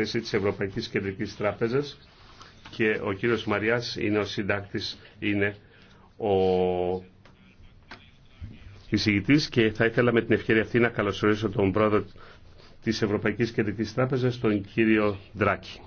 θέση της Ευρωπαϊκής Κεντρικής Τράπεζας και ο κύριος Μαριάς είναι ο συντάκτης, είναι ο εισηγητής και θα ήθελα με την ευκαιρία αυτή να καλωσορίσω τον πρόεδρο της Ευρωπαϊκής Κεντρικής Τράπεζας, τον κύριο Δράκη.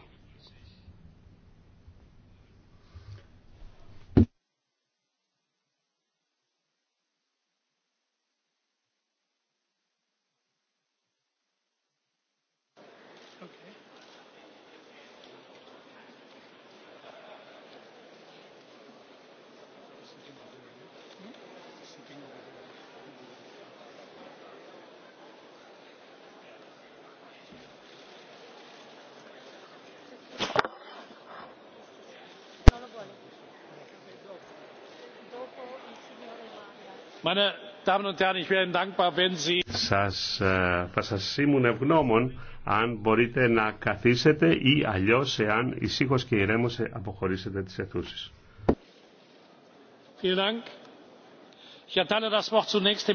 θα σα ήμουν ευγνώμων αν μπορείτε να καθίσετε ή αλλιώ, εάν ησύχως και ηρέμως ε, αποχωρήσετε τις αιθούσεις.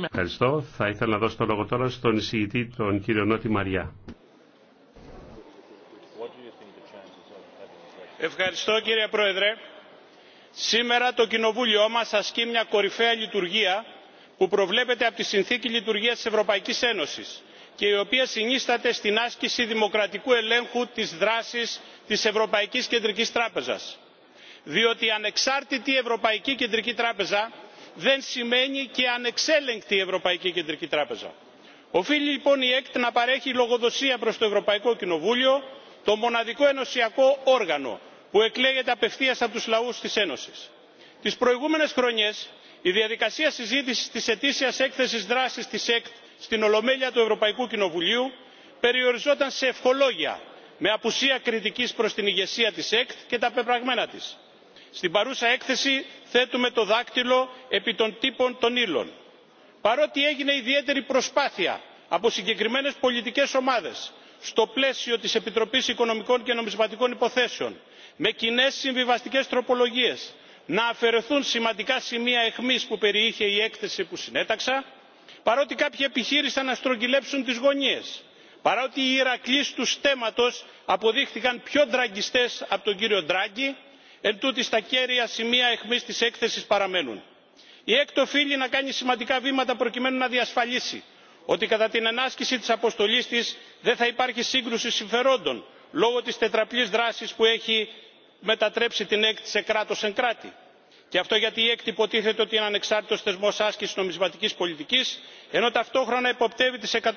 Ευχαριστώ. Θα ήθελα να δώσω το λόγο τώρα στον εισηγητή τον κύριο Νότι Μαριά. Ευχαριστώ κύριε Πρόεδρε. Σήμερα το Κοινοβούλιο μας ασκεί μια κορυφαία λειτουργία που προβλέπεται από τη συνθήκη λειτουργία τη Ευρωπαϊκή Ένωση και η οποία συνίσταται στην άσκηση δημοκρατικού ελέγχου τη δράση τη Ευρωπαϊκή Κεντρική Τράπεζα, διότι ανεξάρτητη ευρωπαϊκή κεντρική τράπεζα δεν σημαίνει και ανεξέλεγκτη ευρωπαϊκή κεντρική τράπεζα. οφείλει λοιπόν η ΕΚΤ να παρέχει λογοδοσία προ το ευρωπαϊκό κοινοβούλιο το μοναδικό ενωσιακό όργανο που εκλέγεται απευθεία από του λαού τη Ένωση, τι προηγούμενε χρονιέ η διαδικασία συζήτηση τη ετήσια έκθεση δράση τη ΕΚΤ στην ολομέλεια του ευρωπαϊκού κοινοβουλίου περιοριζόταν σε ευχολόγια με απουσία κριτική προ την ηγεσία τη ΕΚΤ και τα πεπραγμένα τη. στην παρούσα έκθεση θέτουμε το δάκτυλο επί των τύπων των ύλων. παρότι έγινε ιδιαίτερη προσπάθεια από συγκεκριμένε πολιτικέ ομάδε στο πλαίσιο τη επιτροπή οικονομικών και νομισματικών υποθέσεων με κοινέ συμβιβαστικέ τροπολογίε να αφαιρεθούν σημαντικά σημεία αιχμής που περιείχε η έκθεση που συνέταξα παρότι κάποιοι επιχείρησαν να στρογγυλέψουν τις γωνίες παρότι οι ηρακλείς του στέματος αποδείχθηκαν πιο δραγκιστές από τον κύριο ντράγκη εν τούτης τα κέρια σημεία αιχμής της έκθεσης παραμένουν. η έκτο φίλη να κάνει σημαντικά βήματα προκειμένου να διασφαλίσει ότι κατά την ενάσκηση της αποστολής της δεν θα υπάρχει σύγκρουση συμφερόντων λόγω της τετραπλής δράσης που έχει μετατρέψει την έκτη σε κράτος εν κράτη και αυτό γιατί η έκτη υποτίθεται ότι είναι ανεξάρτητος θεσμός άσκησης νομισματικής πολιτικής ενώ ταυτόχρονα υποπτεύει τις 130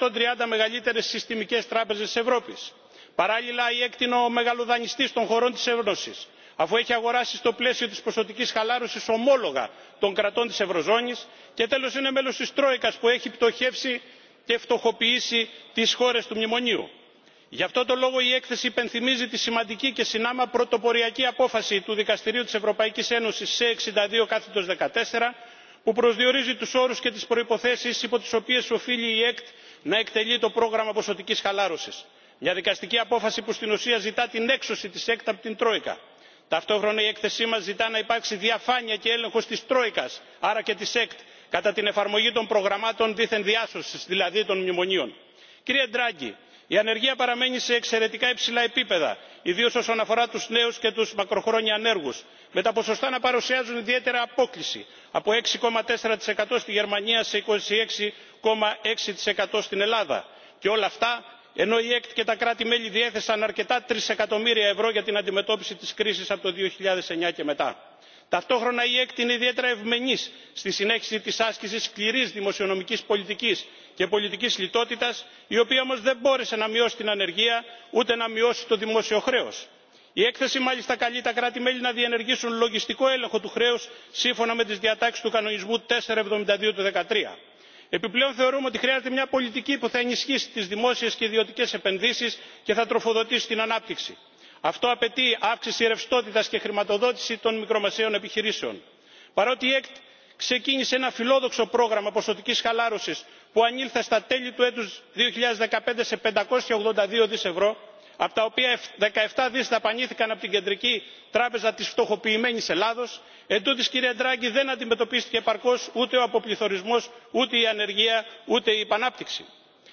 μεγαλύτερες συστημικές τράπεζες της ευρώπης. παράλληλα η έκτη είναι ο μεγαλοδανιστής των χωρών της Ένωση, αφού έχει αγοράσει στο πλαίσιο της ποσοτικής χαλάρωσης ομόλογα των κρατών της ευρωζώνης και τέλος είναι μέλος της τρόικας που έχει πτωχεύσει και φτωχοποιήσει τις χώρες του μνημονίου γι' αυτό το λόγο η έκθεση υπενθυμίζει τη σημαντική και συνάμα πρωτοποριακή απόφαση του δικαστηρίου της ευρωπαϊκής ένωσης c 62 δύο που προσδιορίζει τους όρους και τις προϋποθέσεις υπό τις οποίες οφείλει η ect να εκτελεί το πρόγραμμα ποσοτικής χαλάρωσης μια δικαστική απόφαση που στην ουσία ζητά την έξωση της ect από την τρόικα. ταυτόχρονα η έκθεσή μας ζητά να υπάρξει διαφάνεια και έλεγχος της τρόικας άρα και της ect κατά την εφαρμογή των προγραμμάτων δίθεν διάσωσης δηλαδή των μνημονίων. κύριε ντράγκη η ανεργία παραμένει σε εξαιρετικά υψηλά επίπεδα ιδίω όσον αφορά του νέου και του μακροχρόνια ανέργου με τα ποσοστά να παρουσιάζουν ιδιαίτερη απόκληση από έξι τέσσερα στη γερμανία σε 26,6% έξι στην ελλάδα και όλα αυτά ενώ η ΕΚΤ και τα κράτη μέλη διέθεσαν αρκετά τρισεκατομμύρια ευρώ για την αντιμετώπιση της κρίσης από το δύο και μετά ταυτόχρονα η ΕΚΤ είναι ιδιαίτερα ευμενής στη συνέχιση της άσκησης σκληρής δημοσιονομικής πολιτικής και πολιτικής λιτότητας η οποία μάλιστα δεν μπόρεσε να μειώσει την ανεργία ούτε να μειώσει το δημόσιο χρεο η έκθεση μάλιστα καλεί τα κράτη μέλη να διενεργήσουν λογιστικό έλεγχο του χρέους σύμφωνα με τις διατάξεις του κανονισμού 472 του 2013. Επιπλέον θεωρούμε ότι χρειάζεται μια πολιτική που θα ενισχύσει τις δημόσιες και ιδιωτικέ επενδύσει και θα τροφοδοτήσει την ανάπτυξη αυτό απαιτεί αύξηση ρευστότητας και χρηματοδότηση των μικρομεσαίων επιχειρήσεων. παρότι η ΕΚΤ ξεκίνησε ένα φιλόδοξο πρόγραμμα ποσοτικής χαλάρωσης που ανήλθε στα τέλη του έτους 2015 σε 582 δις ευρώ από τα οποία 17 δις δαπανήθηκαν από την Κεντρική Τράπεζα της φτωχοποιημένης Ελλάδος, εντούτοις κύριε Ντράγκη δεν αντιμετωπίστηκε επαρκώς ούτε ο αποπληθωρισμός, ούτε η ανεργία, ούτε η επανάπτυξη.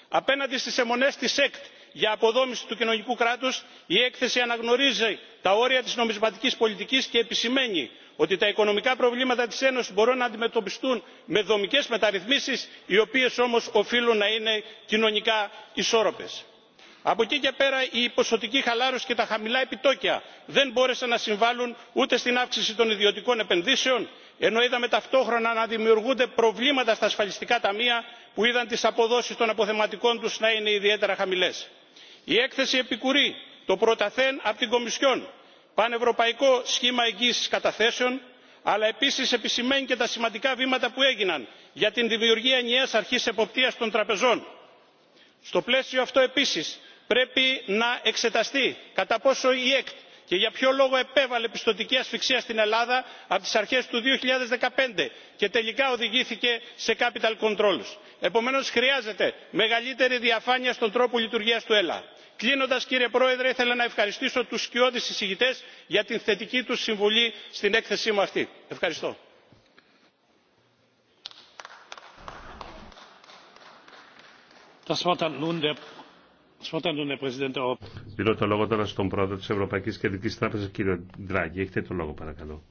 Απέναντι στις αιμονές τη ΕΚΤ για αποδόμηση του κοινωνικού κράτους η έκθεση αναγνωρίζει τα όρια της νομισματικής πολιτικής και επισημαίνει ότι τα οικονομικά προβλήματα της ένωσης μπορούν να αντιμετωπιστούν με δομικές μεταρρυθμίσεις οι οποίες όμως οφείλουν να είναι κοινωνικά ισόρροπες. Από εκεί και πέρα η ποσοτική χαλάρωση και τα χαμηλά επιτόκια δεν μπόρεσαν να συμβάλλουν ούτε στην αύξηση των ιδιωτικών επενδύσεων ενώ είδαμε ταυτόχρονα να δημιουργούνται προβλήματα στα ασφαλιστικά ταμεία που είδαν τις αποδόσεις των αποθεματικών τους να είναι ιδιαίτερα χαμηλές. η έκθεση επικουρεί το πρωταθέν από την κομισιόν πανευρωπαϊκό σχήμα εγγύησης καταθέσεων αλλά επίσης επισημαίνει και τα σημαντικά βήματα που έγιναν για την δημιουργία ενιαίας αρχής εποπτείας των τραπεζών. στο πλαίσιο αυτό επίσης πρέπει να εξεταστεί κατά πόσο η εκτ και για ποιο λόγο επέβαλε πιστωτική ασφυξία στην Ελλάδα από τις αρχές του 2015 και τελικά οδηγήθηκε σε capital controls. Επομένως χρειάζεται μεγαλύτερη διαφάνεια στον τρόπο λειτουργίας του ΕΛΑ. Κλείνοντας κύριε Πρόεδρε ήθελα να ευχαριστήσω τους σκιώδεις συζητητές για την θετική τους συμβουλή στην έκθεσή μου αυτή. Ευχαριστώ. Δίνω το λόγο τώρα στον πρόεδρο της Ευρωπαϊκής Κεντρικής Τράπεζας, κύριο Ντράγκη. Έχετε το λόγο, παρακαλώ.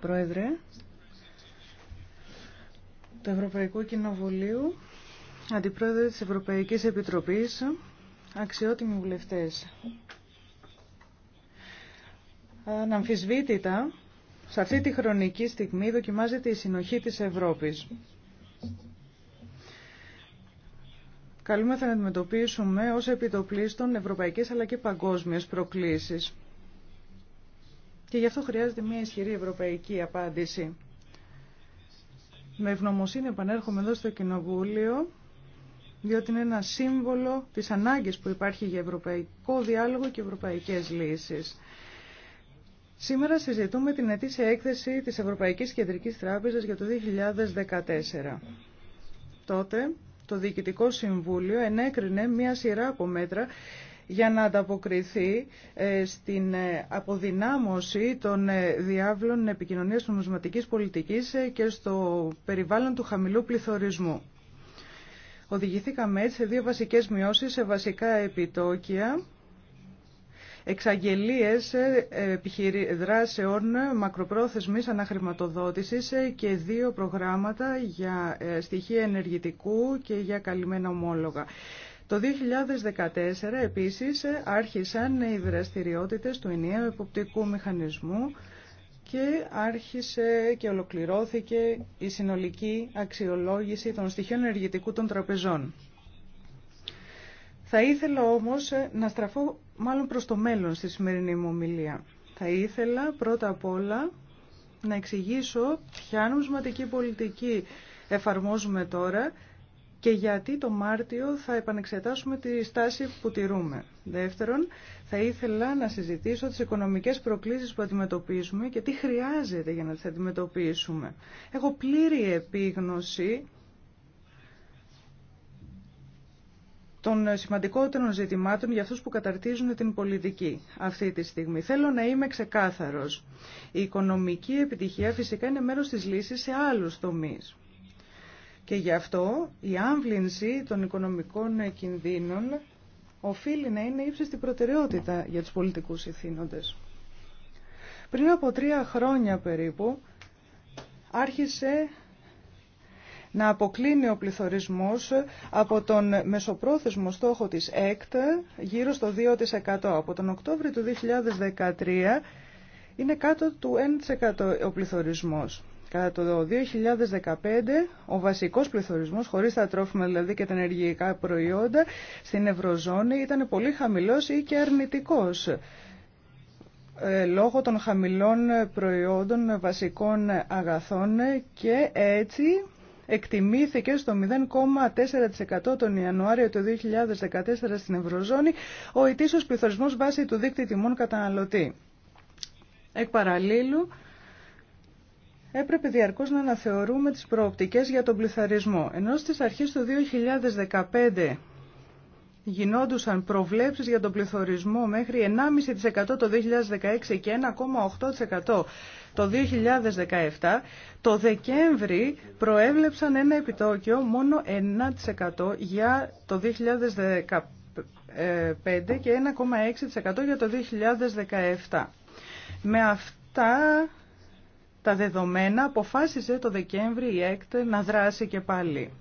Πρόεδρε του Ευρωπαϊκού Κοινοβουλίου, Αντιπρόεδρε της Ευρωπαϊκής Επιτροπής, αξιότιμοι βουλευτές. Αναμφισβήτητα, σε αυτή τη χρονική στιγμή δοκιμάζεται η συνοχή της Ευρώπης. Καλούμεθα να αντιμετωπίσουμε ως επιτοπλίστων ευρωπαϊκές αλλά και παγκόσμιες προκλήσεις. Και γι' αυτό χρειάζεται μια ισχυρή ευρωπαϊκή απάντηση. Με ευγνωμοσύνη επανέρχομαι εδώ στο Κοινοβούλιο, διότι είναι ένα σύμβολο της ανάγκης που υπάρχει για ευρωπαϊκό διάλογο και ευρωπαϊκές λύσεις. Σήμερα συζητούμε την ετήσια έκθεση της Ευρωπαϊκής Κεντρικής Τράπεζας για το 2014. Τότε το Διοικητικό Συμβούλιο ενέκρινε μία σειρά από μέτρα για να ανταποκριθεί ε, στην ε, αποδυνάμωση των ε, διάβλων επικοινωνίας νομισματικής πολιτικής και στο περιβάλλον του χαμηλού πληθωρισμού. Οδηγηθήκαμε έτσι σε δύο βασικές μειώσεις σε βασικά επιτόκια εξαγγελίες ε, δράσεων μακροπρόθεσμης αναχρηματοδότησης ε, και δύο προγράμματα για ε, στοιχεία ενεργητικού και για καλυμμένα ομόλογα. Το 2014 επίσης άρχισαν οι δραστηριότητες του ενιαίου εποπτικού μηχανισμού και άρχισε και ολοκληρώθηκε η συνολική αξιολόγηση των στοιχείων ενεργητικού των τραπεζών. Θα ήθελα όμως να στραφώ μάλλον προς το μέλλον στη σημερινή μου ομιλία. Θα ήθελα πρώτα απ' όλα να εξηγήσω ποια νομισματική πολιτική εφαρμόζουμε τώρα και γιατί το Μάρτιο θα επανεξετάσουμε τη στάση που τηρούμε. Δεύτερον, θα ήθελα να συζητήσω τις οικονομικές προκλήσεις που αντιμετωπίζουμε και τι χρειάζεται για να τις αντιμετωπίσουμε. Έχω πλήρη επίγνωση των σημαντικότερων ζητημάτων για αυτούς που καταρτίζουν την πολιτική αυτή τη στιγμή. Θέλω να είμαι ξεκάθαρος. Η οικονομική επιτυχία φυσικά είναι μέρος της λύσης σε άλλους τομείς. Και γι' αυτό η άμβλυνση των οικονομικών κινδύνων οφείλει να είναι ύψιστη προτεραιότητα για τους πολιτικούς ηθήνοντες. Πριν από τρία χρόνια περίπου άρχισε να αποκλίνει ο πληθωρισμός από τον μεσοπρόθεσμο στόχο της ΕΚΤ γύρω στο 2%. Από τον Οκτώβριο του 2013 είναι κάτω του 1% ο πληθωρισμός. Κατά το 2015 ο βασικός πληθωρισμός, χωρίς τα τρόφιμα δηλαδή και τα ενεργειακά προϊόντα, στην Ευρωζώνη ήταν πολύ χαμηλός ή και αρνητικός ε, λόγω των χαμηλών προϊόντων βασικών αγαθών και έτσι εκτιμήθηκε στο 0,4% τον Ιανουάριο του 2014 στην Ευρωζώνη, ο ετήσιος πληθωρισμός βάσει του δίκτυου τιμών καταναλωτή. Εκ παραλλήλου, έπρεπε διαρκώς να αναθεωρούμε τις προοπτικές για τον πληθωρισμό. Ενώ στις αρχές του 2015 γινόντουσαν προβλέψεις για τον πληθωρισμό μέχρι 1,5% το 2016 και 1,8% το 2017, το Δεκέμβρη προέβλεψαν ένα επιτόκιο μόνο 1% για το 2015 και 1,6% για το 2017. Με αυτά τα δεδομένα αποφάσισε το Δεκέμβρη η ΕΚΤ να δράσει και πάλι.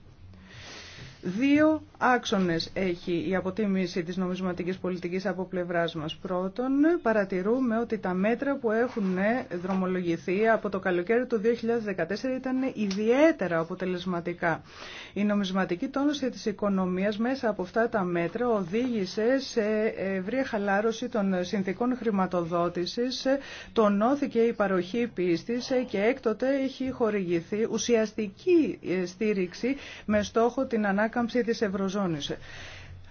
Δύο άξονες έχει η αποτίμηση της νομισματικής πολιτικής από πλευράς μας. Πρώτον, παρατηρούμε ότι τα μέτρα που έχουν δρομολογηθεί από το καλοκαίρι του 2014 ήταν ιδιαίτερα αποτελεσματικά. Η νομισματική τόνωση της οικονομίας μέσα από αυτά τα μέτρα οδήγησε σε ευρία χαλάρωση των συνθήκων χρηματοδότησης, τονώθηκε η παροχή πίστης και έκτοτε έχει χορηγηθεί ουσιαστική στήριξη με στόχο την ανάκτηση ανάκαμψη της Ευρωζώνης.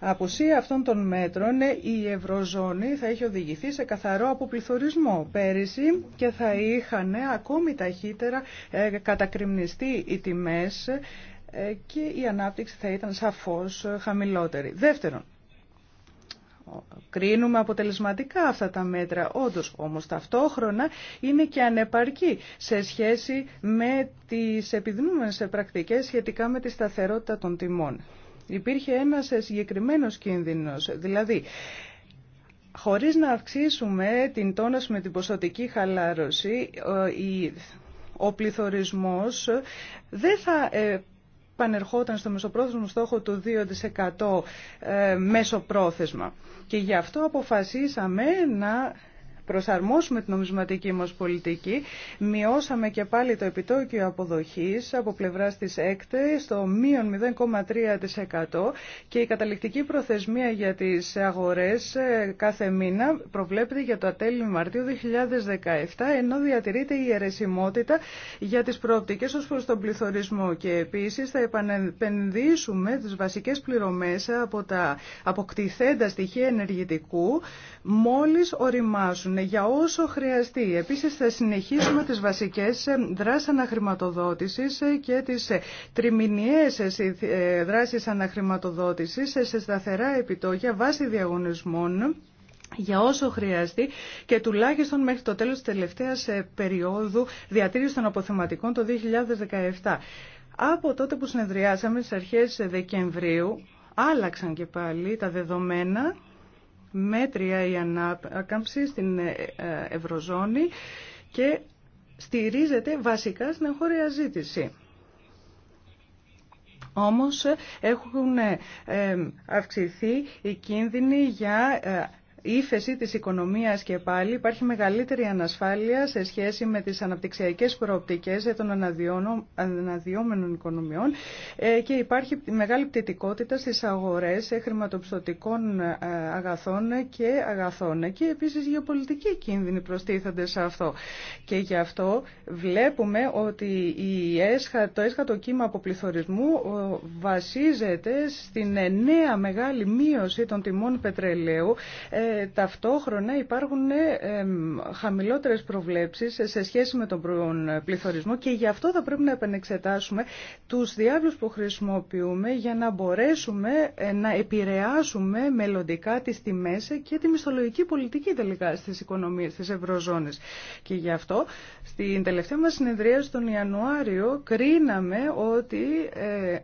Απουσία αυτών των μέτρων η Ευρωζώνη θα έχει οδηγηθεί σε καθαρό αποπληθωρισμό πέρυσι και θα είχαν ακόμη ταχύτερα ε, κατακριμνιστεί οι τιμές ε, και η ανάπτυξη θα ήταν σαφώς ε, χαμηλότερη. Δεύτερον, κρίνουμε αποτελεσματικά αυτά τα μέτρα. Όντως, όμως ταυτόχρονα είναι και ανεπαρκή σε σχέση με τις επιδεινούμενες πρακτικές σχετικά με τη σταθερότητα των τιμών. Υπήρχε ένας συγκεκριμένος κίνδυνος, δηλαδή χωρίς να αυξήσουμε την τόνωση με την ποσοτική χαλάρωση, ε, ο πληθωρισμός δεν θα ε, πανερχόταν στο μεσοπρόθεσμο στόχο του 2% ε, μέσοπρόθεσμα. Και γι' αυτό αποφασίσαμε να προσαρμόσουμε την νομισματική μας πολιτική. Μειώσαμε και πάλι το επιτόκιο αποδοχής από πλευράς της ΕΚΤΕ στο μείον 0,3% και η καταληκτική προθεσμία για τις αγορές ε, κάθε μήνα προβλέπεται για το τέλη Μαρτίου 2017 ενώ διατηρείται η αιρεσιμότητα για τις προοπτικές ως προς τον πληθωρισμό και επίσης θα επανεπενδύσουμε τις βασικές πληρωμές από τα αποκτηθέντα στοιχεία ενεργητικού μόλις οριμάσουν για όσο χρειαστεί. Επίσης θα συνεχίσουμε τις βασικές ε, δράσεις αναχρηματοδότησης ε, και τις ε, τριμηνιές δράσεις αναχρηματοδότησης σε σταθερά επιτόκια βάσει διαγωνισμών για όσο χρειαστεί και τουλάχιστον μέχρι το τέλος της τελευταίας περίοδου διατήρηση των αποθεματικών το 2017. Από τότε που συνεδριάσαμε στις αρχές Δεκεμβρίου άλλαξαν και πάλι τα δεδομένα μέτρια η ανάκαμψη στην ε, Ευρωζώνη και στηρίζεται βασικά στην εγχώρια ζήτηση. Όμως έχουν ε, αυξηθεί οι κίνδυνοι για ε, ύφεση της οικονομίας και πάλι υπάρχει μεγαλύτερη ανασφάλεια σε σχέση με τις αναπτυξιακές προοπτικές των αναδυόμενων οικονομιών ε, και υπάρχει μεγάλη πτυτικότητα στις αγορές ε, χρηματοπιστωτικών ε, αγαθών και αγαθών και επίσης γεωπολιτικοί κίνδυνοι προστίθενται σε αυτό. Και γι' αυτό βλέπουμε ότι η το έσχατο κύμα αποπληθωρισμού βασίζεται στην νέα μεγάλη μείωση των τιμών πετρελαίου ταυτόχρονα υπάρχουν χαμηλότερες προβλέψεις σε σχέση με τον πληθωρισμό και γι' αυτό θα πρέπει να επανεξετάσουμε τους διάβλους που χρησιμοποιούμε για να μπορέσουμε ε, να επηρεάσουμε μελλοντικά τις τιμές και τη μισθολογική πολιτική τελικά στις οικονομίες της Ευρωζώνης. Και γι' αυτό στην τελευταία μας συνεδρία στον Ιανουάριο κρίναμε ότι ε,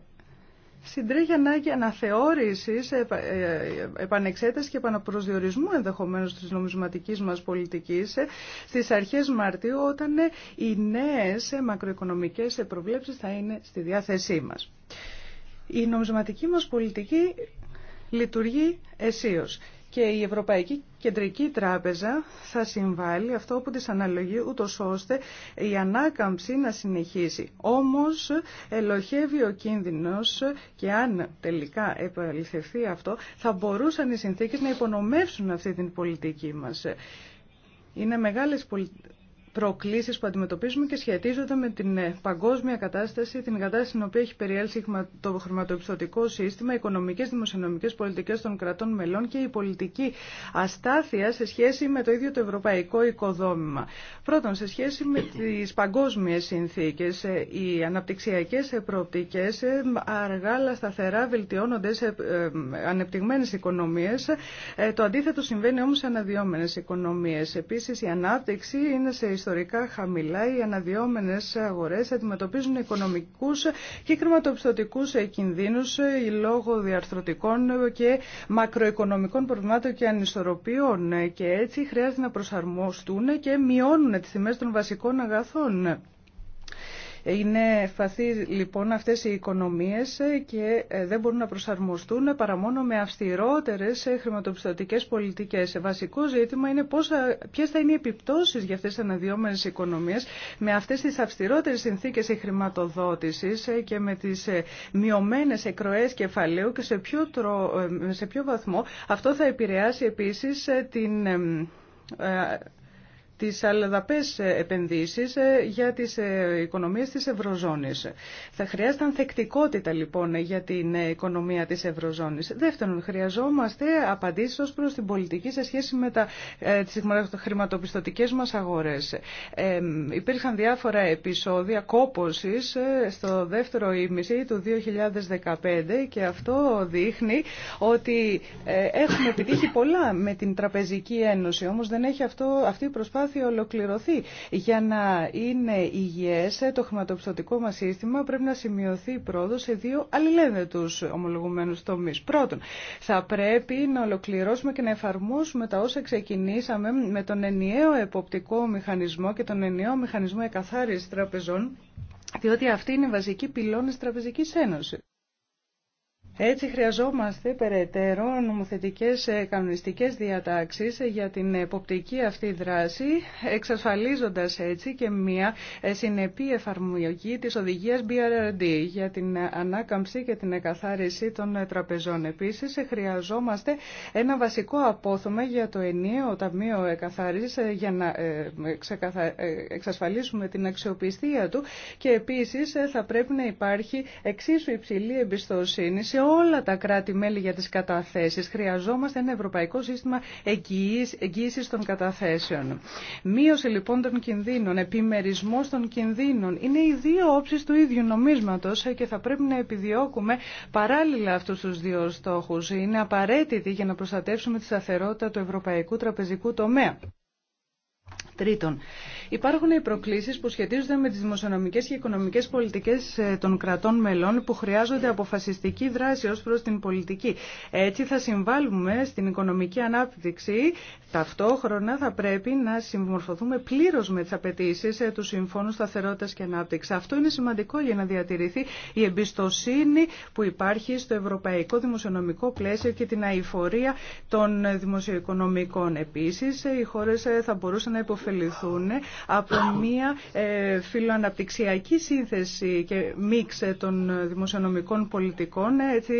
Συντρέχει ανάγκη αναθεώρησης, ε, ε, επανεξέταση και επαναπροσδιορισμού ενδεχομένως τη νομισματική μας πολιτική, ε, στις αρχές Μαρτίου όταν οι νέε μακροοικονομικέ προβλέψει θα είναι στη διάθεσή μας. Η νομισματική μας πολιτική λειτουργεί αισίω και η Ευρωπαϊκή Κεντρική Τράπεζα θα συμβάλλει αυτό που της αναλογεί ούτως ώστε η ανάκαμψη να συνεχίσει. Όμως ελοχεύει ο κίνδυνος και αν τελικά επαληθευτεί αυτό θα μπορούσαν οι συνθήκες να υπονομεύσουν αυτή την πολιτική μας. Είναι μεγάλες προκλήσει που αντιμετωπίζουμε και σχετίζονται με την ε, παγκόσμια κατάσταση, την κατάσταση στην οποία έχει περιέλθει το χρηματοπιστωτικό σύστημα, οι οικονομικές, δημοσιονομικέ πολιτικέ των κρατών μελών και η πολιτική αστάθεια σε σχέση με το ίδιο το ευρωπαϊκό οικοδόμημα. Πρώτον, σε σχέση με τι παγκόσμιε συνθήκε. Ε, οι αναπτυξιακέ προοπτικέ, ε, αργά αλλά σταθερά βελτιώνονται σε ανεπτυγμένε οικονομίε. Το αντίθετο συμβαίνει όμω σε αναδυόμενε οικονομίε. Επίση, η ανάπτυξη είναι σε ιστορικά χαμηλά, οι αναδυόμενε αγορέ αντιμετωπίζουν οικονομικού και χρηματοπιστωτικού κινδύνου ε, λόγω διαρθρωτικών και μακροοικονομικών προβλημάτων και ανισορροπιών ε, και έτσι χρειάζεται να προσαρμοστούν και μειώνουν τι τιμέ των βασικών αγαθών. Είναι ευπαθεί λοιπόν αυτές οι οικονομίες και ε, δεν μπορούν να προσαρμοστούν παρά μόνο με αυστηρότερες ε, χρηματοπιστωτικές πολιτικές. Ε, βασικό ζήτημα είναι ποιε θα είναι οι επιπτώσεις για αυτές τις αναδυόμενες οικονομίες με αυτές τις αυστηρότερες συνθήκες χρηματοδότησης και με τις μειωμένες εκροές κεφαλαίου και σε ποιο, σε ποιο βαθμό αυτό θα επηρεάσει επίσης την τις αλλαδαπές επενδύσεις ε, για τις ε, οικονομίες της Ευρωζώνης. Θα χρειάζεται ανθεκτικότητα λοιπόν για την ε, οικονομία της Ευρωζώνης. Δεύτερον, χρειαζόμαστε απαντήσεις ως προς την πολιτική σε σχέση με τα, τις χρηματοπιστωτικές μας αγορές. Ε, υπήρχαν διάφορα επεισόδια κόπωσης στο δεύτερο ήμιση του 2015 και αυτό δείχνει ότι έχουμε επιτύχει πολλά με την Τραπεζική Ένωση, όμως δεν έχει αυτό, αυτή η προσπάθεια προσπάθεια ολοκληρωθεί. Για να είναι υγιές το χρηματοπιστωτικό μας σύστημα πρέπει να σημειωθεί η πρόοδος σε δύο αλληλένδετους ομολογουμένους τομείς. Πρώτον, θα πρέπει να ολοκληρώσουμε και να εφαρμόσουμε τα όσα ξεκινήσαμε με τον ενιαίο εποπτικό μηχανισμό και τον ενιαίο μηχανισμό εκαθάρισης τραπεζών, διότι αυτή είναι η βασική πυλώνες Τραπεζικής Ένωσης. Έτσι χρειαζόμαστε περαιτέρω νομοθετικές ε, κανονιστικές διατάξεις για την εποπτική αυτή δράση, εξασφαλίζοντας έτσι και μια ε, συνεπή εφαρμογή της οδηγίας BRRD για την ανάκαμψη και την εκαθάριση των ε, τραπεζών. Επίσης χρειαζόμαστε ένα βασικό απόθωμα για το ενιαίο Ταμείο Εκαθάρισης για να εξασφαλίσουμε την αξιοπιστία του και επίσης θα πρέπει να υπάρχει εξίσου υψηλή εμπιστοσύνη όλα τα κράτη-μέλη για τις καταθέσεις. Χρειαζόμαστε ένα ευρωπαϊκό σύστημα εγγύησης των καταθέσεων. Μείωση λοιπόν των κινδύνων, επιμερισμός των κινδύνων είναι οι δύο όψεις του ίδιου νομίσματος και θα πρέπει να επιδιώκουμε παράλληλα αυτούς τους δύο στόχους. Είναι απαραίτητη για να προστατεύσουμε τη σταθερότητα του ευρωπαϊκού τραπεζικού τομέα. Τρίτον, Υπάρχουν οι προκλήσει που σχετίζονται με τι δημοσιονομικέ και οικονομικέ πολιτικέ ε, των κρατών μελών που χρειάζονται αποφασιστική δράση ω προ την πολιτική. Έτσι θα συμβάλλουμε στην οικονομική ανάπτυξη. Ταυτόχρονα θα πρέπει να συμμορφωθούμε πλήρω με τι απαιτήσει ε, του Συμφώνου σταθερότητα και Ανάπτυξη. Αυτό είναι σημαντικό για να διατηρηθεί η εμπιστοσύνη που υπάρχει στο ευρωπαϊκό δημοσιονομικό πλαίσιο και την αηφορία των δημοσιοοικονομικών. Επίση, ε, οι χώρε θα μπορούσαν να υποφεληθούν από μια ε, φιλοαναπτυξιακή σύνθεση και μίξε των δημοσιονομικών πολιτικών. Έτσι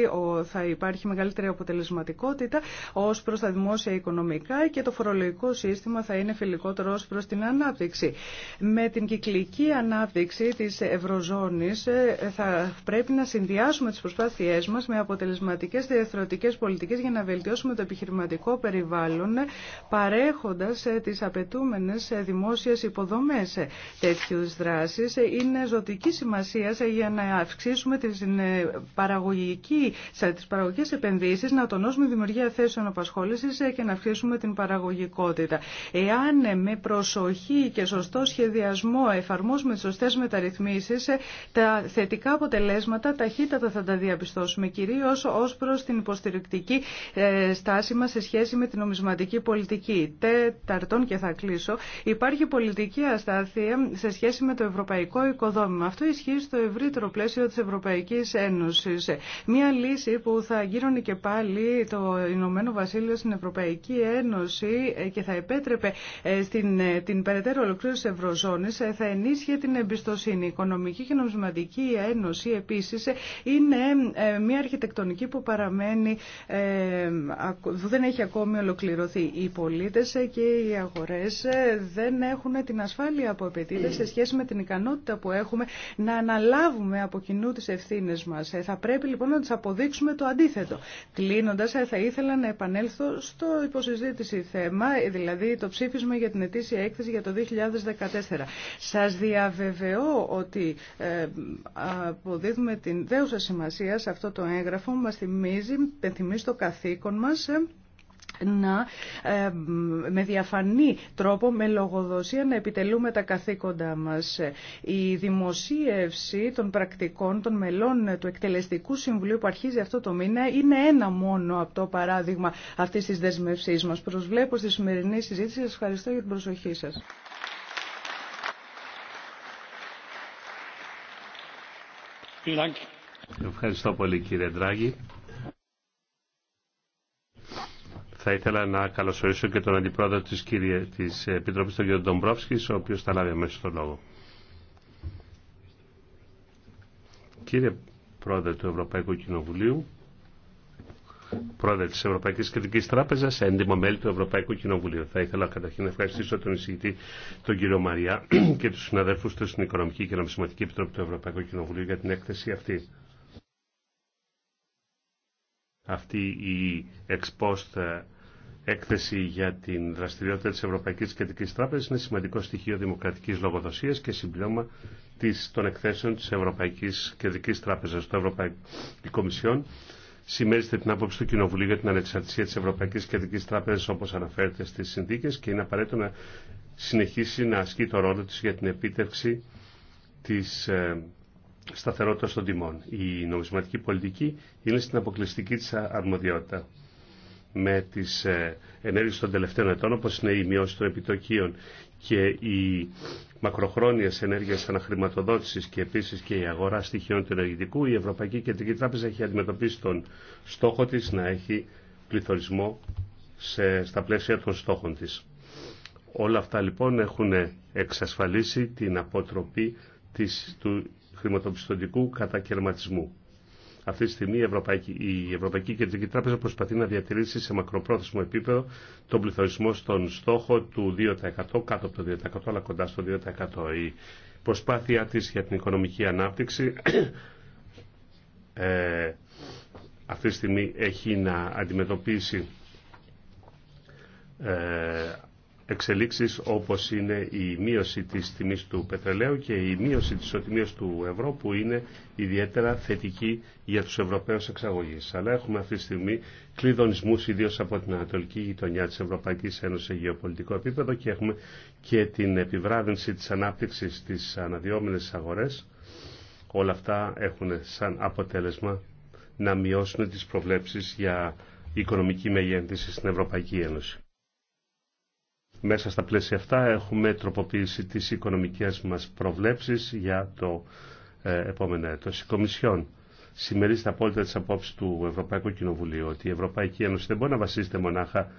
θα υπάρχει μεγαλύτερη αποτελεσματικότητα ως προς τα δημόσια οικονομικά και το φορολογικό σύστημα θα είναι φιλικότερο ως προς την ανάπτυξη. Με την κυκλική ανάπτυξη της Ευρωζώνης ε, θα πρέπει να συνδυάσουμε τις προσπάθειές μας με αποτελεσματικές διεθνωτικές πολιτικές για να βελτιώσουμε το επιχειρηματικό περιβάλλον παρέχοντας ε, τις απαιτούμενες δημόσιες υποδομές. τέτοιου δράσεις είναι ζωτική σημασία για να αυξήσουμε ε, τις παραγωγική, επενδύσει, παραγωγικές επενδύσεις, να τονώσουμε δημιουργία θέσεων απασχόλησης ε, και να αυξήσουμε την παραγωγικότητα. Εάν ε, με προσοχή και σωστό σχεδιασμό εφαρμόσουμε τις σωστές μεταρρυθμίσεις, τα θετικά αποτελέσματα ταχύτατα θα τα διαπιστώσουμε, κυρίως ως προς την υποστηρικτική στάση μας σε σχέση με την νομισματική πολιτική. Τέταρτον και θα κλείσω, υπάρχει πολιτική πολιτική αστάθεια σε σχέση με το ευρωπαϊκό οικοδόμημα. Αυτό ισχύει στο ευρύτερο πλαίσιο της Ευρωπαϊκής Ένωσης. Μία λύση που θα γύρωνε και πάλι το Ηνωμένο Βασίλειο στην Ευρωπαϊκή Ένωση και θα επέτρεπε ε, στην, ε, την περαιτέρω ολοκλήρωση της Ευρωζώνης ε, θα ενίσχυε την εμπιστοσύνη. Η Οικονομική και Νομισματική Ένωση επίσης είναι μια αρχιτεκτονική που παραμένει δεν έχει ακόμη ολοκληρωθεί. Οι πολίτε και οι αγορές δεν έχουν την ασφάλεια που απαιτείται σε σχέση με την ικανότητα που έχουμε να αναλάβουμε από κοινού τις ευθύνες μας. Ε, θα πρέπει λοιπόν να τι αποδείξουμε το αντίθετο. Κλείνοντας ε, θα ήθελα να επανέλθω στο υποσυζήτηση θέμα, ε, δηλαδή το ψήφισμα για την ετήσια έκθεση για το 2014. Σας διαβεβαιώ ότι αποδίδουμε την δέουσα σημασία σε αυτό το έγγραφο, μα θυμίζει, θυμίζει το καθήκον μας να με διαφανή τρόπο, με λογοδοσία να επιτελούμε τα καθήκοντά μας. Η δημοσίευση των πρακτικών των μελών του Εκτελεστικού Συμβουλίου που αρχίζει αυτό το μήνα είναι ένα μόνο από το παράδειγμα αυτής της δεσμευσής μας. Προσβλέπω στη σημερινή συζήτηση. Σας ευχαριστώ για την προσοχή σας. Ευχαριστώ πολύ κύριε Ντράγη. Θα ήθελα να καλωσορίσω και τον αντιπρόεδρο της, κυρία, της Επιτροπής, τον κ. Ντομπρόφσκης, ο οποίος θα λάβει αμέσως τον λόγο. Κύριε Πρόεδρε του Ευρωπαϊκού Κοινοβουλίου, Πρόεδρε της Ευρωπαϊκής Κρητικής Τράπεζας, έντιμο μέλη του Ευρωπαϊκού Κοινοβουλίου. Θα ήθελα καταρχήν να ευχαριστήσω τον εισηγητή τον κύριο Μαριά και τους συναδέλφους του στην Οικονομική και Νομισματική Επιτροπή του Ευρωπαϊκού Κοινοβουλίου για την έκθεση αυτή αυτή η ex ε, έκθεση για την δραστηριότητα της Ευρωπαϊκής Κεντρικής Τράπεζας είναι σημαντικό στοιχείο δημοκρατικής λογοδοσίας και συμπλήρωμα των εκθέσεων της Ευρωπαϊκής Κεντρικής Τράπεζας. Το Ευρωπαϊκή Κομισιόν συμμέριστε την άποψη του Κοινοβουλίου για την ανεξαρτησία της Ευρωπαϊκής Κεντρικής Τράπεζας όπως αναφέρεται στις συνθήκες και είναι απαραίτητο να συνεχίσει να ασκεί το ρόλο της για την επίτευξη της ε, σταθερότητας των τιμών. Η νομισματική πολιτική είναι στην αποκλειστική τη αρμοδιότητα με τις ε, ενέργειες των τελευταίων ετών, όπως είναι η μειώση των επιτοκίων και οι μακροχρόνιες ενέργειες αναχρηματοδότησης και επίσης και η αγορά στοιχείων του ενεργητικού, η Ευρωπαϊκή Κεντρική Τράπεζα έχει αντιμετωπίσει τον στόχο της να έχει πληθωρισμό σε, στα πλαίσια των στόχων της. Όλα αυτά λοιπόν έχουν εξασφαλίσει την αποτροπή της, του χρηματοπιστωτικού κατακαιρματισμού. Αυτή τη στιγμή η Ευρωπαϊκή, η Ευρωπαϊκή Κεντρική Τράπεζα προσπαθεί να διατηρήσει σε μακροπρόθεσμο επίπεδο τον πληθωρισμό στον στόχο του 2%, κάτω από το 2% αλλά κοντά στο 2%. Η προσπάθειά της για την οικονομική ανάπτυξη ε, αυτή τη στιγμή έχει να αντιμετωπίσει ε, εξελίξεις όπως είναι η μείωση της τιμής του πετρελαίου και η μείωση της οτιμίας του ευρώ που είναι ιδιαίτερα θετική για τους Ευρωπαίους εξαγωγείς. Αλλά έχουμε αυτή τη στιγμή κλειδονισμούς ιδίως από την ανατολική γειτονιά της Ευρωπαϊκής Ένωσης σε γεωπολιτικό επίπεδο και έχουμε και την επιβράδυνση της ανάπτυξης στις αναδυόμενες αγορές. Όλα αυτά έχουν σαν αποτέλεσμα να μειώσουν τις προβλέψεις για οικονομική μεγέντηση στην Ευρωπαϊκή Ένωση. Μέσα στα πλαίσια αυτά έχουμε τροποποίηση τις οικονομικές μας προβλέψεις για το ε, επόμενο έτος. Η Κομισιόν συμμερίζεται απόλυτα της απόψεις του Ευρωπαϊκού Κοινοβουλίου ότι η Ευρωπαϊκή Ένωση δεν μπορεί να βασίζεται μονάχα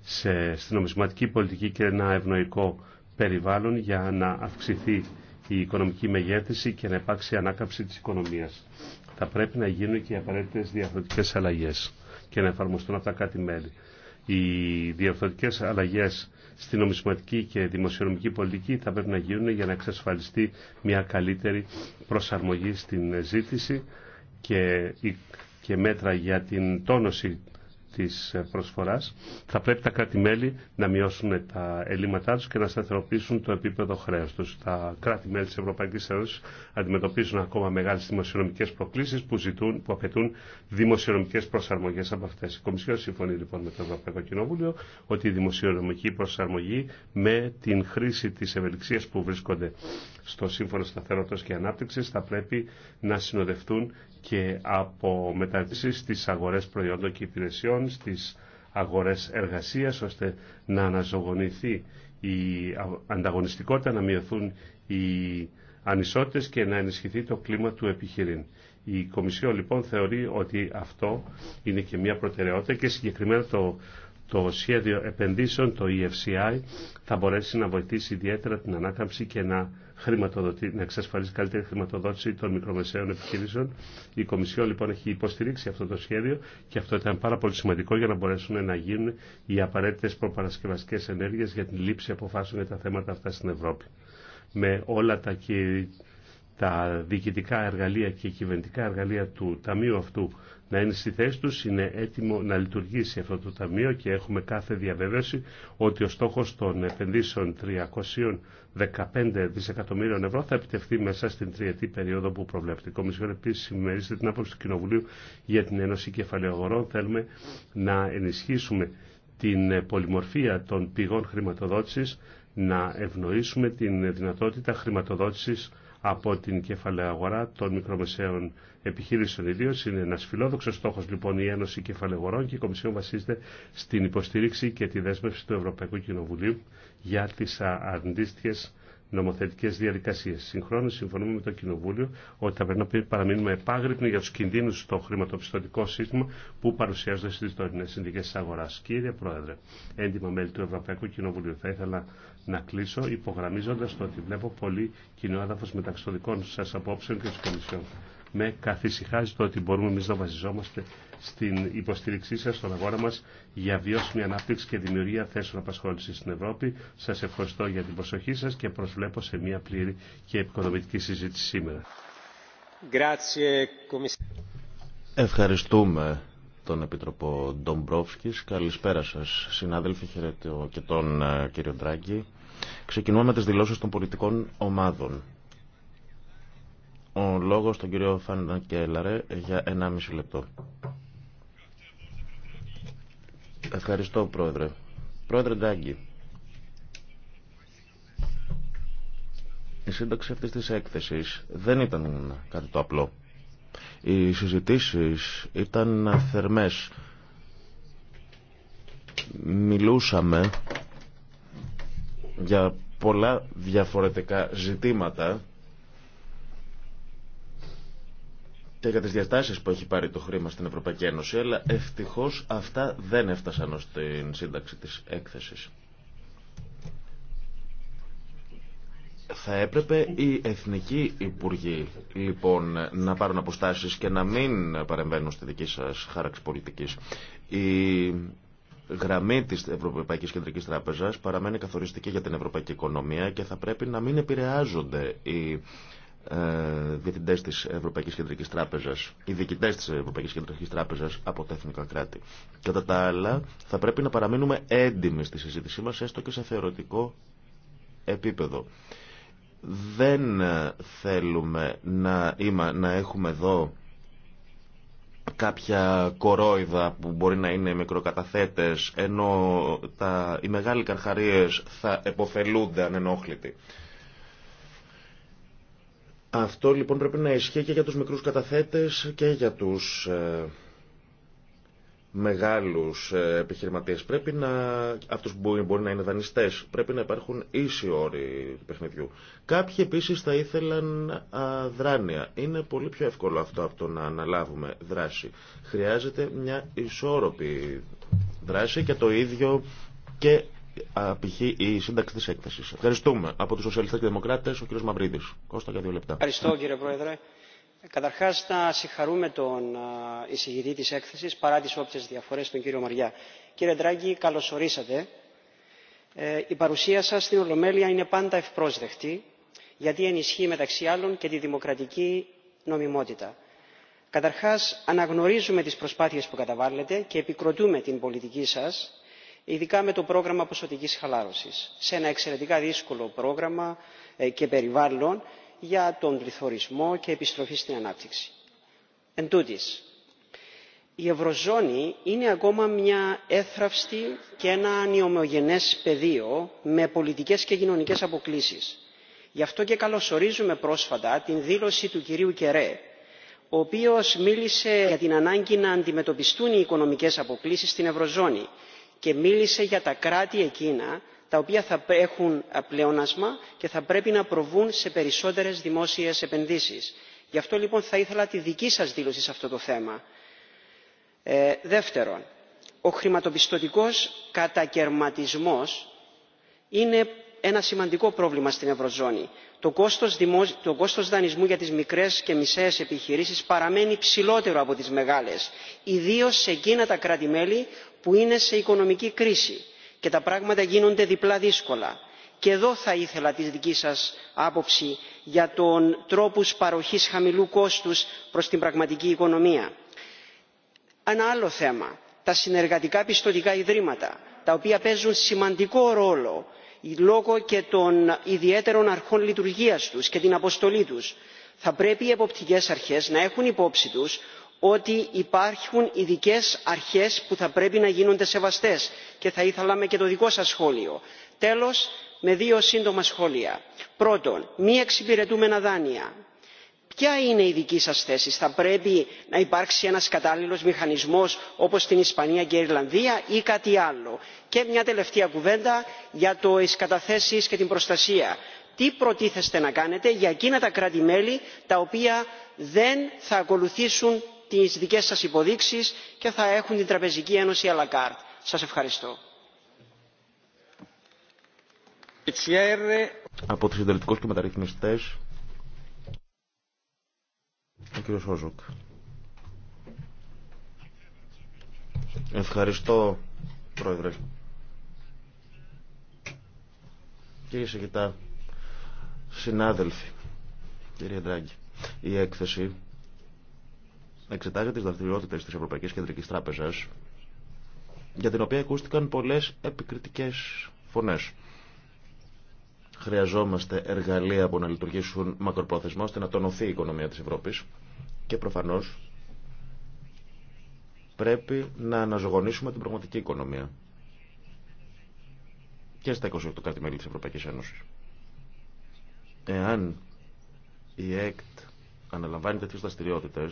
σε, στην νομισματική πολιτική και ένα ευνοϊκό περιβάλλον για να αυξηθεί η οικονομική μεγέθυνση και να υπάρξει ανάκαμψη της οικονομίας. Θα πρέπει να γίνουν και οι απαραίτητες διαφορετικές αλλαγές και να εφαρμοστούν αυτά κάτι μέλη. Οι διαφορετικές αλλαγές στην νομισματική και δημοσιονομική πολιτική θα πρέπει να γίνουν για να εξασφαλιστεί μια καλύτερη προσαρμογή στην ζήτηση και, και μέτρα για την τόνωση της προσφοράς, θα πρέπει τα κράτη-μέλη να μειώσουν τα ελλείμματά τους και να σταθεροποιήσουν το επίπεδο χρέους τους. Τα κράτη-μέλη της Ευρωπαϊκής Ένωσης αντιμετωπίζουν ακόμα μεγάλες δημοσιονομικές προκλήσεις που, ζητούν, που απαιτούν δημοσιονομικές προσαρμογές από αυτές. Η Κομισιόν συμφωνεί λοιπόν με το Ευρωπαϊκό Κοινοβούλιο ότι η δημοσιονομική προσαρμογή με την χρήση της ευελιξίας που βρίσκονται στο Σύμφωνο Σταθερότητας και Ανάπτυξης θα πρέπει να συνοδευτούν και από μεταρρυθμίσεις στις αγορές προϊόντων και υπηρεσιών, στις αγορές εργασίας, ώστε να αναζωογονηθεί η ανταγωνιστικότητα, να μειωθούν οι ανισότητες και να ενισχυθεί το κλίμα του επιχειρήν. Η Κομισιό λοιπόν θεωρεί ότι αυτό είναι και μια προτεραιότητα και συγκεκριμένα το το σχέδιο επενδύσεων, το EFCI, θα μπορέσει να βοηθήσει ιδιαίτερα την ανάκαμψη και να, να εξασφαλίσει καλύτερη χρηματοδότηση των μικρομεσαίων επιχειρήσεων. Η Κομισιό λοιπόν έχει υποστηρίξει αυτό το σχέδιο και αυτό ήταν πάρα πολύ σημαντικό για να μπορέσουν να γίνουν οι απαραίτητε προπαρασκευαστικέ ενέργειε για την λήψη αποφάσεων για τα θέματα αυτά στην Ευρώπη. Με όλα τα, τα διοικητικά εργαλεία και κυβερνητικά εργαλεία του Ταμείου αυτού να είναι στη θέση τους, είναι έτοιμο να λειτουργήσει αυτό το ταμείο και έχουμε κάθε διαβεβαίωση ότι ο στόχος των επενδύσεων 315 δισεκατομμύριων ευρώ θα επιτευχθεί μέσα στην τριετή περίοδο που προβλέπεται. Η Κομισιόν επίσης συμμερίζεται την άποψη του Κοινοβουλίου για την Ένωση Κεφαλαιογορών. Θέλουμε να ενισχύσουμε την πολυμορφία των πηγών χρηματοδότησης, να ευνοήσουμε την δυνατότητα χρηματοδότησης από την κεφαλαία αγορά των μικρομεσαίων επιχειρήσεων ιδίω. Είναι ένα φιλόδοξο στόχο λοιπόν η Ένωση Κεφαλαιογορών και η Κομισιόν βασίζεται στην υποστήριξη και τη δέσμευση του Ευρωπαϊκού Κοινοβουλίου για τι αντίστοιχε νομοθετικέ διαδικασίε. Συγχρόνω, συμφωνούμε με το Κοινοβούλιο ότι θα πρέπει να παραμείνουμε επάγρυπνοι για του κινδύνου στο χρηματοπιστωτικό σύστημα που παρουσιάζονται στι τωρινέ συνδικέ τη αγορά. Κύριε Πρόεδρε, έντιμα μέλη του Ευρωπαϊκού Κοινοβουλίου, θα ήθελα να κλείσω υπογραμμίζοντας το ότι βλέπω πολύ κοινό έδαφος μεταξύ των δικών σας απόψεων και της Κομισιόν. Με καθησυχάζει το ότι μπορούμε εμείς να βασιζόμαστε στην υποστήριξή σας στον αγώνα μας για βιώσιμη ανάπτυξη και δημιουργία θέσεων απασχόλησης στην Ευρώπη. Σας ευχαριστώ για την προσοχή σας και προσβλέπω σε μια πλήρη και οικονομική συζήτηση σήμερα. Ευχαριστούμε τον Επίτροπο Ντομπρόφσκης. Καλησπέρα σας, συνάδελφοι, χαιρετώ και τον ε, κύριο Ντράγκη. Ξεκινούμε με τις δηλώσεις των πολιτικών ομάδων. Ο λόγος τον κύριο Φάντα Κέλαρε για 1,5 λεπτό. Ευχαριστώ, Πρόεδρε. Πρόεδρε Ντράγκη, η σύνταξη αυτής της έκθεσης δεν ήταν κάτι το απλό. Οι συζητήσεις ήταν θερμές. Μιλούσαμε για πολλά διαφορετικά ζητήματα και για τις διαστάσεις που έχει πάρει το χρήμα στην Ευρωπαϊκή Ένωση, αλλά ευτυχώς αυτά δεν έφτασαν ως την σύνταξη της έκθεσης. Θα έπρεπε οι εθνικοί υπουργοί λοιπόν να πάρουν αποστάσεις και να μην παρεμβαίνουν στη δική σας χάραξη πολιτικής. Η γραμμή της Ευρωπαϊκής Κεντρικής Τράπεζας παραμένει καθοριστική για την ευρωπαϊκή οικονομία και θα πρέπει να μην επηρεάζονται οι ε, διευθυντές της Ευρωπαϊκής Κεντρικής Τράπεζας, οι διοικητές της Ευρωπαϊκής Κεντρικής Τράπεζας από τα εθνικά κράτη. Κατά τα άλλα, θα πρέπει να παραμείνουμε έντιμοι στη συζήτησή μας, έστω και σε θεωρητικό επίπεδο δεν ε, θέλουμε να, να έχουμε εδώ κάποια κορόιδα που μπορεί να είναι μικροκαταθέτες ενώ τα, οι μεγάλοι καρχαρίες θα εποφελούνται ανενόχλητοι. Αυτό λοιπόν πρέπει να ισχύει και για τους μικρούς καταθέτες και για τους ε, μεγάλους ε, επιχειρηματίες πρέπει να, αυτούς που μπορεί να είναι δανειστές, πρέπει να υπάρχουν ίσοι όροι του παιχνιδιού. Κάποιοι επίσης θα ήθελαν δράνεια. Είναι πολύ πιο εύκολο αυτό από το να αναλάβουμε δράση. Χρειάζεται μια ισόρροπη δράση και το ίδιο και π.χ. η σύνταξη της έκθεσης. Ευχαριστούμε. Από τους Σοσιαλιστές και Δημοκράτες, ο κ. Μαυρίδης. Κώστα για δύο λεπτά. Ευχαριστώ κύριε Πρόεδρε. Καταρχά να συγχαρούμε τον εισηγητή τη έκθεση παρά τι όποιε διαφορέ τον κύριο Μαριά. Κύριε Ντράγκη, καλωσορίσατε. Ε, η παρουσία σα στην Ολομέλεια είναι πάντα ευπρόσδεκτη γιατί ενισχύει μεταξύ άλλων και τη δημοκρατική νομιμότητα. Καταρχά αναγνωρίζουμε τι προσπάθειε που καταβάλλετε και επικροτούμε την πολιτική σα ειδικά με το πρόγραμμα ποσοτική χαλάρωση, σε ένα εξαιρετικά δύσκολο πρόγραμμα ε, και περιβάλλον για τον πληθωρισμό και επιστροφή στην ανάπτυξη. Εν τούτης, η Ευρωζώνη είναι ακόμα μια έθραυστη και ένα ανιομογενές πεδίο με πολιτικές και κοινωνικές αποκλίσεις. Γι' αυτό και καλωσορίζουμε πρόσφατα την δήλωση του κυρίου Κερέ, ο οποίος μίλησε για την ανάγκη να αντιμετωπιστούν οι οικονομικές αποκλίσεις στην Ευρωζώνη και μίλησε για τα κράτη εκείνα τα οποία θα έχουν πλεόνασμα και θα πρέπει να προβούν σε περισσότερες δημόσιες επενδύσεις. γι' αυτό λοιπόν θα ήθελα τη δική σας δήλωση σε αυτό το θέμα. Ε, δεύτερον ο χρηματοπιστωτικός κατακαιρματισμό είναι ένα σημαντικό πρόβλημα στην ευρωζώνη. Το κόστος, δανεισμού για τις μικρές και μισέ επιχειρήσεις παραμένει ψηλότερο από τις μεγάλες, ιδίως σε εκείνα τα κράτη-μέλη που είναι σε οικονομική κρίση και τα πράγματα γίνονται διπλά δύσκολα. και εδώ θα ήθελα τη δική σας άποψη για τον τρόπο παροχής χαμηλού κόστους προς την πραγματική οικονομία. ένα άλλο θέμα τα συνεργατικά πιστωτικά ιδρύματα τα οποία παίζουν σημαντικό ρόλο λόγω και των ιδιαίτερων αρχών λειτουργίας τους και την αποστολή τους. θα πρέπει οι εποπτικές αρχές να έχουν υπόψη τους ότι υπάρχουν ειδικέ αρχές που θα πρέπει να γίνονται σεβαστές και θα ήθελαμε και το δικό σας σχόλιο. τέλος με δύο σύντομα σχόλια. πρώτον μη εξυπηρετούμενα δάνεια. ποια είναι η δική σας θέση θα πρέπει να υπάρξει ένας κατάλληλος μηχανισμός όπως στην ισπανία και ιρλανδία ή κάτι άλλο. και μια τελευταία κουβέντα για τις καταθέσει και την προστασία τι προτίθεστε να κάνετε για εκείνα τα κράτη μέλη τα οποία δεν θα ακολουθήσουν τις δικές σας υποδείξεις και θα έχουν την Τραπεζική Ένωση ΑΛΑΚΑΡΤ. Σα Σας ευχαριστώ. Από του συντελετικούς και μεταρρυθμιστές, ο κύριος Όζοκ. Ευχαριστώ, Πρόεδρε. Κύριε Σεκητά, συνάδελφοι, κύριε Ντράγκη, η έκθεση εξετάζει τι δραστηριότητε τη Ευρωπαϊκή Κεντρική Τράπεζα, για την οποία ακούστηκαν πολλέ επικριτικές φωνές. Χρειαζόμαστε εργαλεία που να λειτουργήσουν μακροπρόθεσμα ώστε να τονωθεί η οικονομία της Ευρώπης και προφανώς πρέπει να αναζωογονήσουμε την πραγματική οικονομία και στα 28 κράτη-μέλη της Ευρωπαϊκής Ένωσης. Εάν η ΕΚΤ αναλαμβάνει τέτοιες δραστηριότητε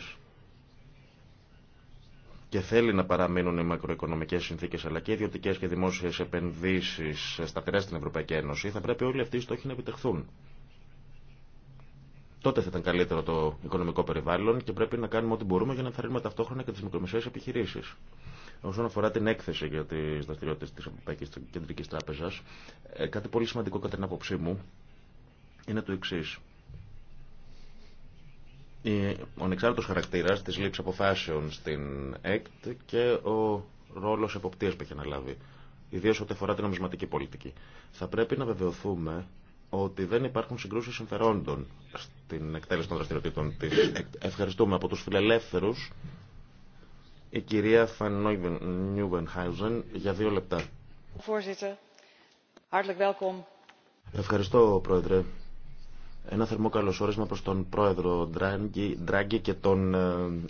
και θέλει να παραμείνουν οι μακροοικονομικέ συνθήκε αλλά και οι ιδιωτικέ και δημόσιε επενδύσει σταθερέ στην Ευρωπαϊκή Ένωση, θα πρέπει όλοι αυτοί οι στόχοι να επιτευχθούν. Τότε θα ήταν καλύτερο το οικονομικό περιβάλλον και πρέπει να κάνουμε ό,τι μπορούμε για να ενθαρρύνουμε ταυτόχρονα και τι μικρομεσαίε επιχειρήσει. Όσον αφορά την έκθεση για τι δραστηριότητε τη Ευρωπαϊκή Κεντρική Τράπεζα, ε, κάτι πολύ σημαντικό κατά την άποψή μου είναι το εξή ο ανεξάρτητος χαρακτήρας της λήψης αποφάσεων στην ΕΚΤ και ο ρόλος εποπτείας που έχει αναλάβει, ιδίως ό,τι αφορά την νομισματική πολιτική. Θα πρέπει να βεβαιωθούμε ότι δεν υπάρχουν συγκρούσεις συμφερόντων στην εκτέλεση των δραστηριοτήτων της ΕΚΤ. Ευχαριστούμε από τους φιλελεύθερους η κυρία Φαν για δύο λεπτά. Ευχαριστώ, Πρόεδρε. Ένα θερμό καλωσόρισμα προς τον πρόεδρο Ντράγκη και τον ε,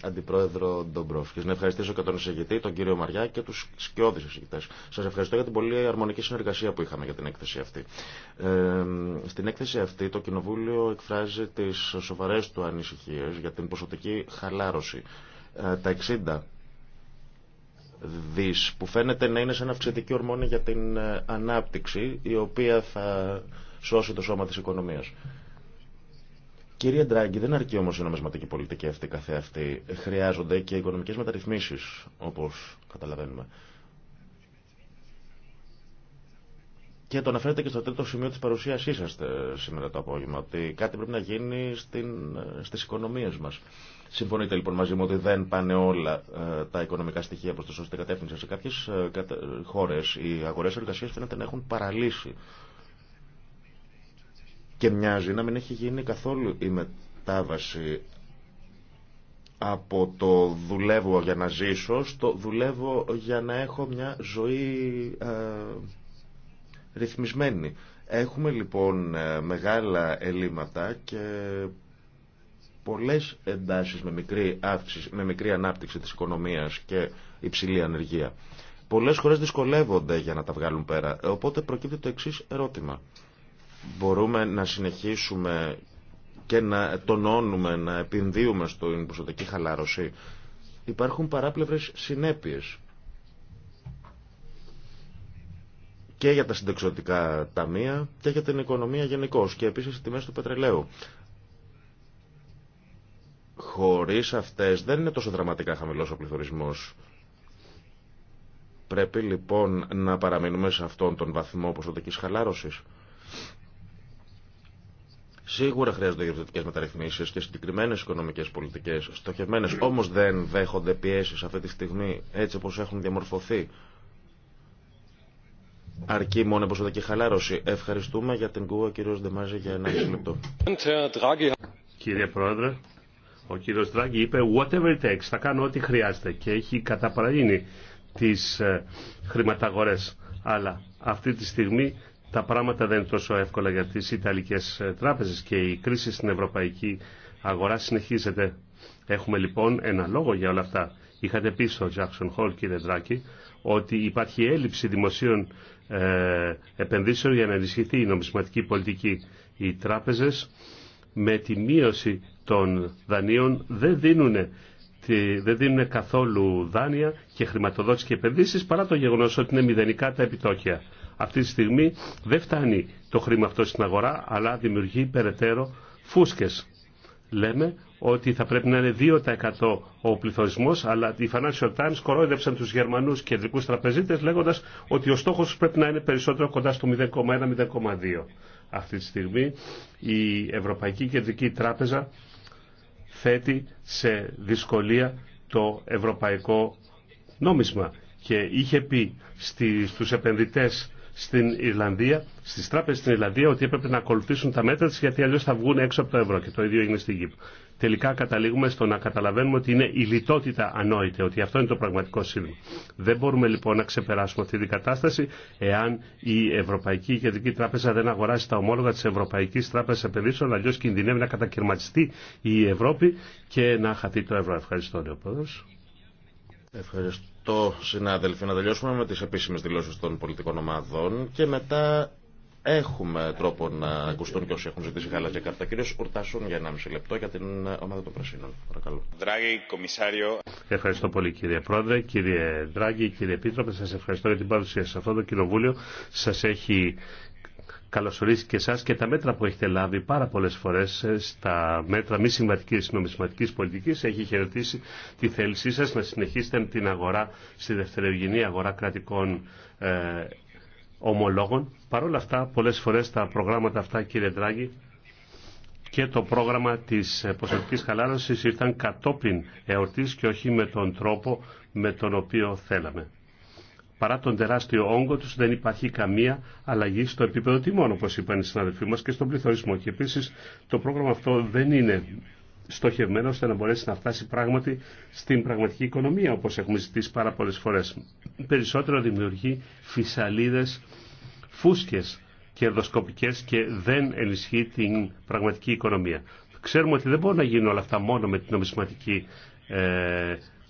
αντιπρόεδρο Ντομπρόφσκης. Να ευχαριστήσω και τον εισηγητή, τον κύριο Μαριά και τους σκιώδεις εισηγητές. Σας ευχαριστώ για την πολύ αρμονική συνεργασία που είχαμε για την έκθεση αυτή. Ε, στην έκθεση αυτή το Κοινοβούλιο εκφράζει τις σοβαρές του ανησυχίες για την ποσοτική χαλάρωση. Ε, τα 60 δις που φαίνεται να είναι σαν αυξητική ορμόνη για την ε, ανάπτυξη η οποία θα σώσει το σώμα της οικονομίας. Κύριε Ντράγκη, δεν αρκεί όμω η νομισματική πολιτική αυτή καθεαυτή. Χρειάζονται και οικονομικέ μεταρρυθμίσει, όπω καταλαβαίνουμε. Και το αναφέρετε και στο τρίτο σημείο τη παρουσίασή σα ε, σήμερα το απόγευμα, ότι κάτι πρέπει να γίνει ε, στι οικονομίε μα. Συμφωνείτε λοιπόν μαζί μου ότι δεν πάνε όλα ε, τα οικονομικά στοιχεία προ τη σωστή κατεύθυνση. Σε κάποιε χώρε οι αγορέ εργασία φαίνεται να έχουν παραλύσει και μοιάζει να μην έχει γίνει καθόλου η μετάβαση από το δουλεύω για να ζήσω στο δουλεύω για να έχω μια ζωή ε, ρυθμισμένη. Έχουμε λοιπόν ε, μεγάλα ελλείμματα και πολλές εντάσεις με μικρή, αύξηση, με μικρή ανάπτυξη της οικονομίας και υψηλή ανεργία. Πολλές χώρες δυσκολεύονται για να τα βγάλουν πέρα. Οπότε προκύπτει το εξής ερώτημα μπορούμε να συνεχίσουμε και να τονώνουμε, να επενδύουμε στην προσωπική χαλάρωση, υπάρχουν παράπλευρες συνέπειες. Και για τα συντεξιωτικά ταμεία και για την οικονομία γενικώ και επίσης οι τιμές του πετρελαίου. Χωρίς αυτές δεν είναι τόσο δραματικά χαμηλός ο πληθωρισμός. Πρέπει λοιπόν να παραμείνουμε σε αυτόν τον βαθμό ποσοτικής χαλάρωσης. Σίγουρα χρειάζονται γεωργικέ μεταρρυθμίσει και συγκεκριμένε οικονομικέ πολιτικέ, στοχευμένε. Όμω δεν δέχονται πιέσει αυτή τη στιγμή έτσι όπω έχουν διαμορφωθεί. Αρκεί μόνο ποσοτική χαλάρωση. Ευχαριστούμε για την κούβα, κύριο Ντεμάζη, για ένα λεπτό. Κύριε Πρόεδρε, ο κύριο Δράγκη είπε whatever it takes, θα κάνω ό,τι χρειάζεται και έχει καταπραγίνει τι ε, χρηματαγορέ. Αλλά αυτή τη στιγμή τα πράγματα δεν είναι τόσο εύκολα για τις Ιταλικές ε, τράπεζες και η κρίση στην ευρωπαϊκή αγορά συνεχίζεται. Έχουμε λοιπόν ένα λόγο για όλα αυτά. Είχατε πει στο Jackson Hall κύριε Δράκη ότι υπάρχει έλλειψη δημοσίων ε, επενδύσεων για να ενισχυθεί η νομισματική πολιτική. Οι τράπεζες με τη μείωση των δανείων δεν δίνουν δεν δίνουν καθόλου δάνεια και χρηματοδότηση και επενδύσεις παρά το γεγονός ότι είναι μηδενικά τα επιτόκια αυτή τη στιγμή δεν φτάνει το χρήμα αυτό στην αγορά, αλλά δημιουργεί περαιτέρω φούσκες. Λέμε ότι θα πρέπει να είναι 2% ο πληθωρισμό, αλλά οι Financial Times κορόιδεψαν του Γερμανού κεντρικού τραπεζίτε λέγοντα ότι ο στόχο πρέπει να είναι περισσότερο κοντά στο 0,1-0,2. Αυτή τη στιγμή η Ευρωπαϊκή Κεντρική Τράπεζα θέτει σε δυσκολία το ευρωπαϊκό νόμισμα και είχε πει στους επενδυτές στην Ιρλανδία, στι τράπεζε στην Ιρλανδία ότι έπρεπε να ακολουθήσουν τα μέτρα τη γιατί αλλιώ θα βγουν έξω από το ευρώ. Και το ίδιο έγινε στην Κύπρο. Τελικά καταλήγουμε στο να καταλαβαίνουμε ότι είναι η λιτότητα ανόητη, ότι αυτό είναι το πραγματικό σύνδεμα. Δεν μπορούμε λοιπόν να ξεπεράσουμε αυτή την κατάσταση εάν η Ευρωπαϊκή Κεντρική Τράπεζα δεν αγοράσει τα ομόλογα τη Ευρωπαϊκή Τράπεζα Επενδύσεων, αλλιώ κινδυνεύει να κατακαιρματιστεί η Ευρώπη και να χαθεί το ευρώ. Ευχαριστώ, Ευχαριστώ λεπτό, συνάδελφοι, να τελειώσουμε με τις επίσημες δηλώσεις των πολιτικών ομάδων και μετά έχουμε τρόπο να ακουστούν και όσοι έχουν ζητήσει γαλάζια κάρτα. Κύριος Ουρτάσουν για 1,5 λεπτό για την ομάδα των Πρασίνων. Παρακαλώ. Ευχαριστώ πολύ κύριε Πρόεδρε, κύριε Δράγη, κύριε Επίτροπε. Σας ευχαριστώ για την παρουσία σας. Αυτό το κοινοβούλιο σας έχει καλωσορίσει και εσά και τα μέτρα που έχετε λάβει πάρα πολλέ φορές ε, στα μέτρα μη συμβατικής νομισματική πολιτική έχει χαιρετήσει τη θέλησή σας να συνεχίσετε την αγορά στη δευτερευγενή αγορά κρατικών ε, ομολόγων. Παρ' όλα αυτά πολλές φορές τα προγράμματα αυτά κύριε Ντράγκη και το πρόγραμμα της ε, ποσοτική χαλάρωσης ήρθαν κατόπιν εορτή και όχι με τον τρόπο με τον οποίο θέλαμε. Παρά τον τεράστιο όγκο του δεν υπάρχει καμία αλλαγή στο επίπεδο τιμών, όπω είπαν οι συναδελφοί μα και στον πληθωρισμό. Και επίση το πρόγραμμα αυτό δεν είναι στοχευμένο ώστε να μπορέσει να φτάσει πράγματι στην πραγματική οικονομία, όπω έχουμε ζητήσει πάρα πολλέ φορέ. Περισσότερο δημιουργεί φυσαλίδε φούσκε κερδοσκοπικέ και δεν ενισχύει την πραγματική οικονομία. Ξέρουμε ότι δεν μπορούν να γίνουν όλα αυτά μόνο με την νομισματική ε,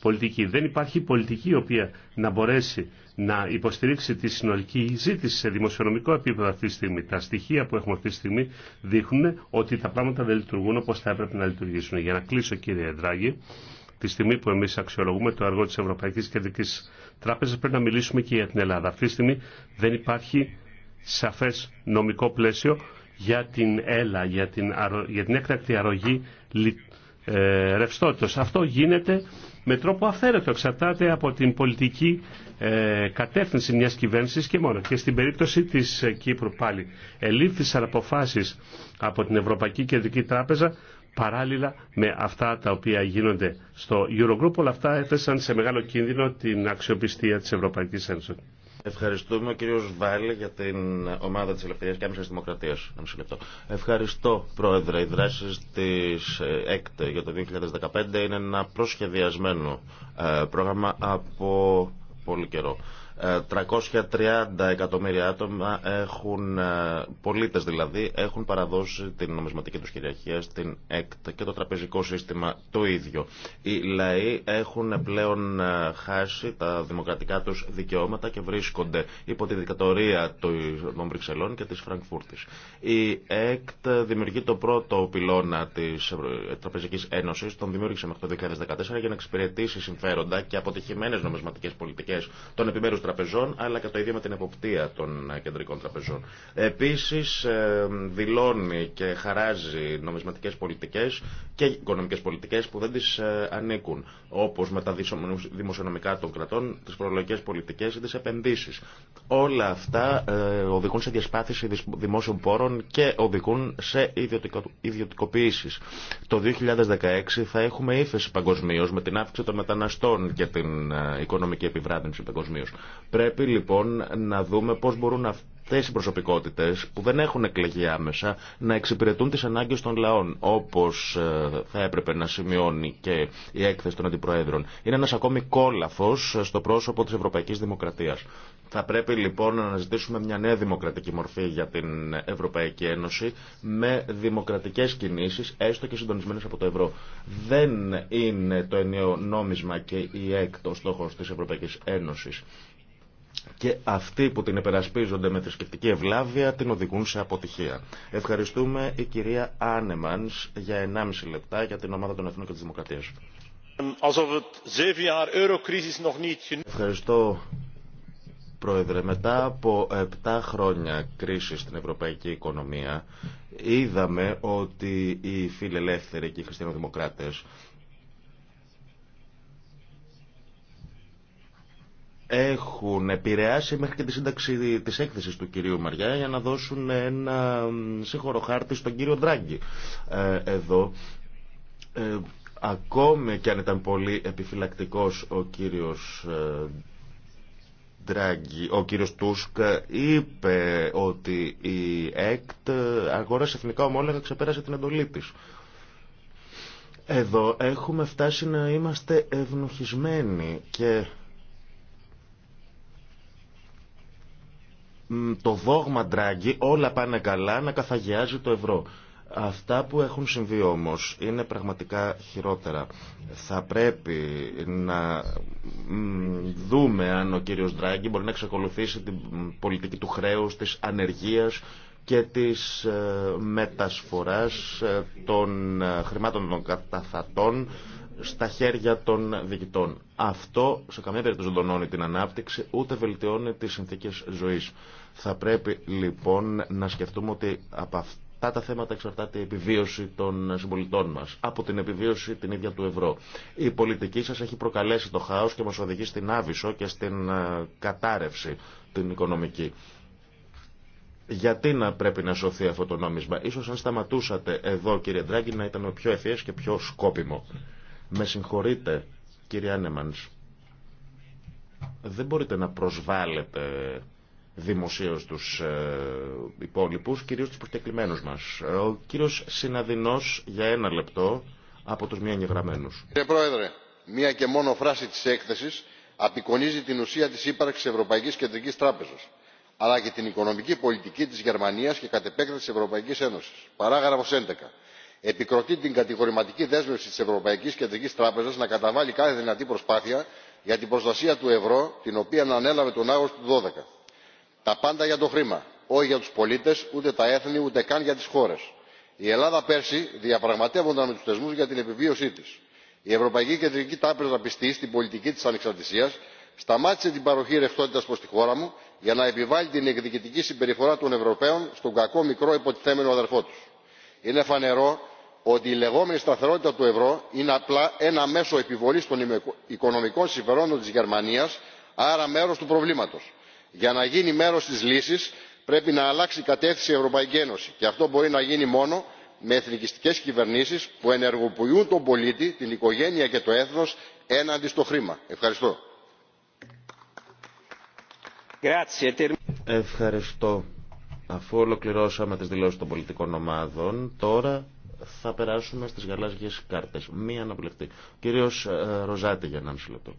πολιτική. Δεν υπάρχει πολιτική η οποία να μπορέσει να υποστηρίξει τη συνολική ζήτηση σε δημοσιονομικό επίπεδο αυτή τη στιγμή. Τα στοιχεία που έχουμε αυτή τη στιγμή δείχνουν ότι τα πράγματα δεν λειτουργούν όπως θα έπρεπε να λειτουργήσουν. Για να κλείσω κύριε Δράγη, τη στιγμή που εμεί αξιολογούμε το αργό τη Ευρωπαϊκή Κεντρική Τράπεζα πρέπει να μιλήσουμε και για την Ελλάδα. Αυτή τη στιγμή δεν υπάρχει σαφέ νομικό πλαίσιο για την ΕΛΑ, για την, για την έκτακτη αρρωγή ε, Αυτό γίνεται με τρόπο αυθαίρετο. Εξαρτάται από την πολιτική ε, κατεύθυνση μια κυβέρνησης και μόνο. Και στην περίπτωση της ε, Κύπρου πάλι ελήφθησαν αποφάσεις από την Ευρωπαϊκή Κεντρική Τράπεζα παράλληλα με αυτά τα οποία γίνονται στο Eurogroup. Όλα αυτά έθεσαν σε μεγάλο κίνδυνο την αξιοπιστία της Ευρωπαϊκής Ένωσης. Ευχαριστούμε ο κύριος Βάλη για την ομάδα της Ελευθερίας και Άμεσης Δημοκρατίας. Ευχαριστώ Πρόεδρε. Οι δράσεις της ε, ΕΚΤ για το 2015 είναι ένα προσχεδιασμένο ε, πρόγραμμα από πολύ καιρό. 330 εκατομμύρια άτομα έχουν, ε, πολίτες δηλαδή, έχουν παραδώσει την νομισματική τους κυριαρχία στην ΕΚΤ και το τραπεζικό σύστημα το ίδιο. Οι λαοί έχουν πλέον ε, χάσει τα δημοκρατικά τους δικαιώματα και βρίσκονται υπό τη δικτατορία των Βρυξελών και της Φραγκφούρτης. Η ΕΚΤ δημιουργεί το πρώτο πυλώνα της Τραπεζικής Ένωσης, τον δημιούργησε μέχρι το 2014 για να εξυπηρετήσει συμφέροντα και αποτυχημένες νομισματικές πολιτικές των επιμέρους τραπεζών, αλλά και το ίδιο με την εποπτεία των ε, κεντρικών τραπεζών. Επίση, ε, δηλώνει και χαράζει νομισματικέ πολιτικέ και οικονομικέ πολιτικέ που δεν τι ε, ανήκουν, όπω με τα δημοσιονομικά των κρατών, τι προλογικέ πολιτικέ ή τι επενδύσει. Όλα αυτά οδηγούν σε διασπάθηση δημόσιων πόρων και οδηγούν σε ιδιωτικοποιήσει. Το 2016 θα έχουμε ύφεση παγκοσμίω με την αύξηση των μεταναστών και την οικονομική επιβράδυνση παγκοσμίω. Πρέπει λοιπόν να δούμε πώς μπορούν αυτές οι προσωπικότητες που δεν έχουν εκλεγεί άμεσα να εξυπηρετούν τις ανάγκες των λαών, όπως ε, θα έπρεπε να σημειώνει και η έκθεση των αντιπροέδρων. Είναι ένας ακόμη κόλαφος ε, στο πρόσωπο της Ευρωπαϊκής Δημοκρατίας. Θα πρέπει λοιπόν να αναζητήσουμε μια νέα δημοκρατική μορφή για την Ευρωπαϊκή Ένωση με δημοκρατικές κινήσεις έστω και συντονισμένες από το ευρώ. Δεν είναι το ενιαίο νόμισμα και η έκτο στόχος στόχο τη Ευρωπαϊκή και αυτοί που την επερασπίζονται με θρησκευτική ευλάβεια την οδηγούν σε αποτυχία. Ευχαριστούμε η κυρία Άνεμαν για 1,5 λεπτά για την ομάδα των Εθνών και τη Δημοκρατία. Ευχαριστώ Πρόεδρε, μετά από 7 χρόνια κρίση στην ευρωπαϊκή οικονομία, είδαμε ότι οι φιλελεύθεροι και οι χριστιανοδημοκράτε. έχουν επηρεάσει μέχρι και τη σύνταξη της έκθεσης του κυρίου Μαριά για να δώσουν ένα σύγχρονο χάρτη στον κύριο Ντράγκη. Ε, εδώ ε, ακόμη και αν ήταν πολύ επιφυλακτικός ο κύριος ε, Ντράγκη, ο κύριος Τούσκ είπε ότι η ΕΚΤ αγόρασε εθνικά ομόλογα ξεπέρασε την εντολή της. Εδώ έχουμε φτάσει να είμαστε ευνοχισμένοι και το δόγμα ντράγκη όλα πάνε καλά να καθαγιάζει το ευρώ. Αυτά που έχουν συμβεί όμως είναι πραγματικά χειρότερα. Θα πρέπει να δούμε αν ο κύριος Ντράγκη μπορεί να εξακολουθήσει την πολιτική του χρέους, της ανεργίας και της ε, μετασφοράς ε, των ε, χρημάτων των καταθατών στα χέρια των διοικητών. Αυτό σε καμία περίπτωση δεν τονώνει την ανάπτυξη ούτε βελτιώνει τις συνθήκες ζωής. Θα πρέπει λοιπόν να σκεφτούμε ότι από αυτά τα θέματα εξαρτάται η επιβίωση των συμπολιτών μας, από την επιβίωση την ίδια του ευρώ. Η πολιτική σας έχει προκαλέσει το χάος και μας οδηγεί στην άβυσο και στην ε, κατάρρευση την οικονομική. Γιατί να πρέπει να σωθεί αυτό το νόμισμα. Ίσως αν σταματούσατε εδώ κύριε Ντράγκη να ήταν πιο ευφυές και πιο σκόπιμο. Με συγχωρείτε, κύριε Άνεμανς, δεν μπορείτε να προσβάλλετε δημοσίως τους ε, υπόλοιπους, κυρίως τους προσκεκλημένους μας. Ο κύριος Συναδεινός για ένα λεπτό από τους μη ανεγραμμένους. Κύριε Πρόεδρε, μία και μόνο φράση της έκθεσης απεικονίζει την ουσία της ύπαρξης Ευρωπαϊκής Κεντρικής Τράπεζας αλλά και την οικονομική πολιτική της Γερμανίας και κατ' επέκταση της Ευρωπαϊκής Ένωσης. Παράγραφος 11 επικροτεί την κατηγορηματική δέσμευση τη ευρωπαϊκή κεντρική τράπεζα να καταβάλει κάθε δυνατή προσπάθεια για την προστασία του ευρώ την οποία ανέλαβε τον αύγουστο του. δύο τα πάντα για το χρήμα όχι για του πολίτε ούτε τα έθνη ούτε καν για τι χώρε. η ελλάδα πέρσι διαπραγματεύονταν με του θεσμού για την επιβίωσή τη. η ευρωπαϊκή κεντρική τράπεζα πιστή στην πολιτική τη ανεξαρτησία σταμάτησε την παροχή ρευστότητα προ τη χώρα μου για να επιβάλει την εκδικητική συμπεριφορά των ευρωπαίων στον κακό μικρό υποτιθέμενο αδερφό του. είναι φανερό ότι η λεγόμενη σταθερότητα του ευρώ είναι απλά ένα μέσο επιβολής των οικονομικών συμφερόντων της γερμανίας άρα μέρος του προβλήματος. για να γίνει μέρος της λύσης πρέπει να αλλάξει κατεύθυνση η ευρωπαϊκή ένωση και αυτό μπορεί να γίνει μόνο με εθνικιστικές κυβερνήσεις που ενεργοποιούν τον πολίτη την οικογένεια και το έθνος έναντι στο χρήμα. ευχαριστώ. Ευχαριστώ. ομάδων, τώρα θα περάσουμε στις γαλάζιες κάρτες. Μία αναπληκτή. Κυρίως ε, Ροζάτη για μισή λεπτό.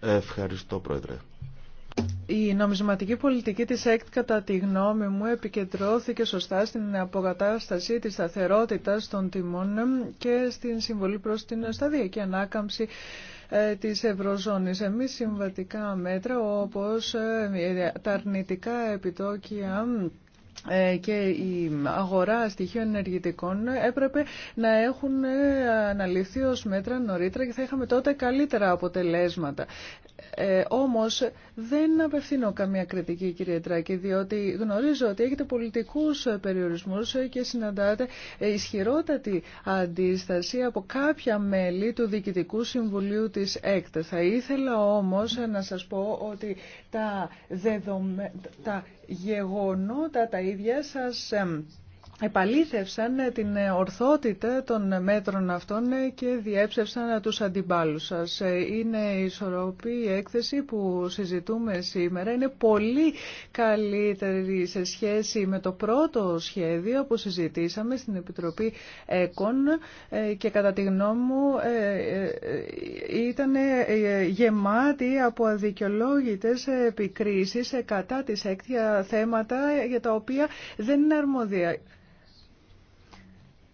Ευχαριστώ Πρόεδρε. Η νομισματική πολιτική της ΕΚΤ κατά τη γνώμη μου επικεντρώθηκε σωστά στην αποκατάσταση της σταθερότητας των τιμών και στην συμβολή προς την σταδιακή ανάκαμψη ε, της Ευρωζώνης. Εμείς συμβατικά μέτρα όπως ε, τα αρνητικά επιτόκια ε, και η αγορά στοιχείων ενεργητικών έπρεπε να έχουν ε, αναλυθεί ως μέτρα νωρίτερα και θα είχαμε τότε καλύτερα αποτελέσματα. Ε, όμως δεν απευθύνω καμία κριτική κύριε Τράκη διότι γνωρίζω ότι έχετε πολιτικούς περιορισμούς και συναντάτε ισχυρότατη αντίσταση από κάποια μέλη του Διοικητικού Συμβουλίου της ΕΚΤ. Θα ήθελα όμως να σας πω ότι τα, δεδομε γεγονότα τα ίδια σας επαλήθευσαν ε, την ε, ορθότητα των ε, μέτρων αυτών και διέψευσαν τους αντιπάλους σας. Είναι ισορροπή η έκθεση που συζητούμε σήμερα. Είναι πολύ καλύτερη σε σχέση με το πρώτο σχέδιο που συζητήσαμε στην Επιτροπή ΕΚΟΝ και κατά τη γνώμη μου ήταν γεμάτη από αδικαιολόγητες επικρίσεις κατά της έκτια θέματα για τα οποία δεν είναι αρμόδια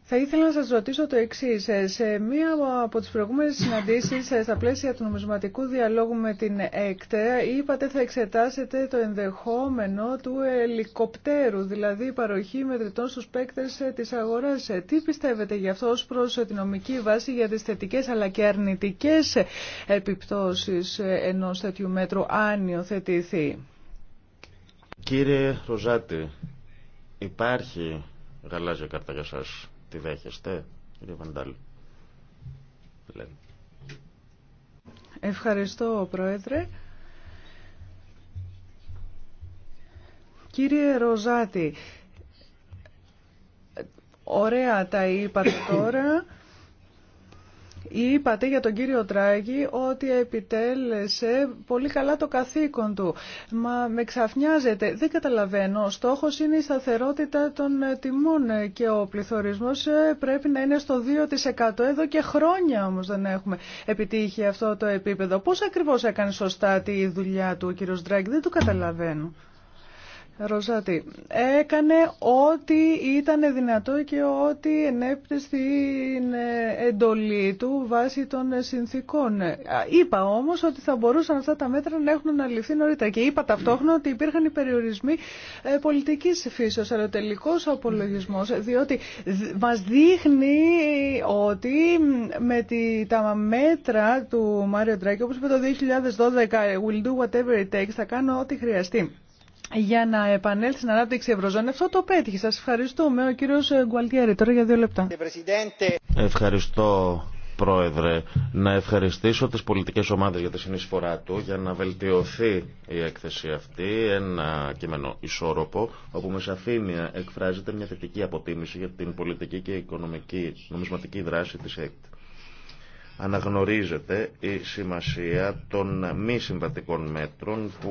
θα ήθελα να σας ρωτήσω το εξής. Ε, σε μία από τις προηγούμενες συναντήσεις ε, στα πλαίσια του νομισματικού διαλόγου με την ΕΚΤΕ είπατε θα εξετάσετε το ενδεχόμενο του ελικοπτέρου, δηλαδή η παροχή μετρητών στους παίκτες ε, της αγοράς. Τι πιστεύετε γι' αυτό ως προς την νομική βάση για τις θετικές αλλά και αρνητικές επιπτώσεις ενός τέτοιου μέτρου αν υιοθετηθεί. Κύριε Ροζάτη, υπάρχει γαλάζια κάρτα για σας. Τη δέχεστε, κύριε Βαντάλ. Ευχαριστώ, Πρόεδρε. Κύριε Ροζάτη, ωραία τα είπατε τώρα. Είπατε για τον κύριο Τράγη ότι επιτέλεσε πολύ καλά το καθήκον του. Μα με ξαφνιάζεται. Δεν καταλαβαίνω. Ο στόχος είναι η σταθερότητα των τιμών και ο πληθωρισμός πρέπει να είναι στο 2%. Εδώ και χρόνια όμως δεν έχουμε επιτύχει αυτό το επίπεδο. Πώς ακριβώς έκανε σωστά τη δουλειά του ο κύριος Τράγκη. Δεν το καταλαβαίνω. Ροζάτη, έκανε ό,τι ήταν δυνατό και ό,τι ενέπτε στην ε, εντολή του βάσει των συνθήκων. Είπα όμως ότι θα μπορούσαν αυτά τα μέτρα να έχουν αναλυθεί νωρίτερα και είπα ταυτόχρονα ότι υπήρχαν οι περιορισμοί ε, πολιτικής φύσεως, αλλά ο τελικός απολογισμός, διότι μας δείχνει ότι με τα μέτρα του Μάριο Ντράκη, όπως είπε το 2012, will do whatever it takes, θα κάνω ό,τι χρειαστεί για να επανέλθει στην ανάπτυξη Ευρωζώνη. Αυτό το πέτυχε. Σας ευχαριστούμε. Ο κύριος ε, Γκουαλτιέρη τώρα για δύο λεπτά. Ευχαριστώ. Πρόεδρε, να ευχαριστήσω τις πολιτικές ομάδες για τη συνεισφορά του για να βελτιωθεί η έκθεση αυτή, ένα κείμενο ισόρροπο, όπου με σαφήνεια εκφράζεται μια θετική αποτίμηση για την πολιτική και οικονομική νομισματική δράση της ΕΚΤ αναγνωρίζεται η σημασία των μη συμβατικών μέτρων που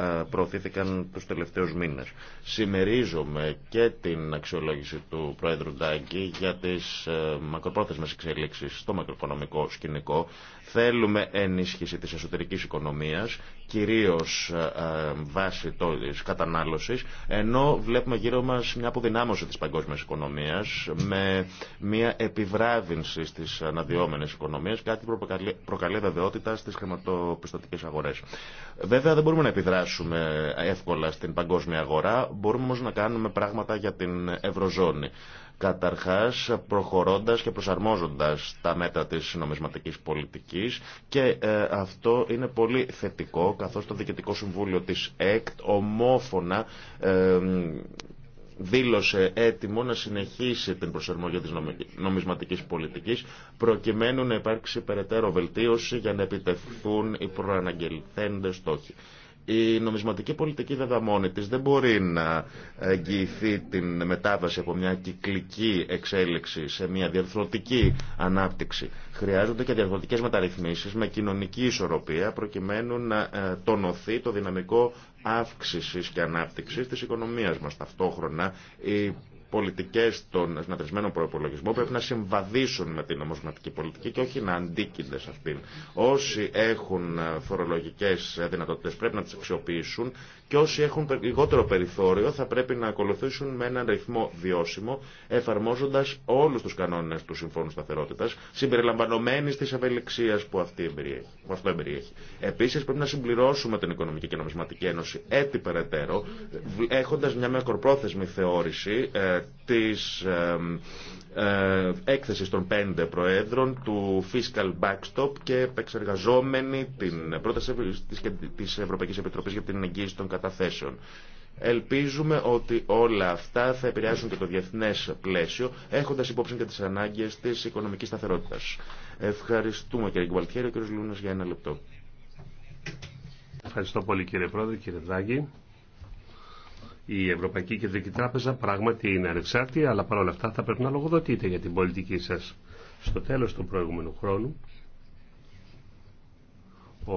ε, προωθήθηκαν τους τελευταίους μήνες. Σημερίζομαι και την αξιολόγηση του Πρόεδρου Ντάγκη για τις ε, μακροπρόθεσμες εξέλιξεις στο μακροοικονομικό σκηνικό Θέλουμε ενίσχυση της εσωτερικής οικονομίας, κυρίως ε, ε, βάσει της κατανάλωσης, ενώ βλέπουμε γύρω μας μια αποδυνάμωση της παγκόσμιας οικονομίας με μια επιβράδυνση στις αναδυόμενες οικονομίες, κάτι που προκαλεί βεβαιότητα στις χρηματοπιστωτικές αγορές. Βέβαια δεν μπορούμε να επιδράσουμε εύκολα στην παγκόσμια αγορά, μπορούμε όμως να κάνουμε πράγματα για την Ευρωζώνη. Καταρχάς προχωρώντας και προσαρμόζοντας τα μέτρα της νομισματικής πολιτικής και ε, αυτό είναι πολύ θετικό καθώς το Διοικητικό Συμβούλιο της ΕΚΤ ομόφωνα δήλωσε έτοιμο να συνεχίσει την προσαρμογή της νομισματικής πολιτικής προκειμένου να υπάρξει περαιτέρω βελτίωση για να επιτευχθούν οι προαναγγελθέντες στόχοι. Η νομισματική πολιτική δεδαμόνη της δεν μπορεί να εγγυηθεί την μετάβαση από μια κυκλική εξέλιξη σε μια διαρθρωτική ανάπτυξη. Χρειάζονται και διαρθρωτικές μεταρρυθμίσεις με κοινωνική ισορροπία προκειμένου να ε, τονωθεί το δυναμικό αύξησης και ανάπτυξης της οικονομίας μας. Ταυτόχρονα πολιτικές των συναθρισμένων προπολογισμών πρέπει να συμβαδίσουν με την νομοσματική πολιτική και όχι να αντίκυνται σε αυτήν. Όσοι έχουν φορολογικέ δυνατότητε πρέπει να τι αξιοποιήσουν και όσοι έχουν λιγότερο περιθώριο θα πρέπει να ακολουθήσουν με έναν ρυθμό βιώσιμο, εφαρμόζοντα όλου του κανόνε του Συμφώνου Σταθερότητα, συμπεριλαμβανομένη τη ευελιξία που, που αυτό εμπεριέχει. Επίση, πρέπει να συμπληρώσουμε την Οικονομική και Νομισματική Ένωση έτσι περαιτέρω, έχοντα μια μακροπρόθεσμη θεώρηση ε, τη ε, έκθεση των πέντε προέδρων του Fiscal Backstop και επεξεργαζόμενη την πρόταση τη Ευρωπαϊκή Επιτροπή για την εγγύηση των καταθέσεων. Ελπίζουμε ότι όλα αυτά θα επηρεάσουν και το διεθνέ πλαίσιο, έχοντα υπόψη και τι ανάγκε τη οικονομική σταθερότητα. Ευχαριστούμε κύριε Γκουαλτιέρη, κύριο Λούνα, για ένα λεπτό. Ευχαριστώ πολύ κύριε Πρόεδρε, κύριε Δράγη. Η Ευρωπαϊκή Κεντρική Τράπεζα πράγματι είναι ανεξάρτητη, αλλά παρόλα αυτά θα πρέπει να λογοδοτείτε για την πολιτική σα. Στο τέλο του προηγούμενου χρόνου, ο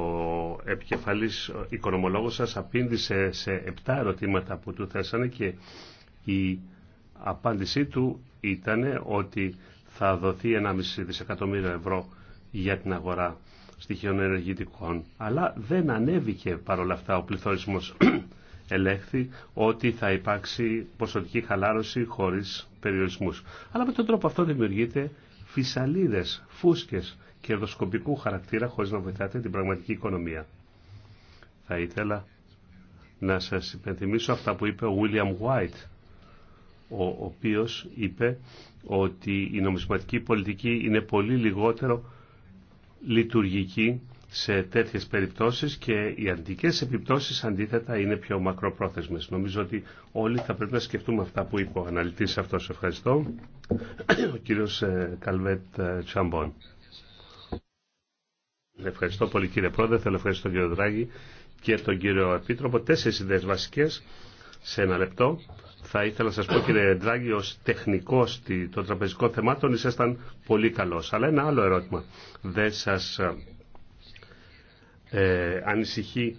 επικεφαλής οικονομολόγος σας απήντησε σε 7 ερωτήματα που του θέσανε και η απάντησή του ήταν ότι θα δοθεί 1,5 δισεκατομμύριο ευρώ για την αγορά στοιχείων ενεργητικών. Αλλά δεν ανέβηκε παρόλα αυτά ο πληθωρισμός ελέγχθη ότι θα υπάρξει ποσοτική χαλάρωση χωρίς περιορισμούς. Αλλά με τον τρόπο αυτό δημιουργείται φυσαλίδες, φούσκες κερδοσκοπικού χαρακτήρα χωρίς να βοηθάτε την πραγματική οικονομία. Θα ήθελα να σας υπενθυμίσω αυτά που είπε ο William White, ο οποίος είπε ότι η νομισματική πολιτική είναι πολύ λιγότερο λειτουργική σε τέτοιες περιπτώσεις και οι αντικές επιπτώσεις αντίθετα είναι πιο μακροπρόθεσμες. Νομίζω ότι όλοι θα πρέπει να σκεφτούμε αυτά που είπε ο αναλυτής αυτός. Ευχαριστώ. Ο κύριος Καλβέτ ε, Τσαμπόν. Ευχαριστώ πολύ κύριε Πρόεδρε, θέλω ευχαριστώ τον κύριο Δράγη και τον κύριο Επίτροπο. Τέσσερις ιδέε βασικές σε ένα λεπτό. Θα ήθελα να σας πω κύριε Δράγη ως τεχνικός των τραπεζικών θεμάτων ήσασταν πολύ καλός. Αλλά ένα άλλο ερώτημα. Δεν σας ε, ανησυχεί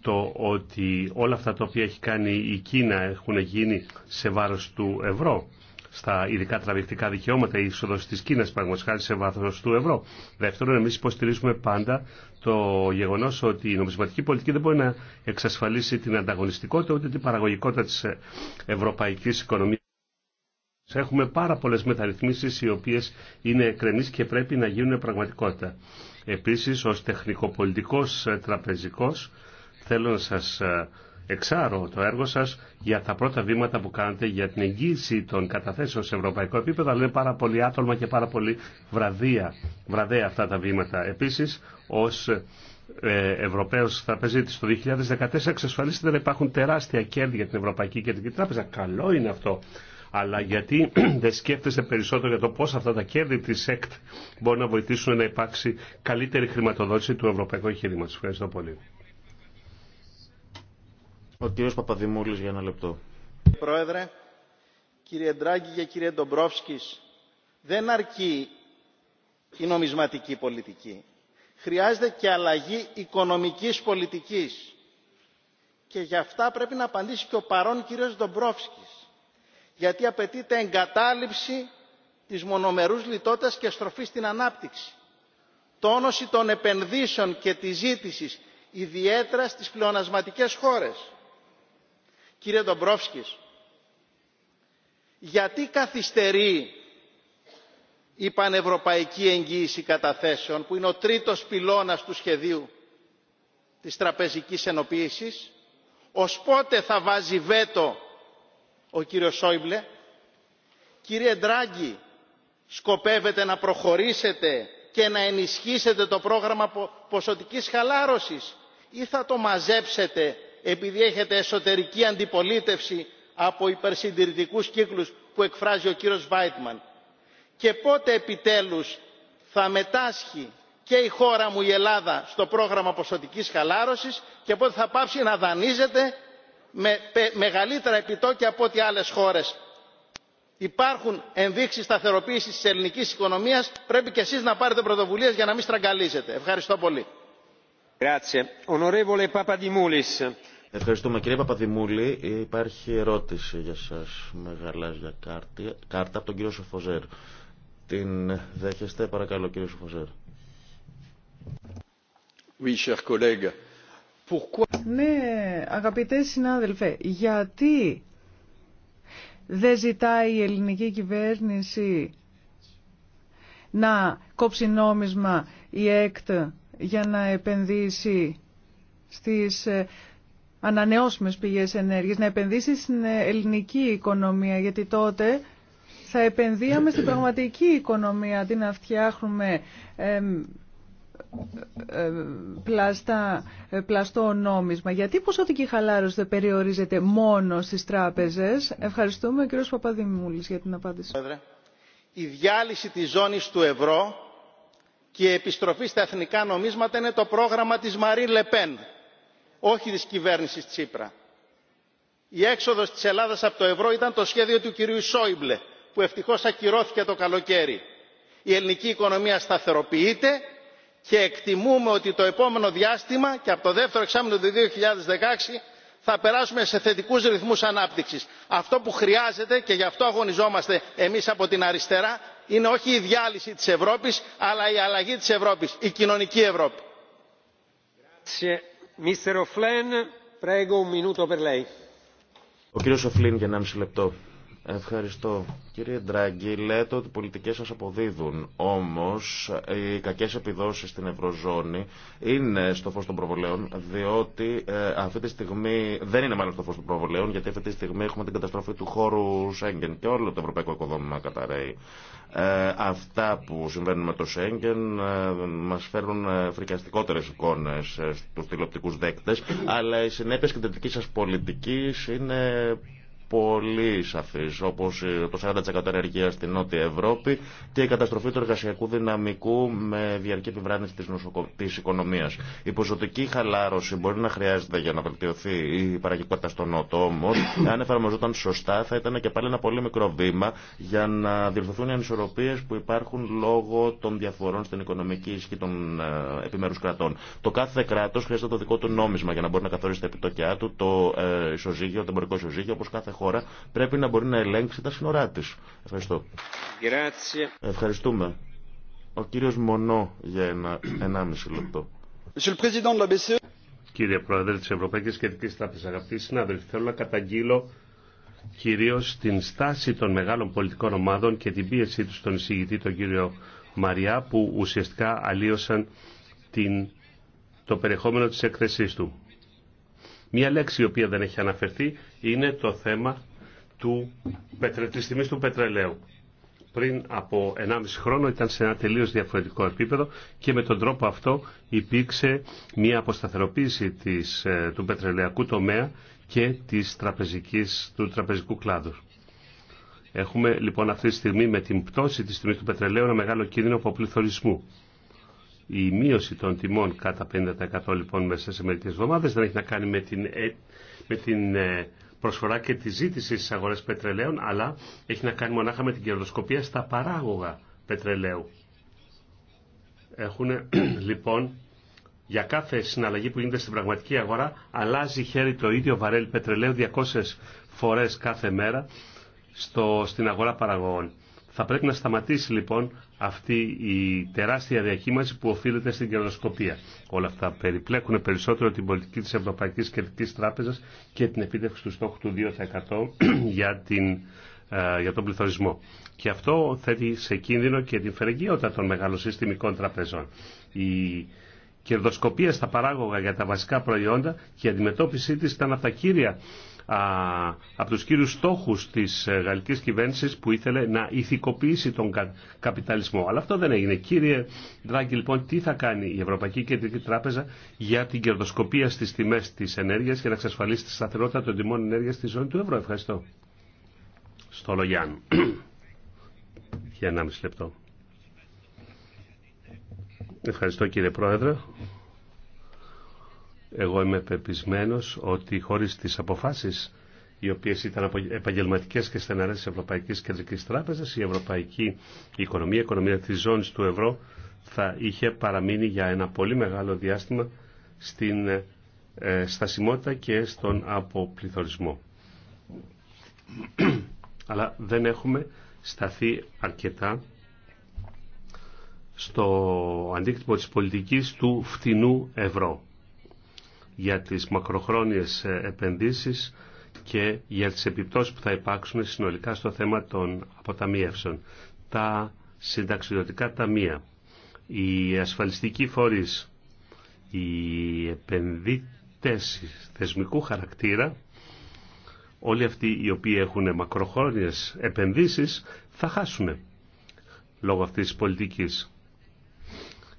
το ότι όλα αυτά τα οποία έχει κάνει η Κίνα έχουν γίνει σε βάρος του ευρώ στα ειδικά τραβηχτικά δικαιώματα η είσοδο τη Κίνα, παραδείγματο σε βάθο του ευρώ. Δεύτερον, εμεί υποστηρίζουμε πάντα το γεγονό ότι η νομισματική πολιτική δεν μπορεί να εξασφαλίσει την ανταγωνιστικότητα ούτε την παραγωγικότητα τη ευρωπαϊκή οικονομία. Έχουμε πάρα πολλέ μεταρρυθμίσει οι οποίε είναι εκκρεμεί και πρέπει να γίνουν πραγματικότητα. Επίση, ω τεχνικοπολιτικό ε, τραπεζικό, θέλω να σα ε, εξάρω το έργο σας για τα πρώτα βήματα που κάνετε για την εγγύηση των καταθέσεων σε ευρωπαϊκό επίπεδο, αλλά είναι πάρα πολύ άτολμα και πάρα πολύ βραδεία, βραδέα αυτά τα βήματα. Επίσης, ως ε, Ευρωπαίος Τραπεζίτης το 2014 εξασφαλίσετε να υπάρχουν τεράστια κέρδη για την Ευρωπαϊκή Κεντρική Τράπεζα. Καλό είναι αυτό αλλά γιατί δεν σκέφτεστε περισσότερο για το πώς αυτά τα κέρδη της ΕΚΤ μπορούν να βοηθήσουν να υπάρξει καλύτερη χρηματοδότηση του ευρωπαϊκού εγχειρήματος. Ευχαριστώ πολύ. Ο κύριος Παπαδημούλης για ένα λεπτό. Κύριε Πρόεδρε, κύριε Ντράγκη και κύριε Ντομπρόφσκης, δεν αρκεί η νομισματική πολιτική. Χρειάζεται και αλλαγή οικονομικής πολιτικής. Και γι' αυτά πρέπει να απαντήσει και ο παρόν κύριος Ντομπρόφσκης. Γιατί απαιτείται εγκατάλειψη της μονομερούς λιτότητας και στροφή στην ανάπτυξη. Τόνωση των επενδύσεων και της ζήτησης, ιδιαίτερα στις πλεονασματικές χώρες κύριε Ντομπρόφσκης, γιατί καθυστερεί η πανευρωπαϊκή εγγύηση καταθέσεων που είναι ο τρίτος πυλώνας του σχεδίου της τραπεζικής ενοποίησης, ως πότε θα βάζει βέτο ο κύριος Σόιμπλε. Κύριε Ντράγκη, σκοπεύετε να προχωρήσετε και να ενισχύσετε το πρόγραμμα ποσοτικής χαλάρωσης ή θα το μαζέψετε επειδή έχετε εσωτερική αντιπολίτευση από υπερσυντηρητικούς κύκλους που εκφράζει ο κύριος Βάιτμαν. Και πότε επιτέλους θα μετάσχει και η χώρα μου η Ελλάδα στο πρόγραμμα ποσοτικής χαλάρωσης και πότε θα πάψει να δανείζεται με μεγαλύτερα επιτόκια από ό,τι άλλες χώρες. Υπάρχουν ενδείξεις σταθεροποίησης της ελληνικής οικονομίας. Πρέπει και εσείς να πάρετε πρωτοβουλίες για να μην στραγγαλίζετε. Ευχαριστώ πολύ. Ευχαριστούμε κύριε Παπαδημούλη. Υπάρχει ερώτηση για σας με γαλάζια κάρτη, κάρτα από τον κύριο Σοφοζέρ. Την δέχεστε παρακαλώ κύριε Σοφοζέρ. Oui, cher collègue. Pourquoi... Ναι, αγαπητέ συνάδελφε, γιατί δεν ζητάει η ελληνική κυβέρνηση να κόψει νόμισμα η ΕΚΤ για να επενδύσει στις ε, Ανανεώσουμε πηγές ενέργειας, να επενδύσει στην ελληνική οικονομία, γιατί τότε θα επενδύαμε στην πραγματική οικονομία, αντί να φτιάχνουμε πλάστα, ε, πλαστό νόμισμα. Γιατί ποσοτική χαλάρωση δεν περιορίζεται μόνο στις τράπεζες. Ευχαριστούμε κύριο Παπαδημούλης για την απάντηση. Η διάλυση της ζώνης του ευρώ και η επιστροφή στα εθνικά νομίσματα είναι το πρόγραμμα της Μαρή Λεπέν όχι της κυβέρνησης Τσίπρα. Η έξοδος της Ελλάδας από το ευρώ ήταν το σχέδιο του κυρίου Σόιμπλε, που ευτυχώς ακυρώθηκε το καλοκαίρι. Η ελληνική οικονομία σταθεροποιείται και εκτιμούμε ότι το επόμενο διάστημα και από το δεύτερο εξάμεινο του 2016 θα περάσουμε σε θετικούς ρυθμούς ανάπτυξης. Αυτό που χρειάζεται και γι' αυτό αγωνιζόμαστε εμείς από την αριστερά είναι όχι η διάλυση της Ευρώπης αλλά η αλλαγή της Ευρώπης, η κοινωνική Ευρώπη. Ο κύριος Φλίν για 1,5 λεπτό. Ευχαριστώ. Κύριε Ντράγκη, λέτε ότι οι πολιτικές σας αποδίδουν. Όμως, οι κακές επιδόσεις στην Ευρωζώνη είναι στο φως των προβολέων, διότι ε, αυτή τη στιγμή δεν είναι μάλλον στο φως των προβολέων, γιατί αυτή τη στιγμή έχουμε την καταστροφή του χώρου Σέγγεν και όλο το ευρωπαϊκό οικοδόμημα καταραίει. Ε, αυτά που συμβαίνουν με το Σέγγεν ε, μας φέρνουν ε, φρικιαστικότερες εικόνες ε, στους τηλεοπτικούς δέκτες, αλλά οι συνέπειες και δική σα πολιτική είναι πολύ σαφή, όπως ε, το 40% ενεργεία στην Νότια Ευρώπη και η καταστροφή του εργασιακού δυναμικού με διαρκή επιβράνηση της, νοσοκο... οικονομίας. Η ποσοτική χαλάρωση μπορεί να χρειάζεται για να βελτιωθεί η παραγωγικότητα στο Νότο, όμως αν εφαρμοζόταν σωστά θα ήταν και πάλι ένα πολύ μικρό βήμα για να διορθωθούν οι ανισορροπίες που υπάρχουν λόγω των διαφορών στην οικονομική ισχύ των ε, επιμέρους κρατών. Το κάθε κράτο χρειάζεται το δικό του νόμισμα για να μπορεί να καθορίσει τα επιτόκια του, το ε, ισοζύγιο, το εμπορικό ισοζύγιο, όπως κάθε χώρα πρέπει να μπορεί να ελέγξει τα σύνορά τη. Ευχαριστώ. Ευχαριστούμε. Ο κύριος Μονό για ένα, 1,5 λεπτό. Κύριε Πρόεδρε της Ευρωπαϊκής Κεντρικής Τράπεζας, αγαπητοί συνάδελφοι, θέλω να καταγγείλω κυρίως την στάση των μεγάλων πολιτικών ομάδων και την πίεση του στον εισηγητή τον κύριο Μαριά που ουσιαστικά αλλίωσαν την, το περιεχόμενο της έκθεσής του. Μία λέξη η οποία δεν έχει αναφερθεί είναι το θέμα του, της τιμής του πετρελαίου. Πριν από 1,5 χρόνο ήταν σε ένα τελείως διαφορετικό επίπεδο και με τον τρόπο αυτό υπήρξε μία αποσταθεροποίηση της, ε, του πετρελαιακού τομέα και της τραπεζικής, του τραπεζικού κλάδου. Έχουμε λοιπόν αυτή τη στιγμή με την πτώση της τιμής του πετρελαίου ένα μεγάλο κίνδυνο από η μείωση των τιμών κατά 50% λοιπόν μέσα σε μερικές εβδομάδες δεν έχει να κάνει με την, ε, με την ε, προσφορά και τη ζήτηση στι αγορές πετρελαίων αλλά έχει να κάνει μονάχα με την κερδοσκοπία στα παράγωγα πετρελαίου. Έχουν λοιπόν για κάθε συναλλαγή που γίνεται στην πραγματική αγορά αλλάζει χέρι το ίδιο βαρέλ πετρελαίου 200 φορές κάθε μέρα στο, στην αγορά παραγωγών. Θα πρέπει να σταματήσει λοιπόν αυτή η τεράστια διακύμαση που οφείλεται στην κερδοσκοπία. Όλα αυτά περιπλέκουν περισσότερο την πολιτική της Ευρωπαϊκής Κεντρικής Τράπεζας και την επίτευξη του στόχου του 2% για, την, ε, για τον πληθωρισμό. Και αυτό θέτει σε κίνδυνο και την φερεγγιότητα των μεγαλοσυστημικών τραπεζών. Η κερδοσκοπία στα παράγωγα για τα βασικά προϊόντα και η αντιμετώπιση της ήταν από τα κύρια από τους κύριους στόχους της ε, γαλλικής κυβέρνησης που ήθελε να ηθικοποιήσει τον καπιταλισμό. Αλλά αυτό δεν έγινε. Κύριε Δράγκη, λοιπόν, τι θα κάνει η Ευρωπαϊκή Κεντρική Τράπεζα για την κερδοσκοπία στις τιμές της ενέργειας και να εξασφαλίσει τη σταθερότητα των τιμών ενέργειας στη ζώνη του ευρώ. Ευχαριστώ. Στο Λογιάν. για 1,5 λεπτό. Ευχαριστώ κύριε Πρόεδρε. Εγώ είμαι πεπισμένος ότι χωρίς τις αποφάσεις οι οποίες ήταν επαγγελματικές και στεναρές της Ευρωπαϊκής Κεντρικής Τράπεζας, η ευρωπαϊκή οικονομία, η οικονομία της ζώνης του ευρώ, θα είχε παραμείνει για ένα πολύ μεγάλο διάστημα στην ε, στασιμότητα και στον αποπληθωρισμό. Αλλά δεν έχουμε σταθεί αρκετά στο αντίκτυπο της πολιτικής του φτηνού ευρώ για τις μακροχρόνιες ε, επενδύσεις και για τις επιπτώσεις που θα υπάρξουν συνολικά στο θέμα των αποταμιεύσεων. Τα συνταξιδοτικά ταμεία, οι ασφαλιστικοί φορείς, οι επενδύτες θεσμικού χαρακτήρα, όλοι αυτοί οι οποίοι έχουν μακροχρόνιες επενδύσεις θα χάσουν λόγω αυτής της πολιτικής.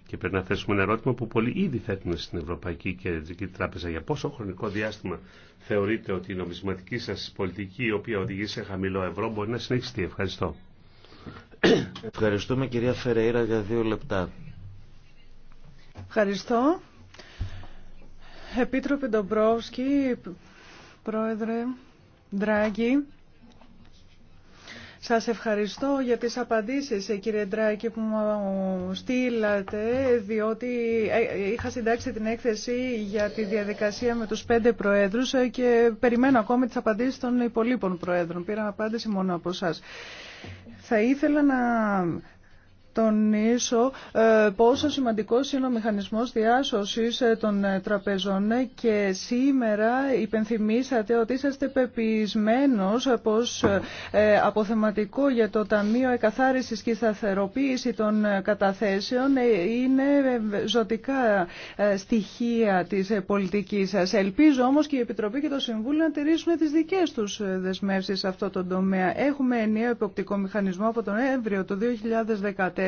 Και πρέπει να θέσουμε ένα ερώτημα που πολλοί ήδη θέτουν στην Ευρωπαϊκή Κεντρική Τράπεζα. Για πόσο χρονικό διάστημα θεωρείτε ότι η νομισματική σας πολιτική, η οποία οδηγεί σε χαμηλό ευρώ, μπορεί να συνεχιστεί. Ευχαριστώ. Ευχαριστούμε κυρία Φερέιρα για δύο λεπτά. Ευχαριστώ. Επίτροπε Ντομπρόσκη, Πρόεδρε Ντράγκη, σας ευχαριστώ για τις απαντήσεις, ε, κύριε Ντράκη, που μου στείλατε, διότι ε, ε, είχα συντάξει την έκθεση για τη διαδικασία με τους πέντε προέδρους και περιμένω ακόμη τις απαντήσεις των υπολείπων προέδρων. Πήρα απάντηση μόνο από εσά. Θα ήθελα να τονίσω ε, πόσο σημαντικός είναι ο μηχανισμός διάσωσης ε, των ε, τραπεζών και σήμερα υπενθυμίσατε ότι είσαστε πεπισμένος πως αποθεματικό για το Ταμείο Εκαθάρισης και Σταθεροποίηση των Καταθέσεων είναι ζωτικά στοιχεία της πολιτικής σας. Ελπίζω όμως και η Επιτροπή και το Συμβούλιο να τηρήσουν τις δικές τους δεσμεύσεις σε αυτό το τομέα. Έχουμε ενιαίο υποπτικό μηχανισμό από τον Εύριο του 2014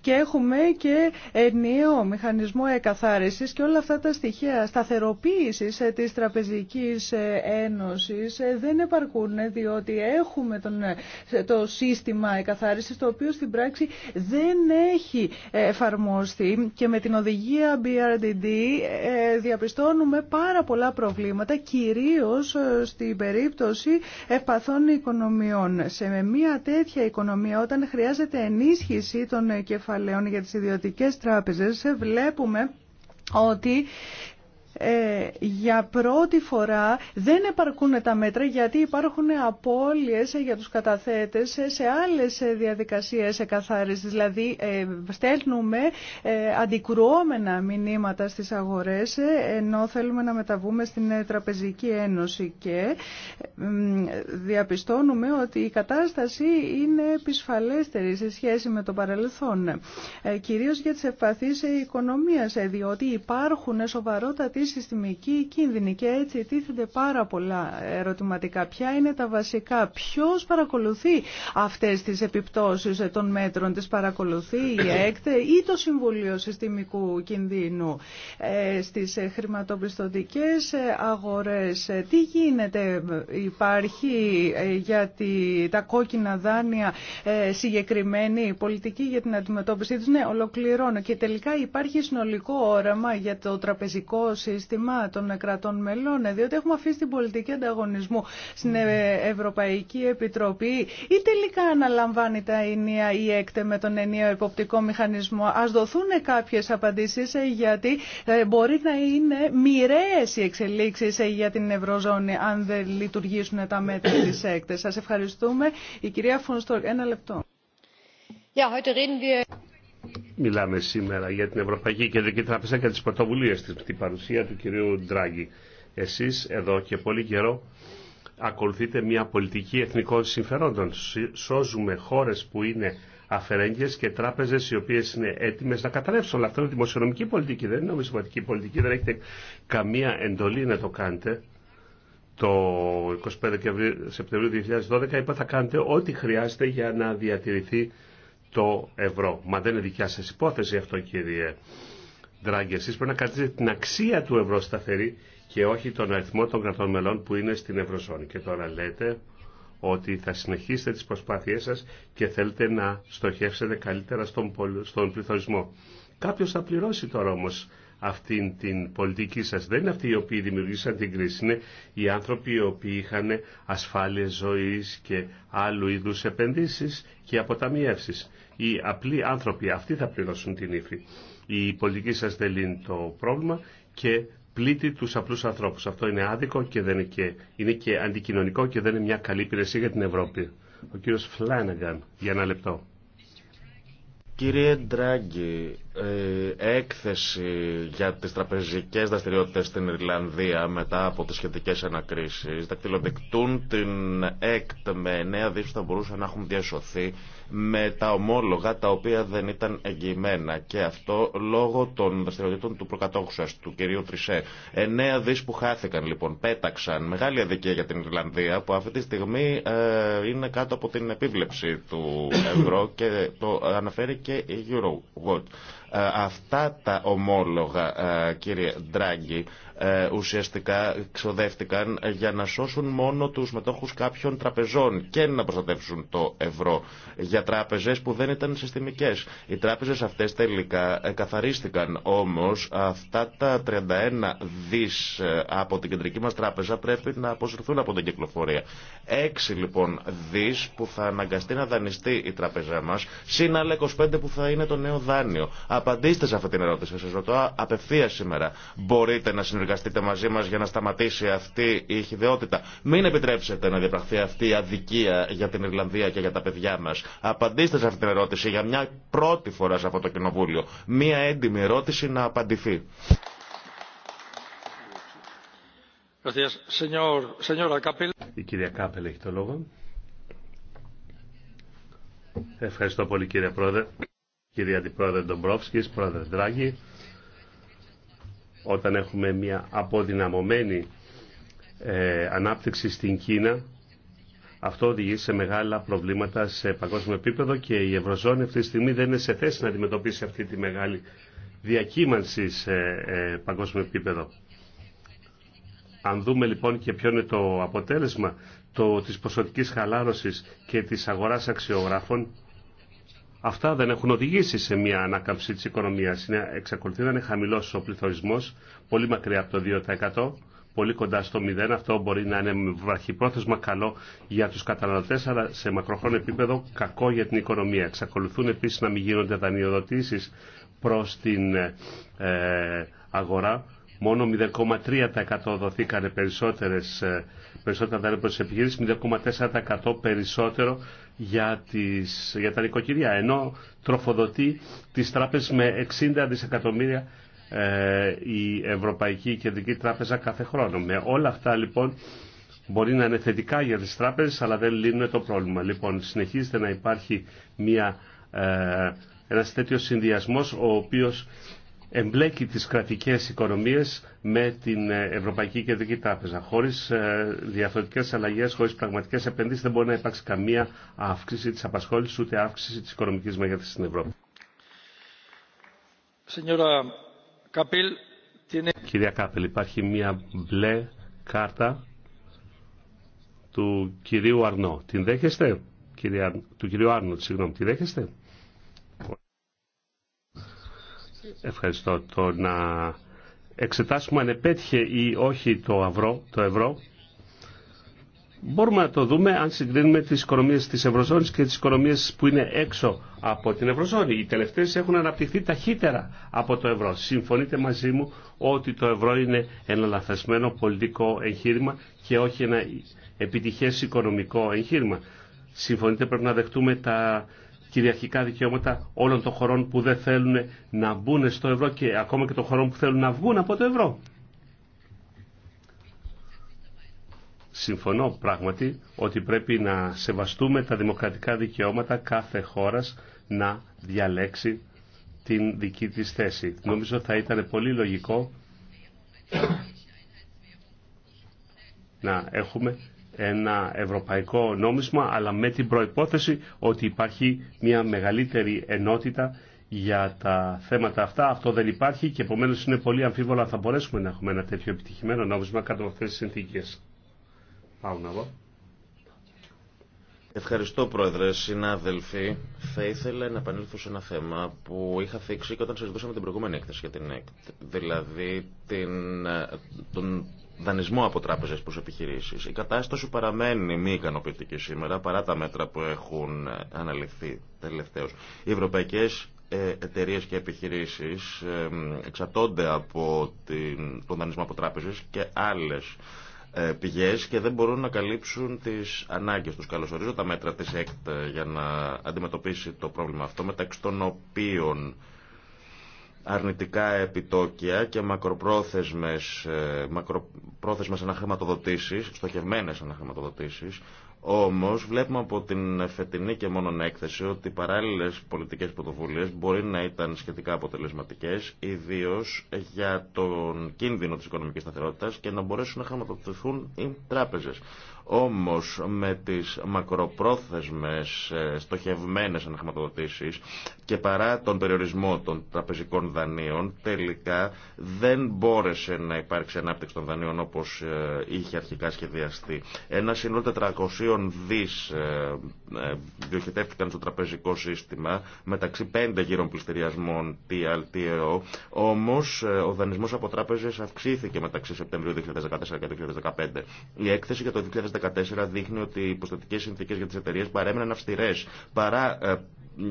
και έχουμε και ενιαίο μηχανισμό εκαθάρισης και όλα αυτά τα στοιχεία σταθεροποίησης ε, της Τραπεζικής ε, Ένωσης ε, δεν επαρκούν διότι έχουμε τον, το σύστημα εκαθάρισης το οποίο στην πράξη δεν έχει εφαρμόστεί και με την οδηγία BRDD διαπιστώνουμε πάρα πολλά προβλήματα κυρίως στην περίπτωση ευπαθών οικονομιών. Σε μια τέτοια οικονομία όταν χρειάζεται ενίσχυση ενίσχυση των κεφαλαίων για τις ιδιωτικές τράπεζες βλέπουμε ότι ε, για πρώτη φορά δεν επαρκούν τα μέτρα γιατί υπάρχουν απώλειες για τους καταθέτες σε άλλες διαδικασίες εκαθάρισης. Δηλαδή ε, στέλνουμε ε, αντικρουόμενα μηνύματα στις αγορές ενώ θέλουμε να μεταβούμε στην Τραπεζική Ένωση και διαπιστώνουμε ότι η κατάσταση είναι επισφαλέστερη σε σχέση με το παρελθόν. Κυρίως για τις ευπαθείς οικονομίας διότι υπάρχουν σοβαρότατοι συστημική κίνδυνη και έτσι τίθενται πάρα πολλά ερωτηματικά. Ποια είναι τα βασικά, ποιος παρακολουθεί αυτές τις επιπτώσεις των μέτρων, τις παρακολουθεί η ΕΚΤΕ ή το Συμβουλίο Συστημικού Κινδύνου ε, στις χρηματοπιστωτικές αγορές. Ε, τι γίνεται, υπάρχει ε, για τα κόκκινα δάνεια συγκεκριμένη πολιτική για την αντιμετώπιση τους. Ναι, ολοκληρώνω. Και τελικά υπάρχει συνολικό όραμα για το τραπεζικό σύστημα των κρατών μελών, ε, διότι έχουμε αφήσει την πολιτική ανταγωνισμού στην ε, Ευρωπαϊκή Επιτροπή ή τελικά αναλαμβάνει τα ενία ή έκτε με τον ενίο εποπτικό μηχανισμό. Α δοθούν κάποιε απαντήσει ε, γιατί μπορεί να είναι μοιραίε οι εξελίξει για την Ευρωζώνη αν δεν λειτουργήσουν τα μέτρα τη έκτε. Σα ευχαριστούμε. Η κυρία Φωνστόρ, ένα λεπτό. Ja, heute reden wir μιλάμε σήμερα για την Ευρωπαϊκή Κεντρική Τράπεζα και τις πρωτοβουλίες της, την παρουσία του κυρίου Ντράγκη. Εσείς εδώ και πολύ καιρό ακολουθείτε μια πολιτική εθνικών συμφερόντων. Σώζουμε χώρες που είναι αφαιρέγγες και τράπεζες οι οποίες είναι έτοιμες να καταρρεύσουν. Αλλά αυτό είναι δημοσιονομική πολιτική, δεν είναι νομισματική πολιτική, δεν έχετε καμία εντολή να το κάνετε. Το 25 Σεπτεμβρίου 2012 είπα θα κάνετε ό,τι χρειάζεται για να διατηρηθεί το ευρώ. Μα δεν είναι δικιά σας υπόθεση αυτό κύριε Ντράγκη. Εσείς πρέπει να κρατήσετε την αξία του ευρώ σταθερή και όχι τον αριθμό των κρατών μελών που είναι στην Ευρωζώνη. Και τώρα λέτε ότι θα συνεχίσετε τις προσπάθειές σας και θέλετε να στοχεύσετε καλύτερα στον, στον πληθωρισμό. Κάποιος θα πληρώσει τώρα όμως αυτήν την πολιτική σας. Δεν είναι αυτοί οι οποίοι δημιουργήσαν την κρίση, είναι οι άνθρωποι οι οποίοι είχαν ασφάλειες ζωής και άλλου είδους επενδύσεις και αποταμιεύσεις. Οι απλοί άνθρωποι αυτοί θα πληρώσουν την ύφη. Η πολιτική σας δεν λύνει το πρόβλημα και πλήττει τους απλούς ανθρώπους. Αυτό είναι άδικο και, δεν είναι, και, είναι και αντικοινωνικό και δεν είναι μια καλή υπηρεσία για την Ευρώπη. Ο κύριος Φλάνεγκαν, για ένα λεπτό. Κύριε Ντράγκη, ε, έκθεση για τις τραπεζικές δραστηριότητες στην Ιρλανδία μετά από τις σχετικές ανακρίσεις δακτυλοδεικτούν την ΕΚΤ με νέα δίψη που θα μπορούσαν να έχουν διασωθεί με τα ομόλογα τα οποία δεν ήταν εγγυημένα και αυτό λόγω των δραστηριοτήτων του προκατόχου σας, του κυρίου Τρισέ. Εννέα δις που χάθηκαν λοιπόν, πέταξαν, μεγάλη αδικία για την Ιρλανδία που αυτή τη στιγμή ε, είναι κάτω από την επίβλεψη του ευρώ και το αναφέρει και η Eurowatch. Ε, αυτά τα ομόλογα, ε, κύριε Ντράγκη, ε, ουσιαστικά ξοδεύτηκαν για να σώσουν μόνο τους μετόχους κάποιων τραπεζών και να προστατεύσουν το ευρώ για τράπεζες που δεν ήταν συστημικές. Οι τράπεζες αυτές τελικά ε, καθαρίστηκαν όμως αυτά τα 31 δις ε, από την κεντρική μας τράπεζα πρέπει να αποσυρθούν από την κυκλοφορία. Έξι λοιπόν δις που θα αναγκαστεί να δανειστεί η τράπεζά μας, συν άλλα 25 που θα είναι το νέο δάνειο. Απαντήστε σε αυτή την ερώτηση, σας ρωτώ απευθεία σήμερα. Μπορείτε να συνεργαστείτε συνεργαστείτε μαζί μα για να σταματήσει αυτή η χιδεότητα. Μην επιτρέψετε να διαπραχθεί αυτή η αδικία για την Ιρλανδία και για τα παιδιά μα. Απαντήστε σε αυτή την ερώτηση για μια πρώτη φορά σε αυτό το κοινοβούλιο. Μια έντιμη ερώτηση να απαντηθεί. Η κυρία Κάπελ έχει το λόγο. Ευχαριστώ πολύ κύριε Πρόεδρε, κύριε Αντιπρόεδρε Ντομπρόφσκης, Πρόεδρε όταν έχουμε μια αποδυναμωμένη ε, ανάπτυξη στην Κίνα, αυτό οδηγεί σε μεγάλα προβλήματα σε παγκόσμιο επίπεδο και η Ευρωζώνη αυτή τη στιγμή δεν είναι σε θέση να αντιμετωπίσει αυτή τη μεγάλη διακύμανση σε ε, παγκόσμιο επίπεδο. Αν δούμε λοιπόν και ποιο είναι το αποτέλεσμα το, της ποσοτικής χαλάρωσης και της αγοράς αξιογράφων, αυτά δεν έχουν οδηγήσει σε μια ανάκαμψη της οικονομίας. Είναι, εξακολουθεί να είναι χαμηλός ο πληθωρισμός, πολύ μακριά από το 2%, πολύ κοντά στο 0. Αυτό μπορεί να είναι βραχυπρόθεσμα καλό για τους καταναλωτές, αλλά σε μακροχρόνιο επίπεδο κακό για την οικονομία. Εξακολουθούν επίσης να μην γίνονται δανειοδοτήσεις προς την ε, ε, αγορά μόνο 0,3% δοθήκανε περισσότερες, ε, περισσότερα δάνεια προς επιχειρήσεις, 0,4% περισσότερο για, τις, για τα νοικοκυριά, ενώ τροφοδοτεί τις τράπεζες με 60 δισεκατομμύρια ε, η Ευρωπαϊκή Κεντρική Τράπεζα κάθε χρόνο. Με όλα αυτά λοιπόν μπορεί να είναι θετικά για τις τράπεζες αλλά δεν λύνουν το πρόβλημα. Λοιπόν συνεχίζεται να υπάρχει μια, ε, ένας τέτοιος συνδυασμός ο οποίος εμπλέκει τις κρατικές οικονομίες με την ε, Ευρωπαϊκή Κεντρική Τράπεζα. Χωρίς ε, διαφορετικές αλλαγές, χωρίς πραγματικές επενδύσεις δεν μπορεί να υπάρξει καμία αύξηση της απασχόλησης ούτε αύξηση της οικονομικής μεγέθυνσης στην Ευρώπη. Κυρία Κάπελ, υπάρχει μία μπλε κάρτα του κυρίου Αρνό. Την δέχεστε, κυρία, του κυρίου συγγνώμη, δέχεστε. Ευχαριστώ. Το να εξετάσουμε αν επέτυχε ή όχι το ευρώ, το ευρώ μπορούμε να το δούμε αν συγκρίνουμε τις οικονομίες της Ευρωζώνης και τις οικονομίες που είναι έξω από την Ευρωζώνη. Οι τελευταίες έχουν αναπτυχθεί ταχύτερα από το ευρώ. Συμφωνείτε μαζί μου ότι το ευρώ είναι ένα λαθασμένο πολιτικό εγχείρημα και όχι ένα επιτυχές οικονομικό εγχείρημα. Συμφωνείτε πρέπει να δεχτούμε τα κυριαρχικά δικαιώματα όλων των χωρών που δεν θέλουν να μπουν στο ευρώ και ακόμα και των χωρών που θέλουν να βγουν από το ευρώ. Συμφωνώ πράγματι ότι πρέπει να σεβαστούμε τα δημοκρατικά δικαιώματα κάθε χώρας να διαλέξει την δική της θέση. Νομίζω θα ήταν πολύ λογικό να έχουμε ένα ευρωπαϊκό νόμισμα, αλλά με την προϋπόθεση ότι υπάρχει μια μεγαλύτερη ενότητα για τα θέματα αυτά. Αυτό δεν υπάρχει και επομένω είναι πολύ αμφίβολα αν θα μπορέσουμε να έχουμε ένα τέτοιο επιτυχημένο νόμισμα κάτω από αυτέ τι συνθήκε. Πάω να δω. Ευχαριστώ Πρόεδρε, συνάδελφοι. Θα ήθελα να επανέλθω σε ένα θέμα που είχα θίξει και όταν συζητούσαμε την προηγούμενη έκθεση για την ΕΚΤ. Δηλαδή την, ε, τον δανεισμό από τράπεζες προς επιχειρήσεις. Η κατάσταση παραμένει μη ικανοποιητική σήμερα παρά τα μέτρα που έχουν αναλυφθεί τελευταίως. Οι ευρωπαϊκές ε, εταιρείες και επιχειρήσεις ε, εξαρτώνται από τον δανεισμό από τράπεζες και άλλες ε, πηγές και δεν μπορούν να καλύψουν τις ανάγκες τους. Καλωσορίζω τα μέτρα της ΕΚΤ για να αντιμετωπίσει το πρόβλημα αυτό μεταξύ των οποίων αρνητικά επιτόκια και μακροπρόθεσμες, ε, μακροπρόθεσμες αναχρηματοδοτήσεις, στοχευμένες αναχρηματοδοτήσεις, όμως βλέπουμε από την φετινή και μόνον έκθεση ότι παράλληλες πολιτικές πρωτοβουλίε μπορεί να ήταν σχετικά αποτελεσματικές, ιδίω για τον κίνδυνο της οικονομικής σταθερότητας και να μπορέσουν να χρηματοδοτηθούν οι τράπεζες. Όμως με τις μακροπρόθεσμες ε, στοχευμένες αναχρηματοδοτήσεις και παρά τον περιορισμό των τραπεζικών δανείων τελικά δεν μπόρεσε να υπάρξει ανάπτυξη των δανείων όπως ε, είχε αρχικά σχεδιαστεί. Ένα σύνολο 400 δις ε, διοχετεύτηκαν στο τραπεζικό σύστημα μεταξύ πέντε γύρων πληστηριασμών TLTO όμως ο δανεισμός από τράπεζες αυξήθηκε μεταξύ Σεπτεμβρίου 2014 και 2015. Η έκθεση για το 2014 δείχνει ότι οι υποστατικέ συνθήκες για τι εταιρείε παρέμειναν αυστηρέ παρά ε,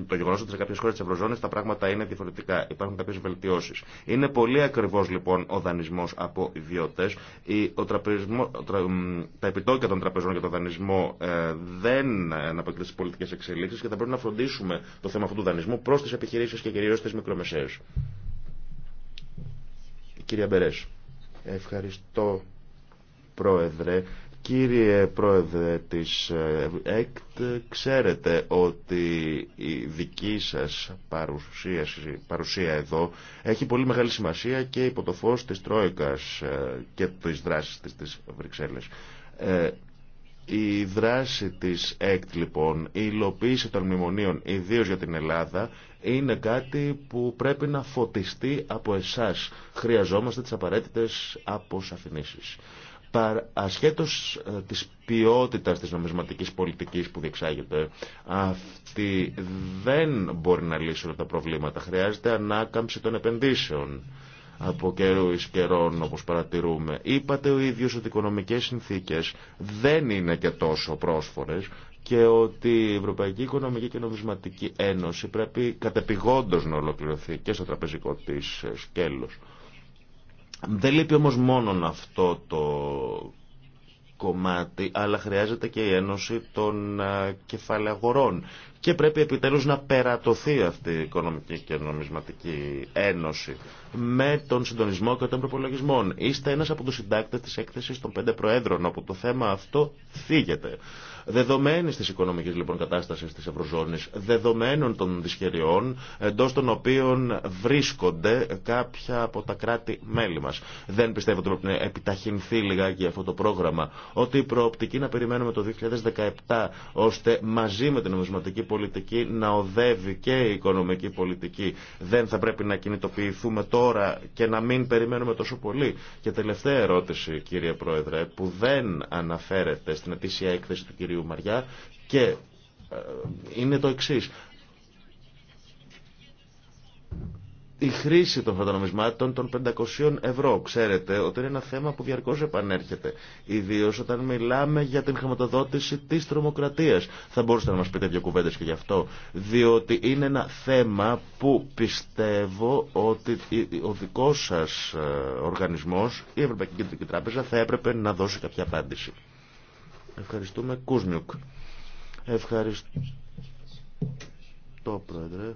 το γεγονό ότι σε κάποιε χώρε τη Ευρωζώνη τα πράγματα είναι διαφορετικά. Υπάρχουν κάποιε βελτιώσει. Είναι πολύ ακριβώ λοιπόν ο δανεισμό από ιδιώτε. Τα επιτόκια των τραπεζών για τον δανεισμό ε, δεν αναπτύσσουν τι πολιτικέ εξελίξει και θα πρέπει να φροντίσουμε το θέμα αυτού του δανεισμού προ τι επιχειρήσει και κυρίω τι μικρομεσαίε. Κυρία Μπερέ, ευχαριστώ πρόεδρε. Κύριε Πρόεδρε της ε, ΕΚΤ, ξέρετε ότι η δική σας παρουσία, εδώ έχει πολύ μεγάλη σημασία και υπό το φως της Τρόικας ε, και της δράσης της, της Βρυξέλλες. Ε, η δράση της ΕΚΤ λοιπόν, η υλοποίηση των μνημονίων, ιδίω για την Ελλάδα, είναι κάτι που πρέπει να φωτιστεί από εσάς. Χρειαζόμαστε τις απαραίτητες αποσαφηνήσεις ασχέτως ε, της ποιότητας της νομισματικής πολιτικής που διεξάγεται, αυτή δεν μπορεί να λύσει όλα τα προβλήματα. Χρειάζεται ανάκαμψη των επενδύσεων από καιρού εις καιρών όπως παρατηρούμε. Είπατε ο ίδιος ότι οι οικονομικές συνθήκες δεν είναι και τόσο πρόσφορες και ότι η Ευρωπαϊκή Οικονομική και Νομισματική Ένωση πρέπει κατεπηγόντως να ολοκληρωθεί και στο τραπεζικό της ε, σκέλος. Δεν λείπει όμως μόνο αυτό το κομμάτι, αλλά χρειάζεται και η Ένωση των ε, Κεφαλαγορών. Και πρέπει επιτέλους να περατωθεί αυτή η Οικονομική και Νομισματική Ένωση με τον συντονισμό και των προπολογισμών. Είστε ένας από τους συντάκτες της έκθεσης των πέντε προέδρων, όπου το θέμα αυτό θίγεται. Δεδομένη τη οικονομική λοιπόν κατάσταση τη Ευρωζώνη, δεδομένων των δυσχεριών εντό των οποίων βρίσκονται κάποια από τα κράτη-μέλη μα. Δεν πιστεύω ότι πρέπει να επιταχυνθεί λιγάκι αυτό το πρόγραμμα. Ότι η προοπτική να περιμένουμε το 2017 ώστε μαζί με την νομισματική πολιτική να οδεύει και η οικονομική πολιτική. Δεν θα πρέπει να κινητοποιηθούμε τώρα και να μην περιμένουμε τόσο πολύ. Και τελευταία ερώτηση, κύριε Πρόεδρε, που δεν αναφέρεται στην ετήσια έκθεση του Μαριά και ε, είναι το εξή. Η χρήση των φωτονομισμάτων των 500 ευρώ, ξέρετε, ότι είναι ένα θέμα που διαρκώς επανέρχεται. Ιδίω όταν μιλάμε για την χρηματοδότηση της τρομοκρατίας. Θα μπορούσατε να μας πείτε δύο κουβέντες και γι' αυτό. Διότι είναι ένα θέμα που πιστεύω ότι ο δικός σας ε, οργανισμός, η Ευρωπαϊκή Κεντρική Τράπεζα, θα έπρεπε να δώσει κάποια απάντηση. Ευχαριστούμε. Κούσμιουκ. Ευχαριστώ, Πρόεδρε.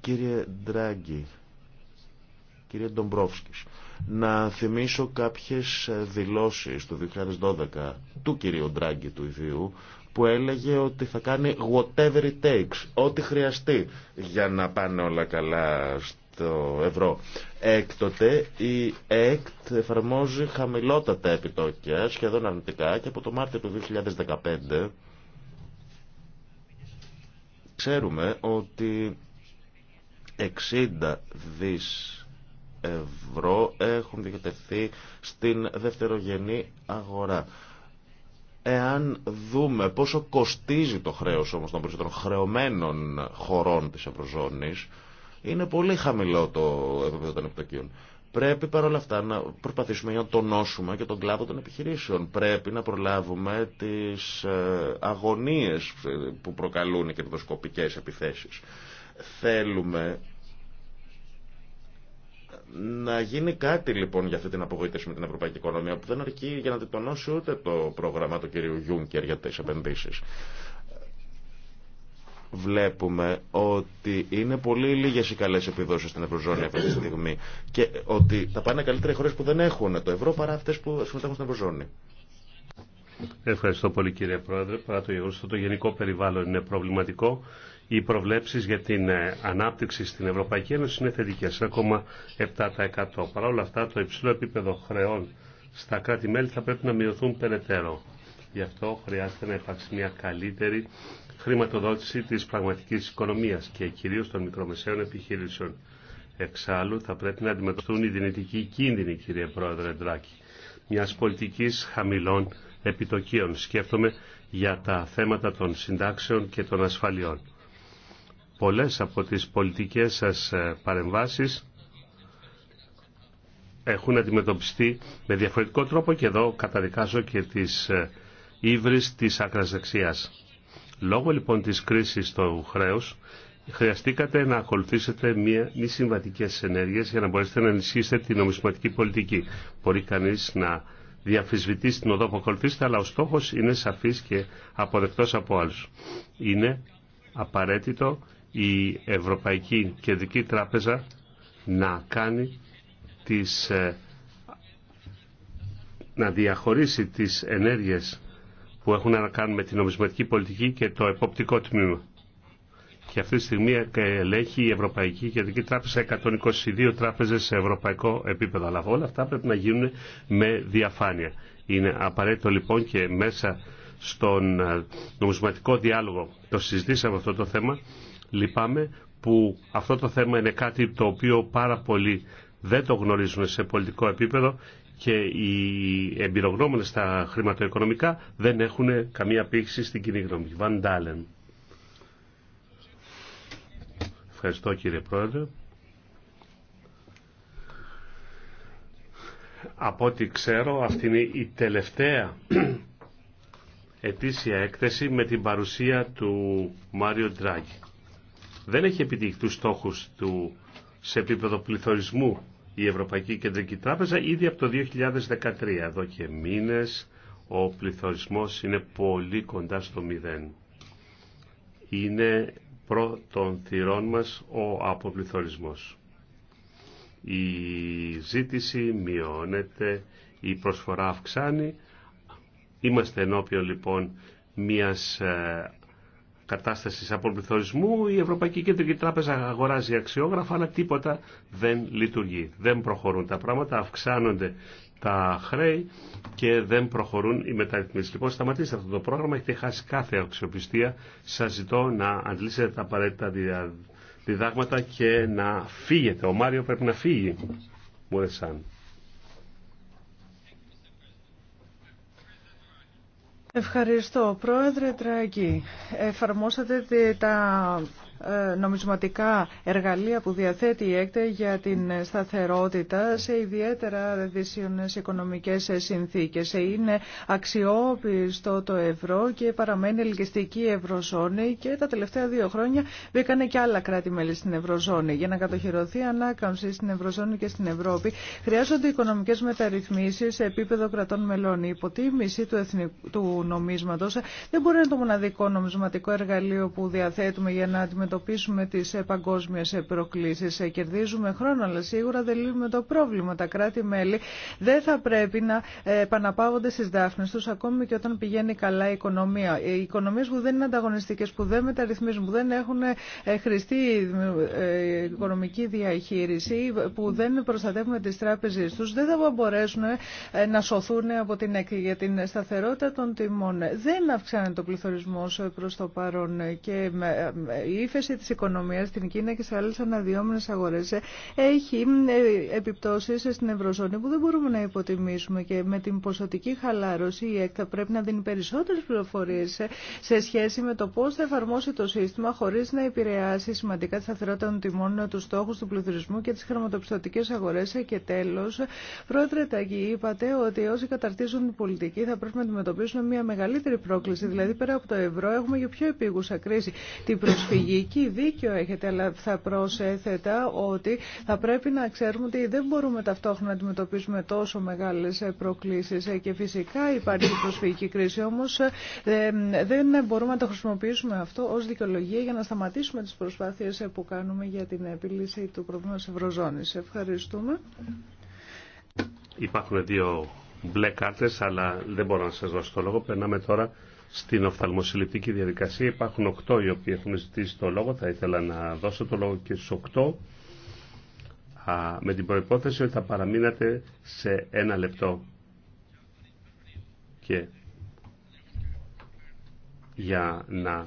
Κύριε Ντράγκη, κύριε Ντομπρόφσκης, να θυμίσω κάποιες δηλώσεις του 2012 του κυρίου Ντράγκη του Ιδίου που έλεγε ότι θα κάνει whatever it takes, ό,τι χρειαστεί για να πάνε όλα καλά το ευρώ. Έκτοτε η ΕΚΤ εφαρμόζει χαμηλότατα επιτόκια, σχεδόν αρνητικά, και από το Μάρτιο του 2015 ξέρουμε ότι 60 δις ευρώ έχουν διατεθεί στην δευτερογενή αγορά. Εάν δούμε πόσο κοστίζει το χρέος όμως των περισσότερων χρεωμένων χωρών της Ευρωζώνης, είναι πολύ χαμηλό το επίπεδο των επιτοκίων. Πρέπει παρόλα αυτά να προσπαθήσουμε να τονώσουμε και τον κλάδο των επιχειρήσεων. Πρέπει να προλάβουμε τις ε, αγωνίες που προκαλούν οι κερδοσκοπικές επιθέσεις. Θέλουμε να γίνει κάτι λοιπόν για αυτή την απογοήτευση με την ευρωπαϊκή οικονομία που δεν αρκεί για να την τονώσει ούτε το πρόγραμμα του κυρίου Γιούνκερ για τι επενδύσει βλέπουμε ότι είναι πολύ λίγε οι καλέ επιδόσει στην Ευρωζώνη αυτή τη στιγμή και ότι τα πάνε καλύτερα οι χώρε που δεν έχουν το ευρώ παρά αυτέ που συμμετέχουν στην Ευρωζώνη. Ευχαριστώ πολύ κύριε Πρόεδρε. Παρά το γεγονό ότι το γενικό περιβάλλον είναι προβληματικό, οι προβλέψει για την ε, ανάπτυξη στην Ευρωπαϊκή Ένωση είναι θετικέ, 1,7%. Παρά όλα αυτά, το υψηλό επίπεδο χρεών στα κράτη-μέλη θα πρέπει να μειωθούν περαιτέρω. Γι' αυτό χρειάζεται να υπάρξει μια καλύτερη χρηματοδότηση της πραγματικής οικονομίας και κυρίως των μικρομεσαίων επιχειρήσεων. Εξάλλου θα πρέπει να αντιμετωπιστούν οι δυνητικοί κίνδυνοι, κύριε Πρόεδρε Ντράκη, μιας πολιτικής χαμηλών επιτοκίων. Σκέφτομαι για τα θέματα των συντάξεων και των ασφαλιών. Πολλές από τις πολιτικές σας ε, παρεμβάσεις έχουν αντιμετωπιστεί με διαφορετικό τρόπο και εδώ καταδικάζω και τις ε, ύβρις της άκρας δεξιάς. Λόγω λοιπόν της κρίσης του χρέους, χρειαστήκατε να ακολουθήσετε μία, μη συμβατικές ενέργειες για να μπορέσετε να ενισχύσετε την νομισματική πολιτική. Μπορεί κανείς να διαφυσβητήσει την οδό που ακολουθήσετε, αλλά ο στόχος είναι σαφής και αποδεκτός από άλλους. Είναι απαραίτητο η Ευρωπαϊκή Κεντρική Τράπεζα να κάνει τις, ε, να διαχωρίσει τις ενέργειες που έχουν να κάνουν με την νομισματική πολιτική και το εποπτικό τμήμα. Και αυτή τη στιγμή ελέγχει η Ευρωπαϊκή Κεντρική Τράπεζα 122 τράπεζες σε ευρωπαϊκό επίπεδο. Αλλά όλα αυτά πρέπει να γίνουν με διαφάνεια. Είναι απαραίτητο λοιπόν και μέσα στον ε, νομισματικό διάλογο το συζητήσαμε αυτό το θέμα. Λυπάμαι που αυτό το θέμα είναι κάτι το οποίο πάρα πολύ δεν το γνωρίζουν σε πολιτικό επίπεδο και οι εμπειρογνώμονες στα χρηματοοικονομικά δεν έχουν καμία πήξη στην κοινή γνώμη. Ντάλεν. Ευχαριστώ κύριε Πρόεδρε. Από ό,τι ξέρω αυτή είναι η τελευταία ετήσια έκθεση με την παρουσία του Μάριο Ντράγκη. Δεν έχει επιτύχει τους στόχους του σε επίπεδο πληθωρισμού η Ευρωπαϊκή Κεντρική Τράπεζα ήδη από το 2013. Εδώ και μήνες ο πληθωρισμός είναι πολύ κοντά στο μηδέν. Είναι προ των θυρών μας ο αποπληθωρισμός. Η ζήτηση μειώνεται, η προσφορά αυξάνει. Είμαστε ενώπιον λοιπόν μιας ε, Κατάσταση απολυθωρισμού, η Ευρωπαϊκή Κεντρική Τράπεζα αγοράζει αξιόγραφα αλλά τίποτα δεν λειτουργεί. Δεν προχωρούν τα πράγματα, αυξάνονται τα χρέη και δεν προχωρούν οι μεταρρυθμίσεις. Λοιπόν, σταματήστε αυτό το πρόγραμμα, έχετε χάσει κάθε αξιοπιστία. Σας ζητώ να αντλήσετε τα απαραίτητα διδάγματα και να φύγετε. Ο Μάριο πρέπει να φύγει. Ευχαριστώ. Πρόεδρε Τράκη, εφαρμόσατε τα ε, νομισματικά εργαλεία που διαθέτει η ΕΚΤΕ για την σταθερότητα σε ιδιαίτερα δύσιονες οικονομικές συνθήκες. Είναι αξιόπιστο το ευρώ και παραμένει ελκυστική η ευρωζώνη και τα τελευταία δύο χρόνια βήκανε και άλλα κράτη-μέλη στην ευρωζώνη. Για να κατοχυρωθεί ανάκαμψη στην ευρωζώνη και στην Ευρώπη χρειάζονται οικονομικές μεταρρυθμίσεις σε επίπεδο κρατών μελών. Η υποτίμηση του, εθνικού, του νομίσματος δεν μπορεί να είναι το μοναδικό νομισματικό εργαλείο που διαθέτουμε για να αντιμετωπίσουμε αντιμετωπίσουμε τις ε, παγκόσμιες ε, προκλήσεις. Ε, κερδίζουμε χρόνο, αλλά σίγουρα δεν λύνουμε το πρόβλημα. Τα κράτη-μέλη δεν θα πρέπει να επαναπαύονται στις δάφνες τους, ακόμη και όταν πηγαίνει καλά η οικονομία. Οι οικονομίες που δεν είναι ανταγωνιστικές, που δεν μεταρρυθμίζουν, που δεν έχουν χρηστή οικονομική διαχείριση, που δεν προστατεύουν τις τράπεζες τους, δεν θα μπορέσουν να σωθούν από την, για την σταθερότητα των τιμών. Δεν αυξάνεται ο πληθωρισμός προς το παρόν και η ύφεση της οικονομίας στην Κίνα και σε άλλες αναδυόμενες αγορές ε, έχει ε, επιπτώσεις στην Ευρωζώνη που δεν μπορούμε να υποτιμήσουμε και με την ποσοτική χαλάρωση η ΕΚ θα πρέπει να δίνει περισσότερε πληροφορίες σε σχέση με το πώς θα εφαρμόσει το σύστημα χωρίς να επηρεάσει σημαντικά τη σταθερότητα των τιμών, του στόχου του πληθυσμού και τις χρηματοπιστωτικές αγορές ε, και τέλος. Πρόεδρε Ταγκή, είπατε ότι όσοι καταρτίζουν την πολιτική θα πρέπει να αντιμετωπίσουν μια μεγαλύτερη πρόκληση. Δηλαδή πέρα από το ευρώ έχουμε και πιο επίγουσα κρίση την προσφυγή εκεί δίκιο έχετε, αλλά θα προσέθετα ότι θα πρέπει να ξέρουμε ότι δεν μπορούμε ταυτόχρονα να αντιμετωπίσουμε τόσο μεγάλες προκλήσεις και φυσικά υπάρχει προσφυγική κρίση, όμως ε, δεν μπορούμε να το χρησιμοποιήσουμε αυτό ως δικαιολογία για να σταματήσουμε τις προσπάθειες που κάνουμε για την επίλυση του προβλήματος Ευρωζώνης. Ευχαριστούμε. Υπάρχουν δύο μπλε κάρτες, αλλά δεν μπορώ να σα δώσω το λόγο. Περνάμε τώρα στην οφθαλμοσυλληπτική διαδικασία. Υπάρχουν οκτώ οι οποίοι έχουν ζητήσει το λόγο. Θα ήθελα να δώσω το λόγο και στους οκτώ με την προϋπόθεση ότι θα παραμείνατε σε ένα λεπτό. Και για να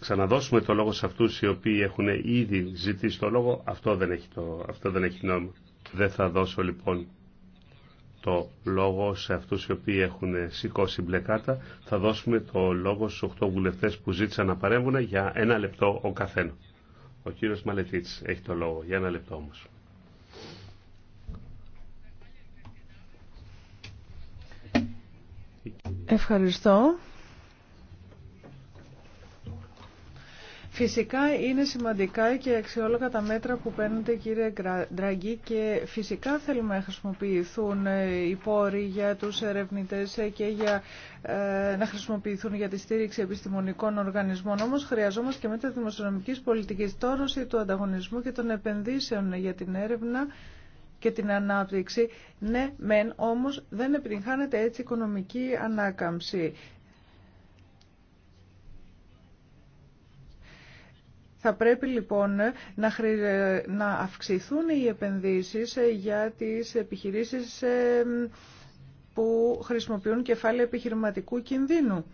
ξαναδώσουμε το λόγο σε αυτούς οι οποίοι έχουν ήδη ζητήσει το λόγο, αυτό δεν έχει, το, αυτό δεν έχει νόημα. Δεν θα δώσω λοιπόν το λόγο σε αυτούς οι οποίοι έχουν σηκώσει μπλε κάρτα. Θα δώσουμε το λόγο στους οχτώ βουλευτές που ζήτησαν να παρέμβουν για ένα λεπτό ο καθένα. Ο κύριος Μαλετήτς έχει το λόγο για ένα λεπτό όμως. Ευχαριστώ. Φυσικά είναι σημαντικά και αξιόλογα τα μέτρα που παίρνετε κύριε Ντραγκή και φυσικά θέλουμε να χρησιμοποιηθούν ε, οι πόροι για τους ερευνητές ε, και για ε, να χρησιμοποιηθούν για τη στήριξη επιστημονικών οργανισμών. Όμως χρειαζόμαστε και μέτρα δημοσιονομικής πολιτικής τόρωση του ανταγωνισμού και των επενδύσεων για την έρευνα και την ανάπτυξη. Ναι, μεν, όμως δεν επιτυγχάνεται έτσι οικονομική ανάκαμψη. Θα πρέπει λοιπόν να αυξηθούν οι επενδύσεις για τις επιχειρήσεις ε, που χρησιμοποιούν κεφάλαια επιχειρηματικού κινδύνου.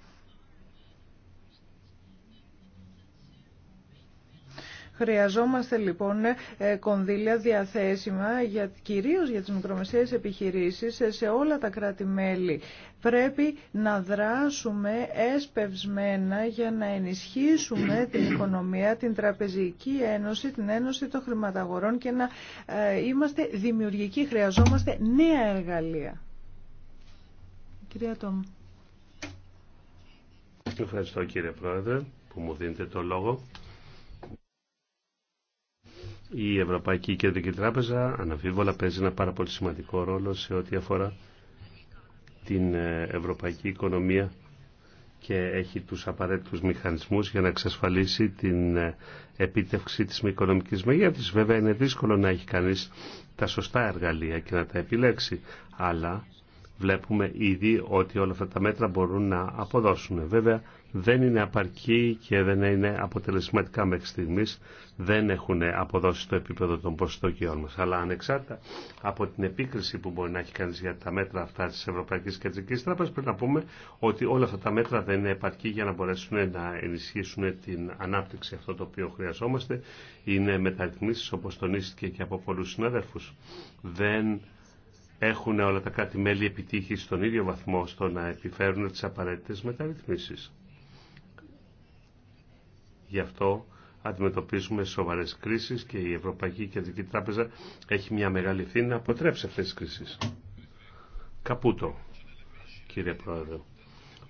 Χρειαζόμαστε λοιπόν ε, κονδύλια διαθέσιμα για, κυρίως για τις μικρομεσαίες επιχειρήσεις σε όλα τα κράτη-μέλη. Πρέπει να δράσουμε εσπευσμένα για να ενισχύσουμε την οικονομία, την τραπεζική ένωση, την ένωση των χρηματαγορών και να ε, είμαστε δημιουργικοί. Χρειαζόμαστε νέα εργαλεία. Κυρία Τόμ. Ευχαριστώ κύριε Πρόεδρε που μου δίνετε το λόγο. Η Ευρωπαϊκή Κεντρική Τράπεζα αναβίβολα παίζει ένα πάρα πολύ σημαντικό ρόλο σε ό,τι αφορά την ε, ευρωπαϊκή οικονομία και έχει τους απαραίτητους μηχανισμούς για να εξασφαλίσει την ε, επίτευξη της οικονομικής μεγέθυνσης. Βέβαια είναι δύσκολο να έχει κανείς τα σωστά εργαλεία και να τα επιλέξει, αλλά βλέπουμε ήδη ότι όλα αυτά τα μέτρα μπορούν να αποδώσουν. Βέβαια δεν είναι απαρκή και δεν είναι αποτελεσματικά μέχρι στιγμή. Δεν έχουν αποδώσει το επίπεδο των προσδοκιών μα. Αλλά ανεξάρτητα από την επίκριση που μπορεί να έχει κανεί για τα μέτρα αυτά τη Ευρωπαϊκή Κεντρική Τράπεζα, πρέπει να πούμε ότι όλα αυτά τα μέτρα δεν είναι επαρκή για να μπορέσουν να ενισχύσουν την ανάπτυξη. Αυτό το οποίο χρειαζόμαστε είναι μεταρρυθμίσει, όπω τονίστηκε και από πολλού συναδέλφου. Δεν έχουν όλα τα κράτη-μέλη επιτύχει στον ίδιο βαθμό στο να επιφέρουν τι απαραίτητε μεταρρυθμίσει. Γι' αυτό αντιμετωπίζουμε σοβαρές κρίσεις και η Ευρωπαϊκή Κεντρική Τράπεζα έχει μια μεγάλη ευθύνη να αποτρέψει αυτέ τι κρίσει. Καπούτο, κύριε Πρόεδρε.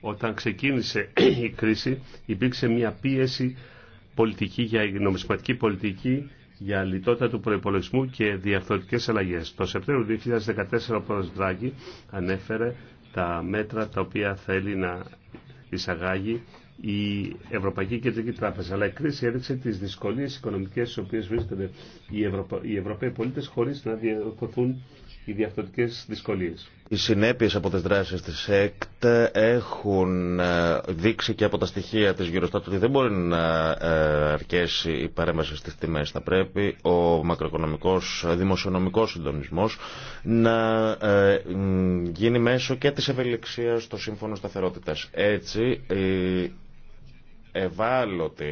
Όταν ξεκίνησε η κρίση υπήρξε μια πίεση πολιτική για νομισματική πολιτική για λιτότητα του προπολογισμού και διαρθωτικές αλλαγές. Το Σεπτέμβριο 2014 ο πρόεδρος Δράγκη ανέφερε τα μέτρα τα οποία θέλει να εισαγάγει η Ευρωπαϊκή Κεντρική Τράπεζα. Αλλά η κρίση έδειξε τι δυσκολίε οικονομικέ στι οποίε βρίσκονται οι, Ευρωπα... οι Ευρωπαίοι πολίτε χωρί να διαδοθούν οι διαφορετικέ δυσκολίε. Οι συνέπειε από τι δράσει τη ΕΚΤ έχουν ε, δείξει και από τα στοιχεία τη Eurostat ότι δεν μπορεί να ε, αρκέσει η παρέμβαση στι τιμέ. Θα πρέπει ο μακροοικονομικό δημοσιονομικό συντονισμό να ε, γίνει μέσω και τη ευελιξία στο Σύμφωνο Σταθερότητα. Έτσι, ευάλωτη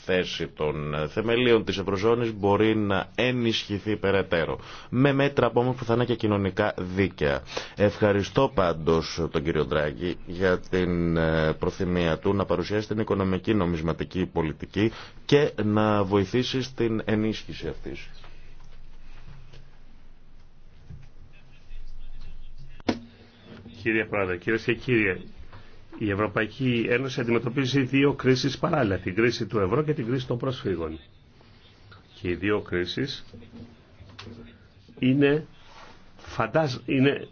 θέση των θεμελίων της Ευρωζώνης μπορεί να ενισχυθεί περαιτέρω. Με μέτρα όμως που θα είναι και κοινωνικά δίκαια. Ευχαριστώ πάντως τον κύριο Ντράγκη για την ε, προθυμία του να παρουσιάσει την οικονομική νομισματική πολιτική και να βοηθήσει στην ενίσχυση αυτής. Κύριε Πρόεδρε, κύριε και η Ευρωπαϊκή Ένωση αντιμετωπίζει δύο κρίσεις παράλληλα, την κρίση του ευρώ και την κρίση των προσφύγων. Και οι δύο κρίσεις είναι, είναι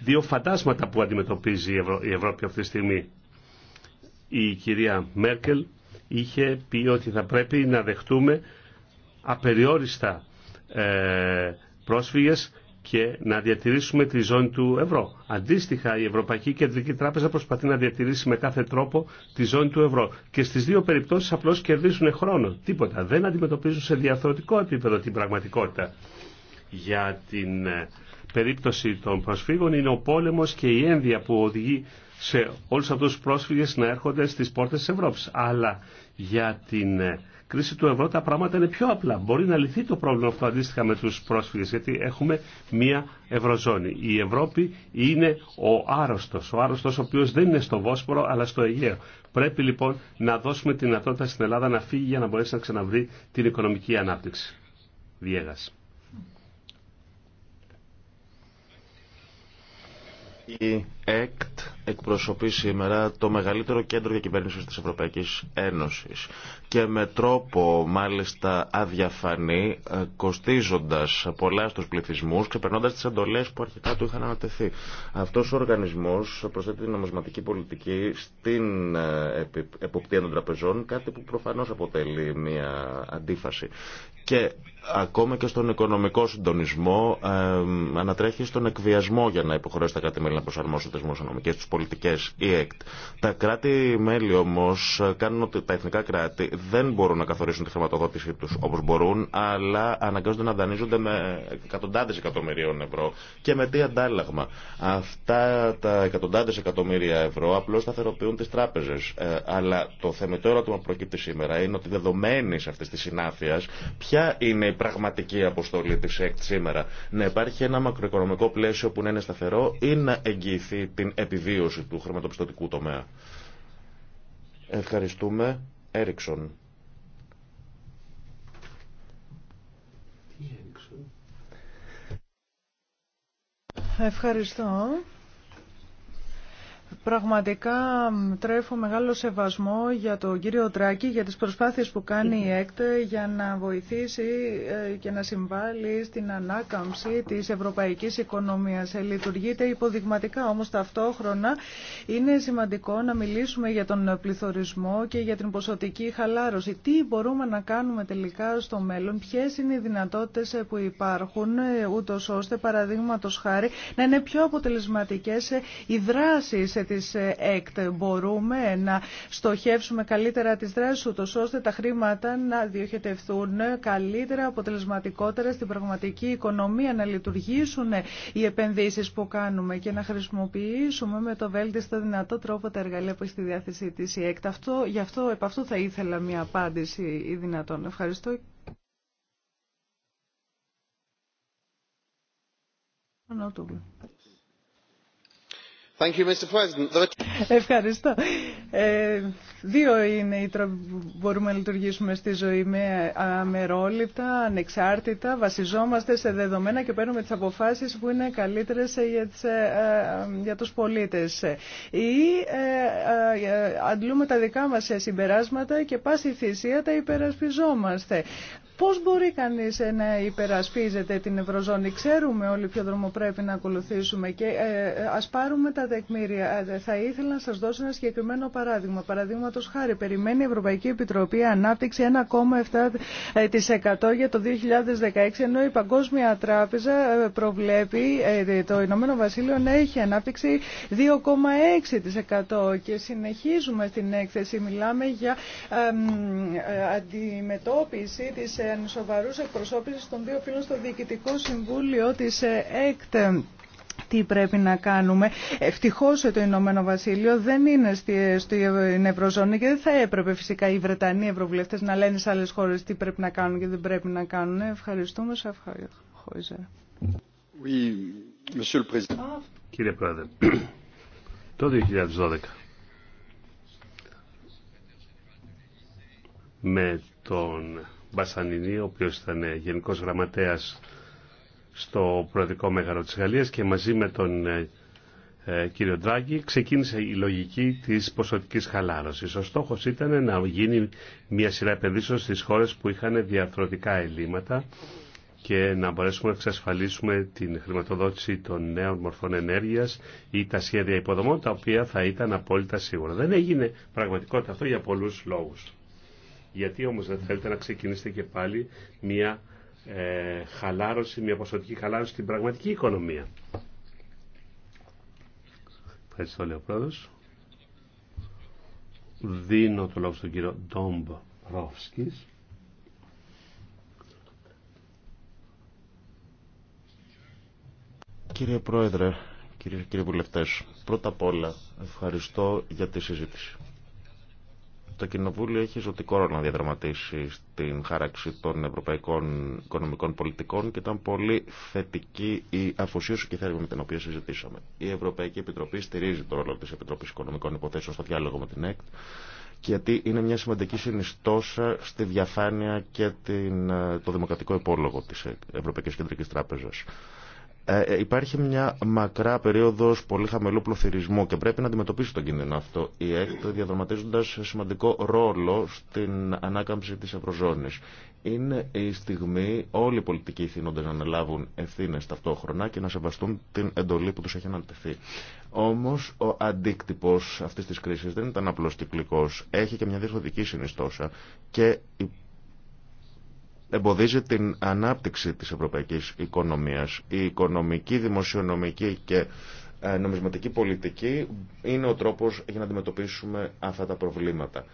δύο φαντάσματα που αντιμετωπίζει η, Ευρώπη αυτή τη στιγμή. Η κυρία Μέρκελ είχε πει ότι θα πρέπει να δεχτούμε απεριόριστα ε, πρόσφυγες και να διατηρήσουμε τη ζώνη του ευρώ. Αντίστοιχα, η Ευρωπαϊκή Κεντρική Τράπεζα προσπαθεί να διατηρήσει με κάθε τρόπο τη ζώνη του ευρώ. Και στι δύο περιπτώσει απλώ κερδίζουν χρόνο. Τίποτα. Δεν αντιμετωπίζουν σε διαφορετικό επίπεδο την πραγματικότητα. Για την ε, περίπτωση των προσφύγων είναι ο πόλεμο και η ένδια που οδηγεί σε όλου αυτού του πρόσφυγε να έρχονται στι πόρτε τη Ευρώπη. Αλλά για την ε, κρίση του ευρώ τα πράγματα είναι πιο απλά. Μπορεί να λυθεί το πρόβλημα αυτό αντίστοιχα με τους πρόσφυγες, γιατί έχουμε μία ευρωζώνη. Η Ευρώπη είναι ο άρρωστος, ο άρρωστος ο οποίος δεν είναι στο Βόσπορο αλλά στο Αιγαίο. Πρέπει λοιπόν να δώσουμε τη δυνατότητα στην Ελλάδα να φύγει για να μπορέσει να ξαναβρει την οικονομική ανάπτυξη. Διέγας. Η ΕΚΤ εκπροσωπεί σήμερα το μεγαλύτερο κέντρο για κυβέρνηση της Ευρωπαϊκής Ένωσης και με τρόπο μάλιστα αδιαφανή ε, κοστίζοντας πολλά στους πληθυσμούς ξεπερνώντας τις εντολές που αρχικά του είχαν ανατεθεί. Αυτός ο οργανισμός προσθέτει την νομισματική πολιτική στην ε, εποπτεία των τραπεζών κάτι που προφανώς αποτελεί μια αντίφαση και ακόμα και στον οικονομικό συντονισμό ε, ανατρέχει στον εκβιασμό για να υποχρεώσει τα κράτη-μέλη να προσαρμόσουν της οικονομικέ, πολιτικές, η ΕΚΤ. Τα κράτη-μέλη όμως κάνουν ότι τα εθνικά κράτη δεν μπορούν να καθορίσουν τη χρηματοδότησή τους όπω μπορούν, αλλά αναγκάζονται να δανείζονται με εκατοντάδες εκατομμυρίων ευρώ και με τι αντάλλαγμα. Αυτά τα εκατοντάδες εκατομμύρια ευρώ απλώ σταθεροποιούν τι τράπεζε. Ε, αλλά το θεμετό ερώτημα που προκύπτει σήμερα είναι ότι δεδομένη αυτή τη συνάφεια, ποια είναι η πραγματική αποστολή τη ΕΚΤ σήμερα. Να υπάρχει ένα μακροοικονομικό πλαίσιο που να είναι σταθερό ή να εγγυηθεί την επιβίωση του χρηματοπιστωτικού τομέα. Ευχαριστούμε. Έριξον. Ευχαριστώ. Πραγματικά τρέφω μεγάλο σεβασμό για τον κύριο Τράκη, για τις προσπάθειες που κάνει η ΕΚΤΕ για να βοηθήσει ε, και να συμβάλλει στην ανάκαμψη της ευρωπαϊκής οικονομίας. Ε, λειτουργείται υποδειγματικά, όμως ταυτόχρονα είναι σημαντικό να μιλήσουμε για τον πληθωρισμό και για την ποσοτική χαλάρωση. Τι μπορούμε να κάνουμε τελικά στο μέλλον, ποιε είναι οι δυνατότητες ε, που υπάρχουν, ούτως ώστε παραδείγματος χάρη να είναι πιο αποτελεσματικές οι δράσεις της ε, ΕΚΤ. Μπορούμε να στοχεύσουμε καλύτερα τις δράσεις ούτως ώστε τα χρήματα να διοχετευθούν καλύτερα, αποτελεσματικότερα στην πραγματική οικονομία, να λειτουργήσουν οι επενδύσεις που κάνουμε και να χρησιμοποιήσουμε με το βέλτιστο δυνατό τρόπο τα εργαλεία που έχει στη διάθεσή της η ΕΚΤ. Αυτό, γι' αυτό επ' θα ήθελα μια απάντηση ή δυνατόν. Ευχαριστώ. Ευχαριστώ. Ε, δύο είναι οι τρόποι που μπορούμε να λειτουργήσουμε στη ζωή με αμερόληπτα, ανεξάρτητα. Βασιζόμαστε σε δεδομένα και παίρνουμε τις αποφάσεις που είναι καλύτερες για, ε, ε, τους πολίτες. Ή αντλούμε τα δικά μας συμπεράσματα και πάση θυσία τα υπερασπιζόμαστε. Πώς μπορεί κανείς ε, να υπερασπίζεται την Ευρωζώνη. Ξέρουμε όλοι ποιο δρόμο πρέπει να ακολουθήσουμε και ε, ε ας πάρουμε τα δεκμήρια. Ε, θα ήθελα να σας δώσω ένα συγκεκριμένο παράδειγμα. Παραδείγματο χάρη, περιμένει η Ευρωπαϊκή Επιτροπή Ανάπτυξη 1,7% για το 2016, ενώ η Παγκόσμια Τράπεζα προβλέπει το Ηνωμένο Βασίλειο να έχει ανάπτυξη 2,6% και συνεχίζουμε στην έκθεση. Μιλάμε για αντιμετώπιση της ανισοβαρούς εκπροσώπησης των δύο φίλων στο Διοικητικό Συμβούλιο της ε, ΕΚΤ τι πρέπει να κάνουμε. Ευτυχώ το Ηνωμένο Βασίλειο δεν είναι στην Ευρωζώνη και δεν θα έπρεπε φυσικά οι Βρετανοί Ευρωβουλευτέ να λένε σε άλλε χώρε τι πρέπει να κάνουν και δεν πρέπει να κάνουν. Ευχαριστούμε. Σε ευχαριστώ. Κύριε Πρόεδρε, το 2012 με τον Μπασανινή, ο οποίος ήταν ε, γενικός γραμματέας στο προεδρικό μέγαρο της Γαλλίας και μαζί με τον ε, ε, κύριο Ντράγκη ξεκίνησε η λογική της ποσοτικής χαλάρωσης. Ο στόχος ήταν να γίνει μια σειρά επενδύσεων στις χώρες που είχαν διαρθρωτικά ελλείμματα και να μπορέσουμε να εξασφαλίσουμε την χρηματοδότηση των νέων μορφών ενέργειας ή τα σχέδια υποδομών τα οποία θα ήταν απόλυτα σίγουρα. Δεν έγινε πραγματικότητα αυτό για πολλούς λόγους. Γιατί όμως δεν θέλετε να ξεκινήσετε και πάλι μια ε, χαλάρωση, μια ποσοτική χαλάρωση στην πραγματική οικονομία. Ευχαριστώ, λέει ο πρόεδρος. Δίνω το λόγο στον κύριο Ντόμπ Ρόφσκης. Κύριε Πρόεδρε, κύριε, κύριε Βουλευτές, πρώτα απ' όλα ευχαριστώ για τη συζήτηση. Το Κοινοβούλιο έχει ζωτικό ρόλο να διαδραματίσει στην χάραξη των ευρωπαϊκών οικονομικών πολιτικών και ήταν πολύ θετική η αφοσίωση και η θέρμη με την οποία συζητήσαμε. Η Ευρωπαϊκή Επιτροπή στηρίζει το ρόλο τη Επιτροπή Οικονομικών Υποθέσεων στο διάλογο με την ΕΚΤ γιατί είναι μια σημαντική συνιστόσα στη διαφάνεια και την, ε, το δημοκρατικό υπόλογο της Ευρωπαϊκής Κεντρικής Τράπεζας. Ε, ε, υπάρχει μια μακρά περίοδο πολύ χαμηλού πλωθυρισμού και πρέπει να αντιμετωπίσει τον κίνδυνο αυτό η ΕΚΤ σημαντικό ρόλο στην ανάκαμψη τη Ευρωζώνη. Είναι η στιγμή όλοι οι πολιτικοί θύνοντε να αναλάβουν ευθύνε ταυτόχρονα και να σεβαστούν την εντολή που του έχει ανατεθεί. Όμω ο αντίκτυπο αυτή τη κρίση δεν ήταν απλώ κυκλικό. Έχει και μια διευθυντική συνιστόσα και εμποδίζει την ανάπτυξη της ευρωπαϊκής οικονομίας. Η οικονομική, δημοσιονομική και ε, νομισματική πολιτική είναι ο τρόπος για να αντιμετωπίσουμε αυτά τα προβλήματα.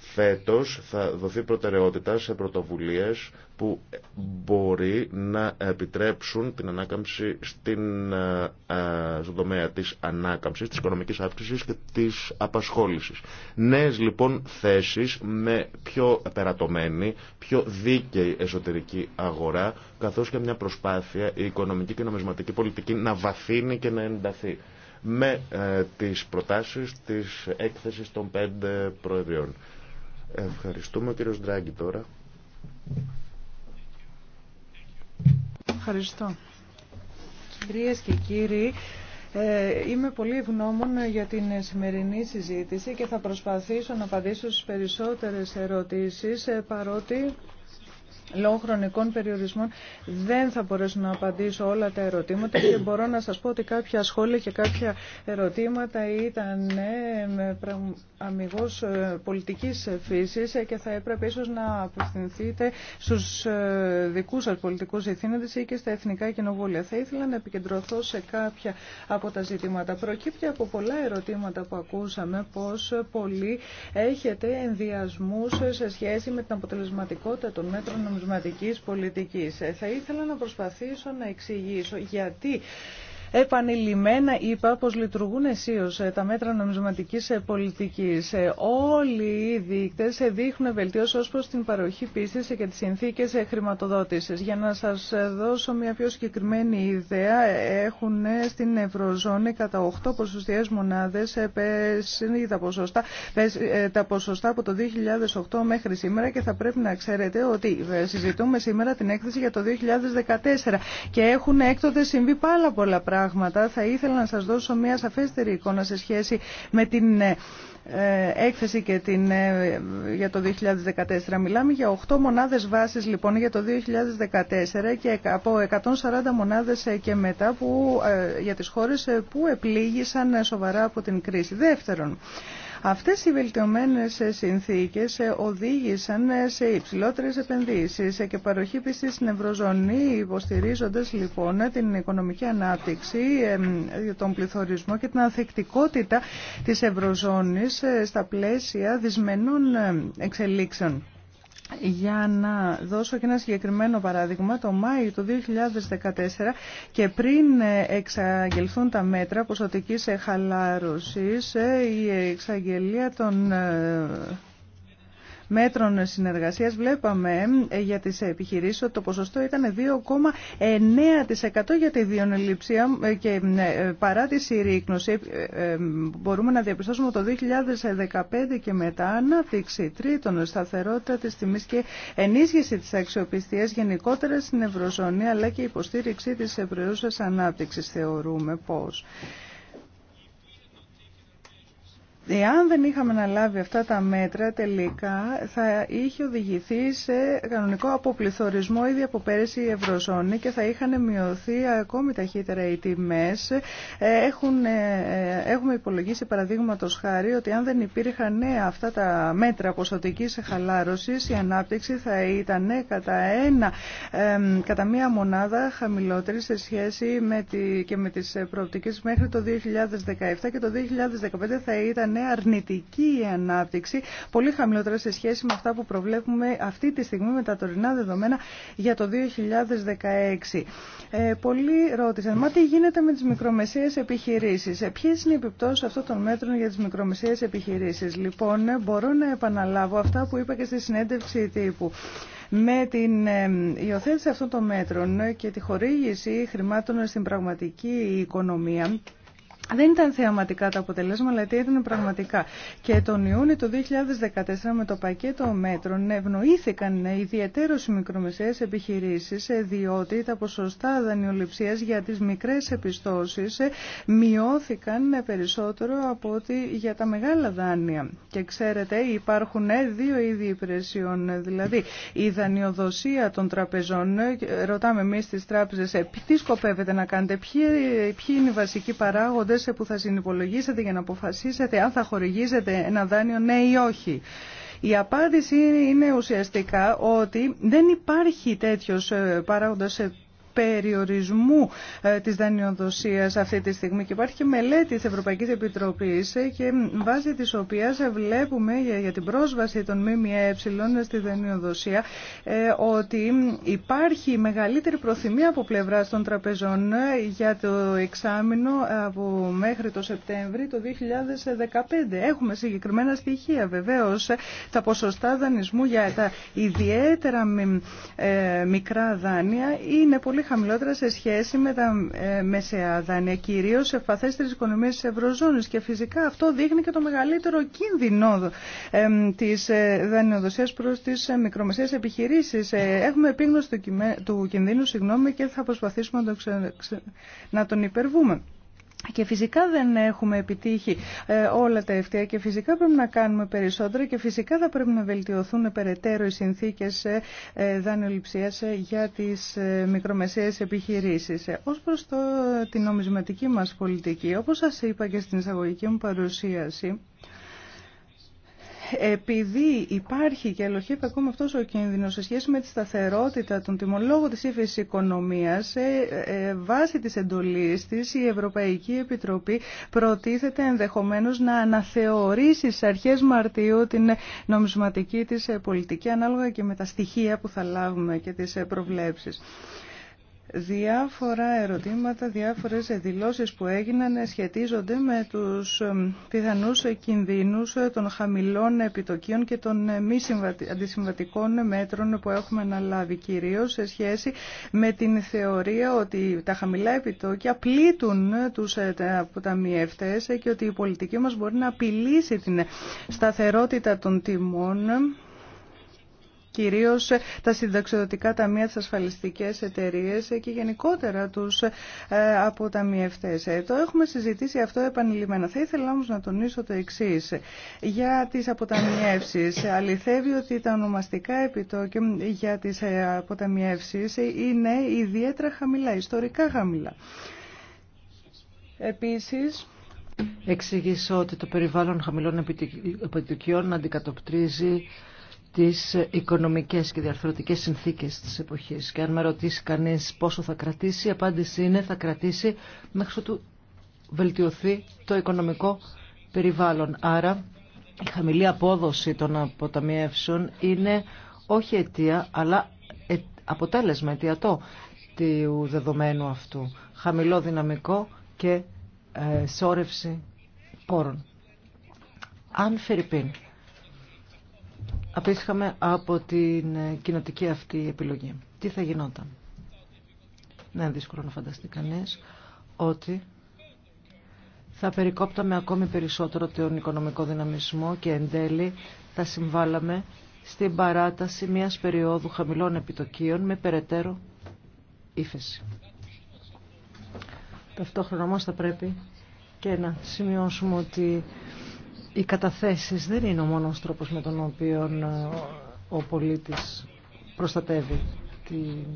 Φέτος θα δοθεί προτεραιότητα σε πρωτοβουλίες που μπορεί να επιτρέψουν την ανάκαμψη στην, ε, ε, στον τομέα της ανάκαμψης, της οικονομικής αύξησης και της απασχόλησης. Νέες λοιπόν θέσεις με πιο περατωμένη, πιο δίκαιη εσωτερική αγορά, καθώς και μια προσπάθεια η οικονομική και νομισματική πολιτική να βαθύνει και να ενταθεί με ε, τις προτάσεις της έκθεσης των πέντε προεδριών. Ευχαριστούμε ο κύριος Ντράγκη τώρα. Ευχαριστώ. κύριε, και κύριοι, ε, είμαι πολύ ευγνώμων για την σημερινή συζήτηση και θα προσπαθήσω να απαντήσω στις περισσότερες ερωτήσεις ε, παρότι Λόγω χρονικών περιορισμών δεν θα μπορέσω να απαντήσω όλα τα ερωτήματα και μπορώ να σας πω ότι κάποια σχόλια και κάποια ερωτήματα ήταν ε, αμυγός ε, πολιτικής φύσης ε, και θα έπρεπε ίσως να απευθυνθείτε στους δικούς σας πολιτικούς ευθύνοντες ή και στα Εθνικά Κοινοβούλια. Θα ήθελα να επικεντρωθώ σε κάποια από τα ζητήματα. Προκύπτει από πολλά ερωτήματα που ακούσαμε πως πολλοί έχετε ενδιασμούς σε σχέση με την αποτελεσματικότητα των μέτρων νομισματικής πολιτικής. Ε, θα ήθελα να προσπαθήσω να εξηγήσω γιατί Επανειλημμένα είπα πως λειτουργούν αισίως ε, τα μέτρα νομισματικής ε, πολιτικής. Ε, όλοι οι δείκτες δείχνουν βελτίωση ως προς την παροχή πίστης και τις συνθήκες χρηματοδότησης. Για να σας δώσω μια πιο συγκεκριμένη ιδέα, έχουν στην Ευρωζώνη κατά 8 ποσοστιαίες μονάδες πέσει τα τα ποσοστά από το 2008 μέχρι σήμερα και θα πρέπει να ξέρετε ότι συζητούμε σήμερα την έκθεση για το 2014 και έχουν έκτοτε συμβεί πάρα πολλά πράγματα πράγματα. Θα ήθελα να σας δώσω μια σαφέστερη εικόνα σε σχέση με την ε, έκθεση και την, ε, για το 2014. Μιλάμε για 8 μονάδες βάσης λοιπόν για το 2014 και από 140 μονάδες ε, και μετά που, για τις χώρες που επλήγησαν σοβαρά από την κρίση. Δεύτερον, Αυτές οι βελτιωμένες συνθήκες οδήγησαν σε υψηλότερες επενδύσεις και παροχή πίστη στην Ευρωζωνή υποστηρίζοντας λοιπόν την οικονομική ανάπτυξη, τον πληθωρισμό και την ανθεκτικότητα της Ευρωζώνης ε, στα πλαίσια δυσμενών ε, εξελίξεων για να δώσω και ένα συγκεκριμένο παράδειγμα, το Μάιο του 2014 και πριν εξαγγελθούν τα μέτρα ποσοτικής χαλάρωσης, ε, η εξαγγελία των ε, μέτρων συνεργασίας βλέπαμε ε, για τις επιχειρήσεις ότι το ποσοστό ήταν 2,9% για τη διονελειψία ε, και ε, παρά τη συρρήκνωση μπορούμε να διαπιστώσουμε το 2015 και μετά ανάπτυξη τρίτον σταθερότητα της τιμής και ενίσχυση της αξιοπιστίας γενικότερα στην Ευρωζώνη αλλά και υποστήριξή της ευρεούσας ανάπτυξης θεωρούμε πώς. Εάν δεν είχαμε να λάβει αυτά τα μέτρα, τελικά θα είχε οδηγηθεί σε κανονικό αποπληθωρισμό ήδη από πέρυσι η Ευρωζώνη και θα είχαν μειωθεί ακόμη ταχύτερα οι τιμέ. Ε, ε, ε, έχουμε υπολογίσει, παραδείγματο χάρη, ότι αν δεν υπήρχαν αυτά τα μέτρα ποσοτική χαλάρωση, η ανάπτυξη θα ήταν κατά, ένα, κατά μία μονάδα χαμηλότερη σε σχέση με τη, και με τι προοπτικέ μέχρι το 2017 και το 2015 θα ήταν είναι αρνητική η ανάπτυξη, πολύ χαμηλότερα σε σχέση με αυτά που προβλέπουμε αυτή τη στιγμή με τα τωρινά δεδομένα για το 2016. Ε, πολλοί ρώτησαν, μα τι γίνεται με τις μικρομεσαίες επιχειρήσεις, ε, ποιες είναι οι επιπτώσεις αυτών των μέτρων για τις μικρομεσαίες επιχειρήσεις. Λοιπόν, μπορώ να επαναλάβω αυτά που είπα και στη συνέντευξη τύπου. Με την ε, υιοθέτηση αυτών των μέτρων και τη χορήγηση χρημάτων στην πραγματική οικονομία, δεν ήταν θεαματικά τα αποτελέσματα, αλλά ήταν πραγματικά. Και τον Ιούνιο του 2014 με το πακέτο μέτρων ευνοήθηκαν ιδιαίτερω οι μικρομεσαίε επιχειρήσει διότι τα ποσοστά δανειοληψία για τι μικρέ επιστώσει μειώθηκαν περισσότερο από ότι για τα μεγάλα δάνεια. Και ξέρετε, υπάρχουν δύο είδη υπηρεσιών, δηλαδή η δανειοδοσία των τραπεζών. Ρωτάμε εμεί τι Τράπεζε, τι σκοπεύετε να κάνετε, ποιοι είναι οι βασικοί παράγοντε που θα συνυπολογίσετε για να αποφασίσετε αν θα χορηγήσετε ένα δάνειο ναι ή όχι. Η απάντηση είναι ουσιαστικά ότι δεν υπάρχει τέτοιος ε, παράγοντας ε, περιορισμού ε, της δανειοδοσίας αυτή τη στιγμή και υπάρχει και μελέτη της Ευρωπαϊκής Επιτροπής ε, και βάσει της οποίας βλέπουμε για την πρόσβαση των ΜΜΕ στη δανειοδοσία ε, ότι υπάρχει μεγαλύτερη προθυμία από πλευρά των τραπεζών για το εξάμεινο από μέχρι το Σεπτέμβρη το 2015. Έχουμε συγκεκριμένα στοιχεία βεβαίως τα ποσοστά δανεισμού για τα ιδιαίτερα μικρά δάνεια είναι πολύ χαμηλότερα σε σχέση με τα ε, μεσαία δάνεια, κυρίω σε φαθέστερε οικονομίε τη Ευρωζώνη. Και φυσικά αυτό δείχνει και το μεγαλύτερο κίνδυνο ε, τη ε, δανειοδοσία προ τι μικρομεσαίε επιχειρήσει. Έχουμε επίγνωση του κινδύνου συγγνώμη, και θα προσπαθήσουμε να τον υπερβούμε. Και φυσικά δεν έχουμε επιτύχει ε, όλα τα ευθεία και φυσικά πρέπει να κάνουμε περισσότερα και φυσικά θα πρέπει να βελτιωθούν περαιτέρω οι συνθήκες ε, ε, δανειοληψίας για τις μικρομεσαίες επιχειρήσεις. Ως προς την νομισματική μας πολιτική, όπως σας είπα και στην εισαγωγική μου παρουσίαση, επειδή υπάρχει και ελοχεύει ακόμα αυτός ο κίνδυνος σε σχέση με τη σταθερότητα των τιμολόγων της ύφεσης οικονομίας, ε, βάσει της εντολής της η Ευρωπαϊκή Επιτροπή προτίθεται ενδεχομένως να αναθεωρήσει στις αρχές Μαρτίου την νομισματική της πολιτική ανάλογα και με τα στοιχεία που θα λάβουμε και τις προβλέψεις διάφορα ερωτήματα, διάφορες δηλώσεις που έγιναν σχετίζονται με τους πιθανούς κινδύνους των χαμηλών επιτοκίων και των ε, μη αντισυμβατικών μέτρων που έχουμε αναλάβει, κυρίως σε σχέση με την θεωρία ότι τα χαμηλά επιτόκια πλήττουν ε, τους ε, αποταμιευτές και ότι η πολιτική μας μπορεί να απειλήσει την σταθερότητα των τιμών κυρίως τα συνταξιδοτικά ταμεία, τις ασφαλιστικές εταιρείες και γενικότερα τους ε, αποταμιευτές. Ε, το έχουμε συζητήσει αυτό επανειλημμένα. Θα ήθελα όμως να τονίσω το εξή. Για τις αποταμιεύσεις, αληθεύει ότι τα ονομαστικά επιτόκια για τις ε, αποταμιεύσεις είναι ιδιαίτερα χαμηλά, ιστορικά χαμηλά. Επίσης, εξηγήσω ότι το περιβάλλον χαμηλών επιτοκίων αντικατοπτρίζει τις οικονομικές και διαρθρωτικές συνθήκες της εποχής. Και αν με ρωτήσει κανείς πόσο θα κρατήσει, η απάντηση είναι θα κρατήσει μέχρι ότου βελτιωθεί το οικονομικό περιβάλλον. Άρα η χαμηλή απόδοση των αποταμιεύσεων είναι όχι αιτία, αλλά ε, αποτέλεσμα αιτιατό του δεδομένου αυτού. Χαμηλό δυναμικό και ε, σόρευση πόρων. Αν Φερρυπίν απίσχαμε από την ε, κοινοτική αυτή επιλογή. Τι θα γινόταν. Ναι, δύσκολο να φανταστεί κανεί ότι θα περικόπταμε ακόμη περισσότερο τον οικονομικό δυναμισμό και εν τέλει θα συμβάλαμε στην παράταση μιας περίοδου χαμηλών επιτοκίων με περαιτέρω ύφεση. Ταυτόχρονα όμως θα πρέπει και να σημειώσουμε ότι οι καταθέσεις δεν είναι ο μόνος τρόπος με τον οποίο ε, ο πολίτης προστατεύει την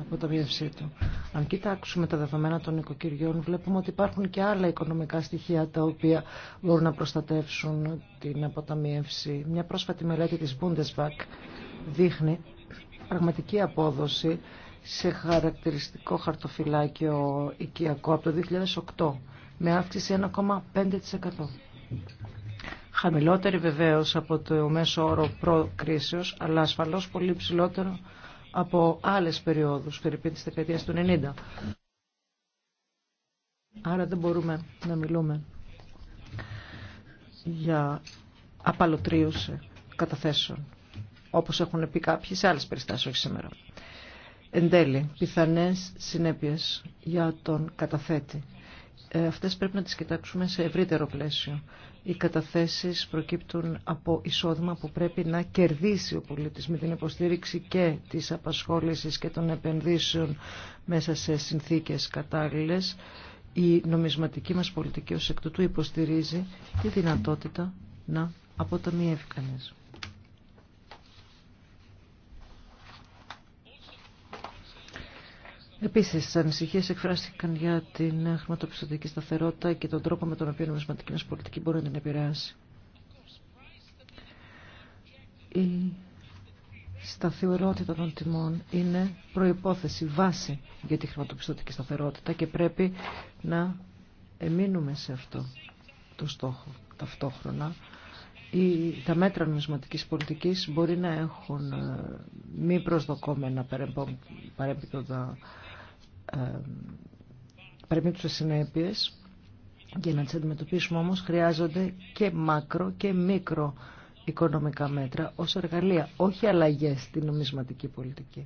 αποταμιευσή του. Αν κοιτάξουμε τα δεδομένα των οικοκυριών, βλέπουμε ότι υπάρχουν και άλλα οικονομικά στοιχεία τα οποία μπορούν να προστατεύσουν την αποταμίευση. Μια πρόσφατη μελέτη της Bundesbank δείχνει πραγματική απόδοση σε χαρακτηριστικό χαρτοφυλάκιο οικιακό από το 2008 με αύξηση 1,5% χαμηλότερη βεβαίως από το μέσο όρο προ-κρίσεως... αλλά ασφαλώς πολύ ψηλότερο από άλλες περιόδους, περίπου της δεκαετίας του 90. Άρα δεν μπορούμε να μιλούμε για απαλωτρίωση καταθέσεων, όπως έχουν πει κάποιοι σε άλλες περιστάσεις, όχι σήμερα. Εν τέλει, πιθανές συνέπειες για τον καταθέτη. Ε, αυτές πρέπει να τις κοιτάξουμε σε ευρύτερο πλαίσιο οι καταθέσεις προκύπτουν από εισόδημα που πρέπει να κερδίσει ο πολίτης με την υποστήριξη και της απασχόλησης και των επενδύσεων μέσα σε συνθήκες κατάλληλες. Η νομισματική μας πολιτική ως εκ τούτου υποστηρίζει τη δυνατότητα να αποταμιεύει κανείς. Επίσης, ανησυχίες εκφράστηκαν για την χρηματοπιστωτική σταθερότητα και τον τρόπο με τον οποίο η νομισματική μας πολιτική μπορεί να την επηρεάσει. Η σταθερότητα των τιμών είναι προϋπόθεση, βάση για τη χρηματοπιστωτική σταθερότητα και πρέπει να εμείνουμε σε αυτό το στόχο ταυτόχρονα οι, τα μέτρα νομισματικής πολιτικής μπορεί να έχουν ε, μη προσδοκόμενα παρεμπίπτοντα σε συνέπειες. Για να τις αντιμετωπίσουμε όμως χρειάζονται και μακρο και μικρο οικονομικά μέτρα ως εργαλεία, όχι αλλαγές στην νομισματική πολιτική.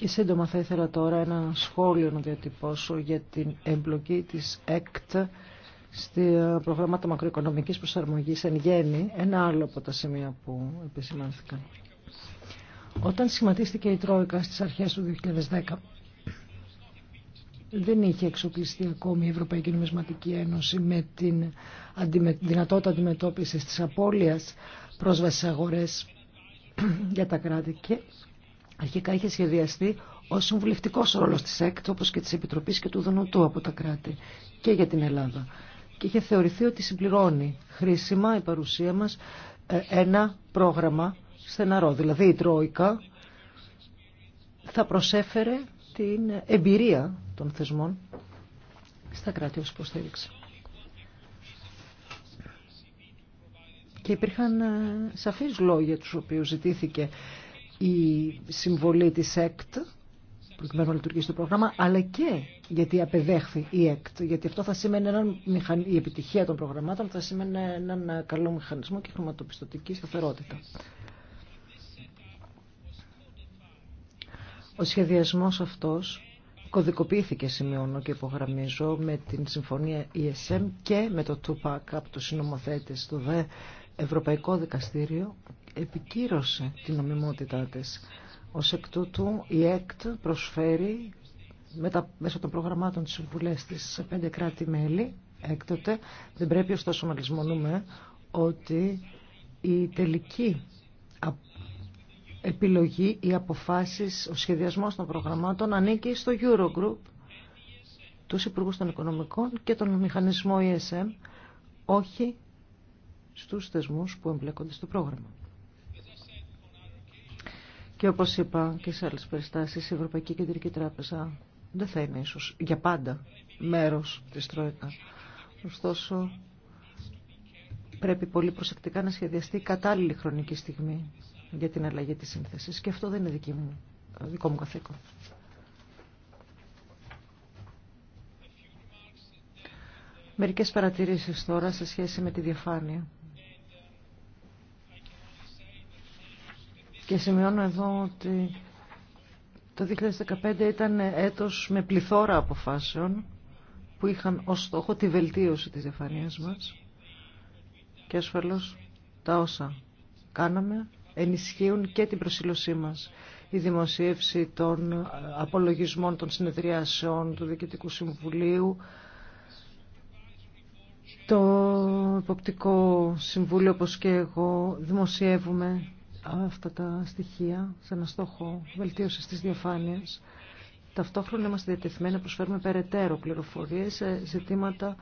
Και σύντομα θα ήθελα τώρα ένα σχόλιο να διατυπώσω για την εμπλοκή της ΕΚΤ στα προγράμματα μακροοικονομικής προσαρμογής εν γέννη, ένα άλλο από τα σημεία που επισημάνθηκαν. Όταν σχηματίστηκε η Τρόικα στις αρχές του 2010, δεν είχε εξοπλιστεί ακόμη η Ευρωπαϊκή Νομισματική Ένωση με την δυνατότητα αντιμετώπισης της απώλειας πρόσβασης αγορές για τα κράτη και Αρχικά είχε σχεδιαστεί ο συμβουλευτικό ρόλο τη ΕΚΤ, όπω και τη Επιτροπή και του Δονοτού από τα κράτη και για την Ελλάδα. Και είχε θεωρηθεί ότι συμπληρώνει χρήσιμα η παρουσία μα ε, ένα πρόγραμμα στεναρό. Δηλαδή η Τρόικα θα προσέφερε την εμπειρία των θεσμών στα κράτη ως υποστήριξη. Και υπήρχαν ε, σαφείς λόγια τους οποίους ζητήθηκε η συμβολή της ΕΚΤ προκειμένου να λειτουργήσει το πρόγραμμα, αλλά και γιατί απεδέχθη η ΕΚΤ. Γιατί αυτό θα σημαίνει έναν η επιτυχία των προγραμμάτων θα σημαίνει έναν καλό μηχανισμό και χρηματοπιστωτική σταθερότητα. Ο σχεδιασμός αυτός κωδικοποιήθηκε, σημειώνω και υπογραμμίζω, με την συμφωνία ESM και με το TUPAC από τους συνομοθέτες του ΔΕ Ευρωπαϊκό Δικαστήριο επικύρωσε την νομιμότητά της. Ως εκ τούτου η ΕΚΤ προσφέρει μέσα μέσω των προγραμμάτων της Συμβουλές της σε πέντε κράτη-μέλη έκτοτε. Δεν πρέπει ωστόσο να λησμονούμε ότι η τελική επιλογή, οι αποφάσεις, ο σχεδιασμός των προγραμμάτων ανήκει στο Eurogroup, τους Υπουργούς των Οικονομικών και τον Μηχανισμό ESM, όχι στους θεσμούς που εμπλέκονται στο πρόγραμμα. Και όπως είπα και σε άλλες περιστάσεις, η Ευρωπαϊκή Κεντρική Τράπεζα δεν θα είναι ίσως για πάντα μέρος της Τρόικα. Ωστόσο, πρέπει πολύ προσεκτικά να σχεδιαστεί η κατάλληλη χρονική στιγμή για την αλλαγή της σύνθεσης και αυτό δεν είναι δική μου, δικό μου καθήκον. Μερικές παρατηρήσεις τώρα σε σχέση με τη διαφάνεια. Και σημειώνω εδώ ότι το 2015 ήταν έτος με πληθώρα αποφάσεων που είχαν ως στόχο τη βελτίωση της διαφανείας μας και ασφαλώς τα όσα κάναμε ενισχύουν και την προσήλωσή μας. Η δημοσίευση των απολογισμών των συνεδριάσεων του Διοικητικού Συμβουλίου, το υποπτικό Συμβούλιο όπως και εγώ δημοσιεύουμε αυτά τα στοιχεία σε ένα στόχο βελτίωσης της διαφάνειας. Ταυτόχρονα είμαστε διατεθειμένοι να προσφέρουμε περαιτέρω πληροφορίες σε ζητήματα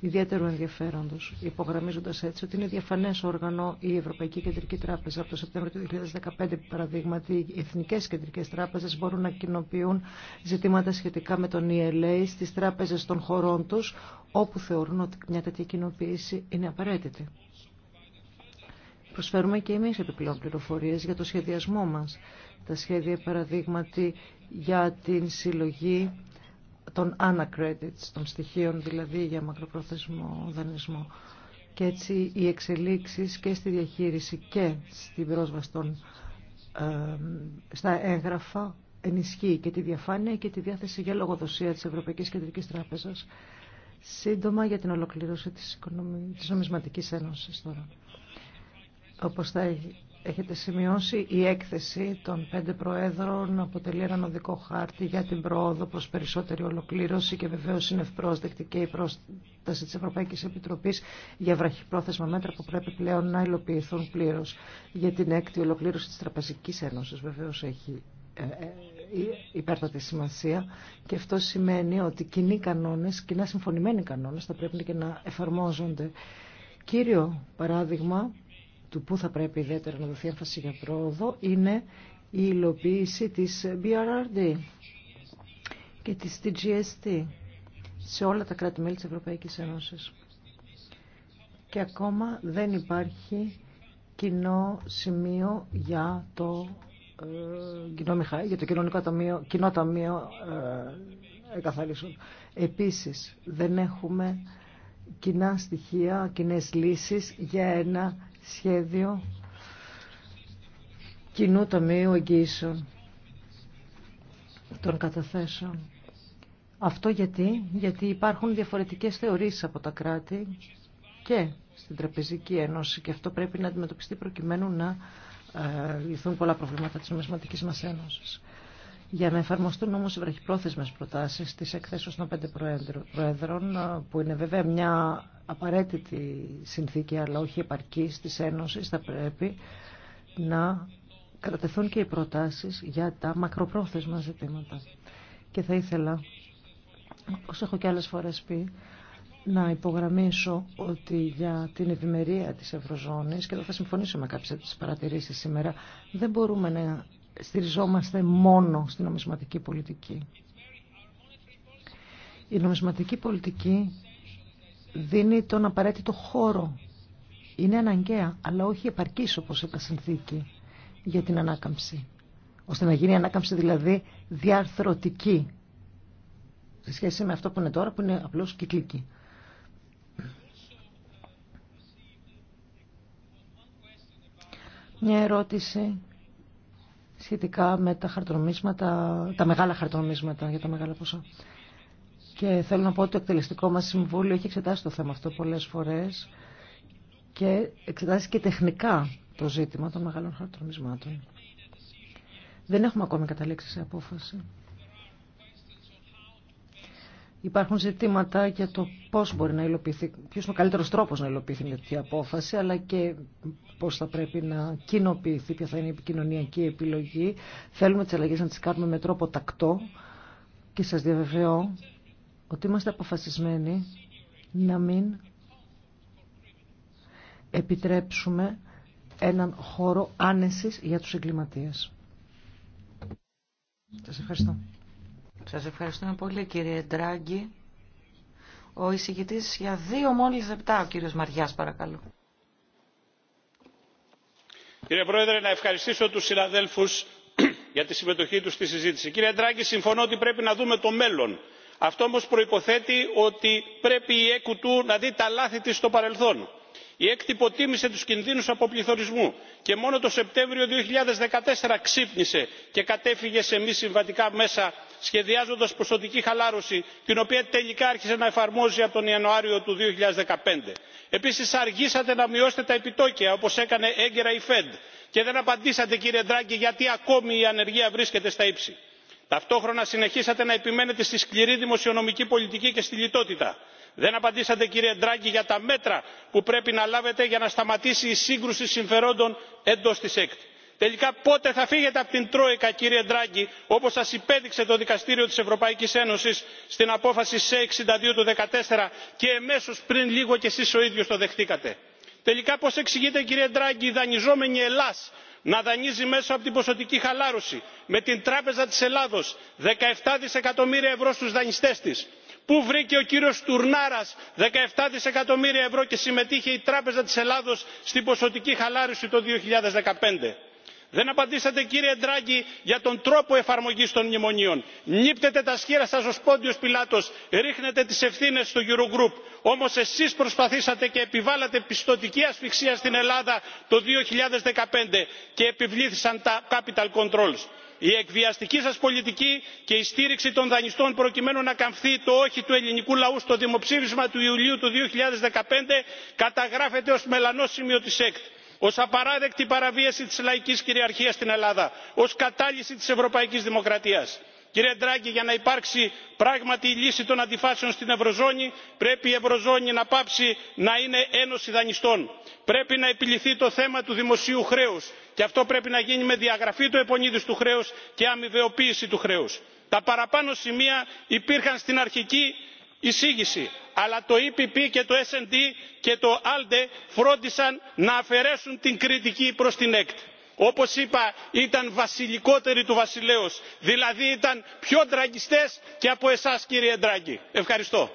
ιδιαίτερου ενδιαφέροντος, υπογραμμίζοντας έτσι ότι είναι διαφανές όργανο η Ευρωπαϊκή Κεντρική Τράπεζα. Από το Σεπτέμβριο του 2015, παραδείγματι, οι Εθνικές Κεντρικές Τράπεζες μπορούν να κοινοποιούν ζητήματα σχετικά με τον ELA στις τράπεζες των χωρών τους, όπου θεωρούν ότι μια τέτοια κοινοποίηση είναι απαραίτητη προσφέρουμε και εμείς επιπλέον πληροφορίες για το σχεδιασμό μας. Τα σχέδια παραδείγματι για την συλλογή των anacredits, των στοιχείων δηλαδή για μακροπρόθεσμο δανεισμό. Και έτσι οι εξελίξεις και στη διαχείριση και στην πρόσβαση στα έγγραφα ενισχύει και τη διαφάνεια και τη διάθεση για λογοδοσία της Ευρωπαϊκής Κεντρικής Τράπεζας σύντομα για την ολοκλήρωση της, της Νομισματικής Ένωσης τώρα. Όπως θα έχετε σημειώσει, η έκθεση των πέντε προέδρων αποτελεί έναν οδικό χάρτη για την πρόοδο προς περισσότερη ολοκλήρωση και βεβαίως είναι ευπρόσδεκτη και η πρόσταση της Ευρωπαϊκής Επιτροπής για βραχυπρόθεσμα μέτρα που πρέπει πλέον να υλοποιηθούν πλήρως. Για την έκτη ολοκλήρωση της Τραπεζικής Ένωσης βεβαίως έχει ε, ε, υπέρτατη σημασία και αυτό σημαίνει ότι κοινοί κανόνες, κοινά συμφωνημένοι κανόνες θα πρέπει και να εφαρμόζονται. Κύριο παράδειγμα του που θα πρέπει ιδιαίτερα να δοθεί έμφαση για πρόοδο είναι η υλοποίηση της BRRD και της TGST σε όλα τα κράτη-μέλη της Ευρωπαϊκής Ένωσης. Και ακόμα δεν υπάρχει κοινό σημείο για το, ε, για το κοινωνικό ταμείο, κοινό ταμείο ε, εκαθαρίσεων. Επίσης, δεν έχουμε κοινά στοιχεία, κοινές λύσεις για ένα σχέδιο κοινού ταμείου εγγύησεων των καταθέσεων. Αυτό γιατί, γιατί υπάρχουν διαφορετικές θεωρήσεις από τα κράτη και στην Τραπεζική Ένωση και αυτό πρέπει να αντιμετωπιστεί προκειμένου να ε, λυθούν πολλά προβλήματα της νομισματικής μας ένωσης. Για να εφαρμοστούν όμως οι βραχυπρόθεσμες προτάσεις της εκθέσεως των πέντε προέδρων, ε, που είναι βέβαια μια απαραίτητη συνθήκη αλλά όχι επαρκή τη Ένωση, θα πρέπει να κρατεθούν και οι προτάσεις για τα μακροπρόθεσμα ζητήματα. Και θα ήθελα, όπως έχω και άλλες φορές πει, να υπογραμμίσω ότι για την ευημερία της Ευρωζώνης, και εδώ θα συμφωνήσω με κάποιες τις παρατηρήσεις σήμερα, δεν μπορούμε να στηριζόμαστε μόνο στην νομισματική πολιτική. Η νομισματική πολιτική δίνει τον απαραίτητο χώρο. Είναι αναγκαία, αλλά όχι επαρκής όπως είπα συνθήκη για την ανάκαμψη. Ώστε να γίνει η ανάκαμψη δηλαδή διαρθρωτική σε σχέση με αυτό που είναι τώρα που είναι απλώς κυκλική. Μια ερώτηση σχετικά με τα χαρτονομίσματα, τα μεγάλα χαρτονομίσματα για τα μεγάλα ποσά. Και θέλω να πω ότι το εκτελεστικό μας συμβούλιο έχει εξετάσει το θέμα αυτό πολλές φορές και εξετάσει και τεχνικά το ζήτημα των μεγάλων χαρτονομισμάτων. Δεν έχουμε ακόμη καταλήξει σε απόφαση. Υπάρχουν ζητήματα για το πώ μπορεί να υλοποιηθεί, ποιος είναι ο καλύτερος τρόπος να υλοποιηθεί μια τέτοια απόφαση, αλλά και πώς θα πρέπει να κοινοποιηθεί, ποια θα είναι η επικοινωνιακή επιλογή. Θέλουμε τις αλλαγές να τις κάνουμε με τρόπο τακτό και σας διαβεβαιώ ότι είμαστε αποφασισμένοι να μην επιτρέψουμε έναν χώρο άνεσης για τους εγκληματίες. Σας ευχαριστώ. Σας ευχαριστούμε πολύ κύριε Ντράγκη. Ο εισηγητής για δύο μόλις λεπτά, ο κύριος Μαριάς παρακαλώ. Κύριε Πρόεδρε, να ευχαριστήσω τους συναδέλφους για τη συμμετοχή τους στη συζήτηση. Κύριε Ντράγκη, συμφωνώ ότι πρέπει να δούμε το μέλλον αυτό όμως προϋποθέτει ότι πρέπει η του να δει τα λάθη της στο παρελθόν. η ΕΚΤ υποτίμησε τους κινδύνους αποπληθωρισμού και μόνο το σεπτέμβριο του 2014 ξύπνησε και κατέφυγε σε μη συμβατικά μέσα σχεδιάζοντας ποσοτική χαλάρωση την οποία τελικά άρχισε να εφαρμόζει από τον ιανουάριο του. 2015. χιλιάδες επίσης αργήσατε να μειώσετε τα επιτόκια όπως έκανε έγκαιρα η fed και δεν απαντήσατε κύριε ντράγκη γιατί ακόμη η ανεργία βρίσκεται στα ύψη ταυτόχρονα συνεχίσατε να επιμένετε στη σκληρή δημοσιονομική πολιτική και στη λιτότητα. δεν απαντήσατε κύριε ντράγκη για τα μέτρα που πρέπει να λάβετε για να σταματήσει η σύγκρουση συμφερόντων εντός της ΕΚΤ. τελικά πότε θα φύγετε από την τρόικα κύριε ντράγκη όπως σας υπέδειξε το δικαστήριο της ευρωπαϊκής ένωσης στην απόφαση σε 62 του 2014 και εμέσως πριν λίγο κι εσείς ο ίδιος το δεχτήκατε. τελικά πώς εξηγείτε κύριε ντράγκη οι δανειζόμενοι ελλάς να δανείζει μέσω από την ποσοτική χαλάρωση με την τράπεζα της ελλάδος 17 δισεκατομμύρια ευρώ στους δανειστές της. Πού βρήκε ο κύριος Τουρνάρας 17 δισεκατομμύρια ευρώ και συμμετείχε η Τράπεζα της Ελλάδος στην ποσοτική χαλάρωση το 2015 δεν απαντήσατε κύριε ντράγκη για τον τρόπο εφαρμογής των μνημονίων. νύπτετε τα σχήρα σας ως πόντιος πιλάτος ρίχνετε τις ευθύνες στο eurogroup όμως εσείς προσπαθήσατε και επιβάλατε πιστωτική ασφυξία στην ελλάδα το 2015 και επιβλήθησαν τα capital controls. η εκβιαστική σας πολιτική και η στήριξη των δανειστών προκειμένου να καμφθεί το όχι του ελληνικού λαού στο δημοψήφισμα του ιουλίου του 2015 καταγράφεται ως μελανό σημείο της ΕΚΤ ως απαράδεκτη παραβίαση της λαϊκής κυριαρχίας στην ελλάδα ως κατάλυση της ευρωπαϊκής δημοκρατίας. κύριε ντράγκη για να υπάρξει πράγματι η λύση των αντιφάσεων στην ευρωζώνη πρέπει η ευρωζώνη να πάψει να είναι ένωση δανειστών. πρέπει να επιληθεί το θέμα του δημοσίου χρέους και αυτό πρέπει να γίνει με διαγραφή του επονίδη του χρέου και αμοιβαιοποίηση του χρέου. τα παραπάνω σημεία υπήρχαν στην αρχική εισήγηση αλλά το epp και το sd και το alde φρόντισαν να αφαιρέσουν την κριτική προς την ΕΚΤ. όπως είπα ήταν βασιλικότεροι του βασιλέως δηλαδή ήταν πιο ντραγκιστές και από εσάς κύριε ντράγκη. ευχαριστώ.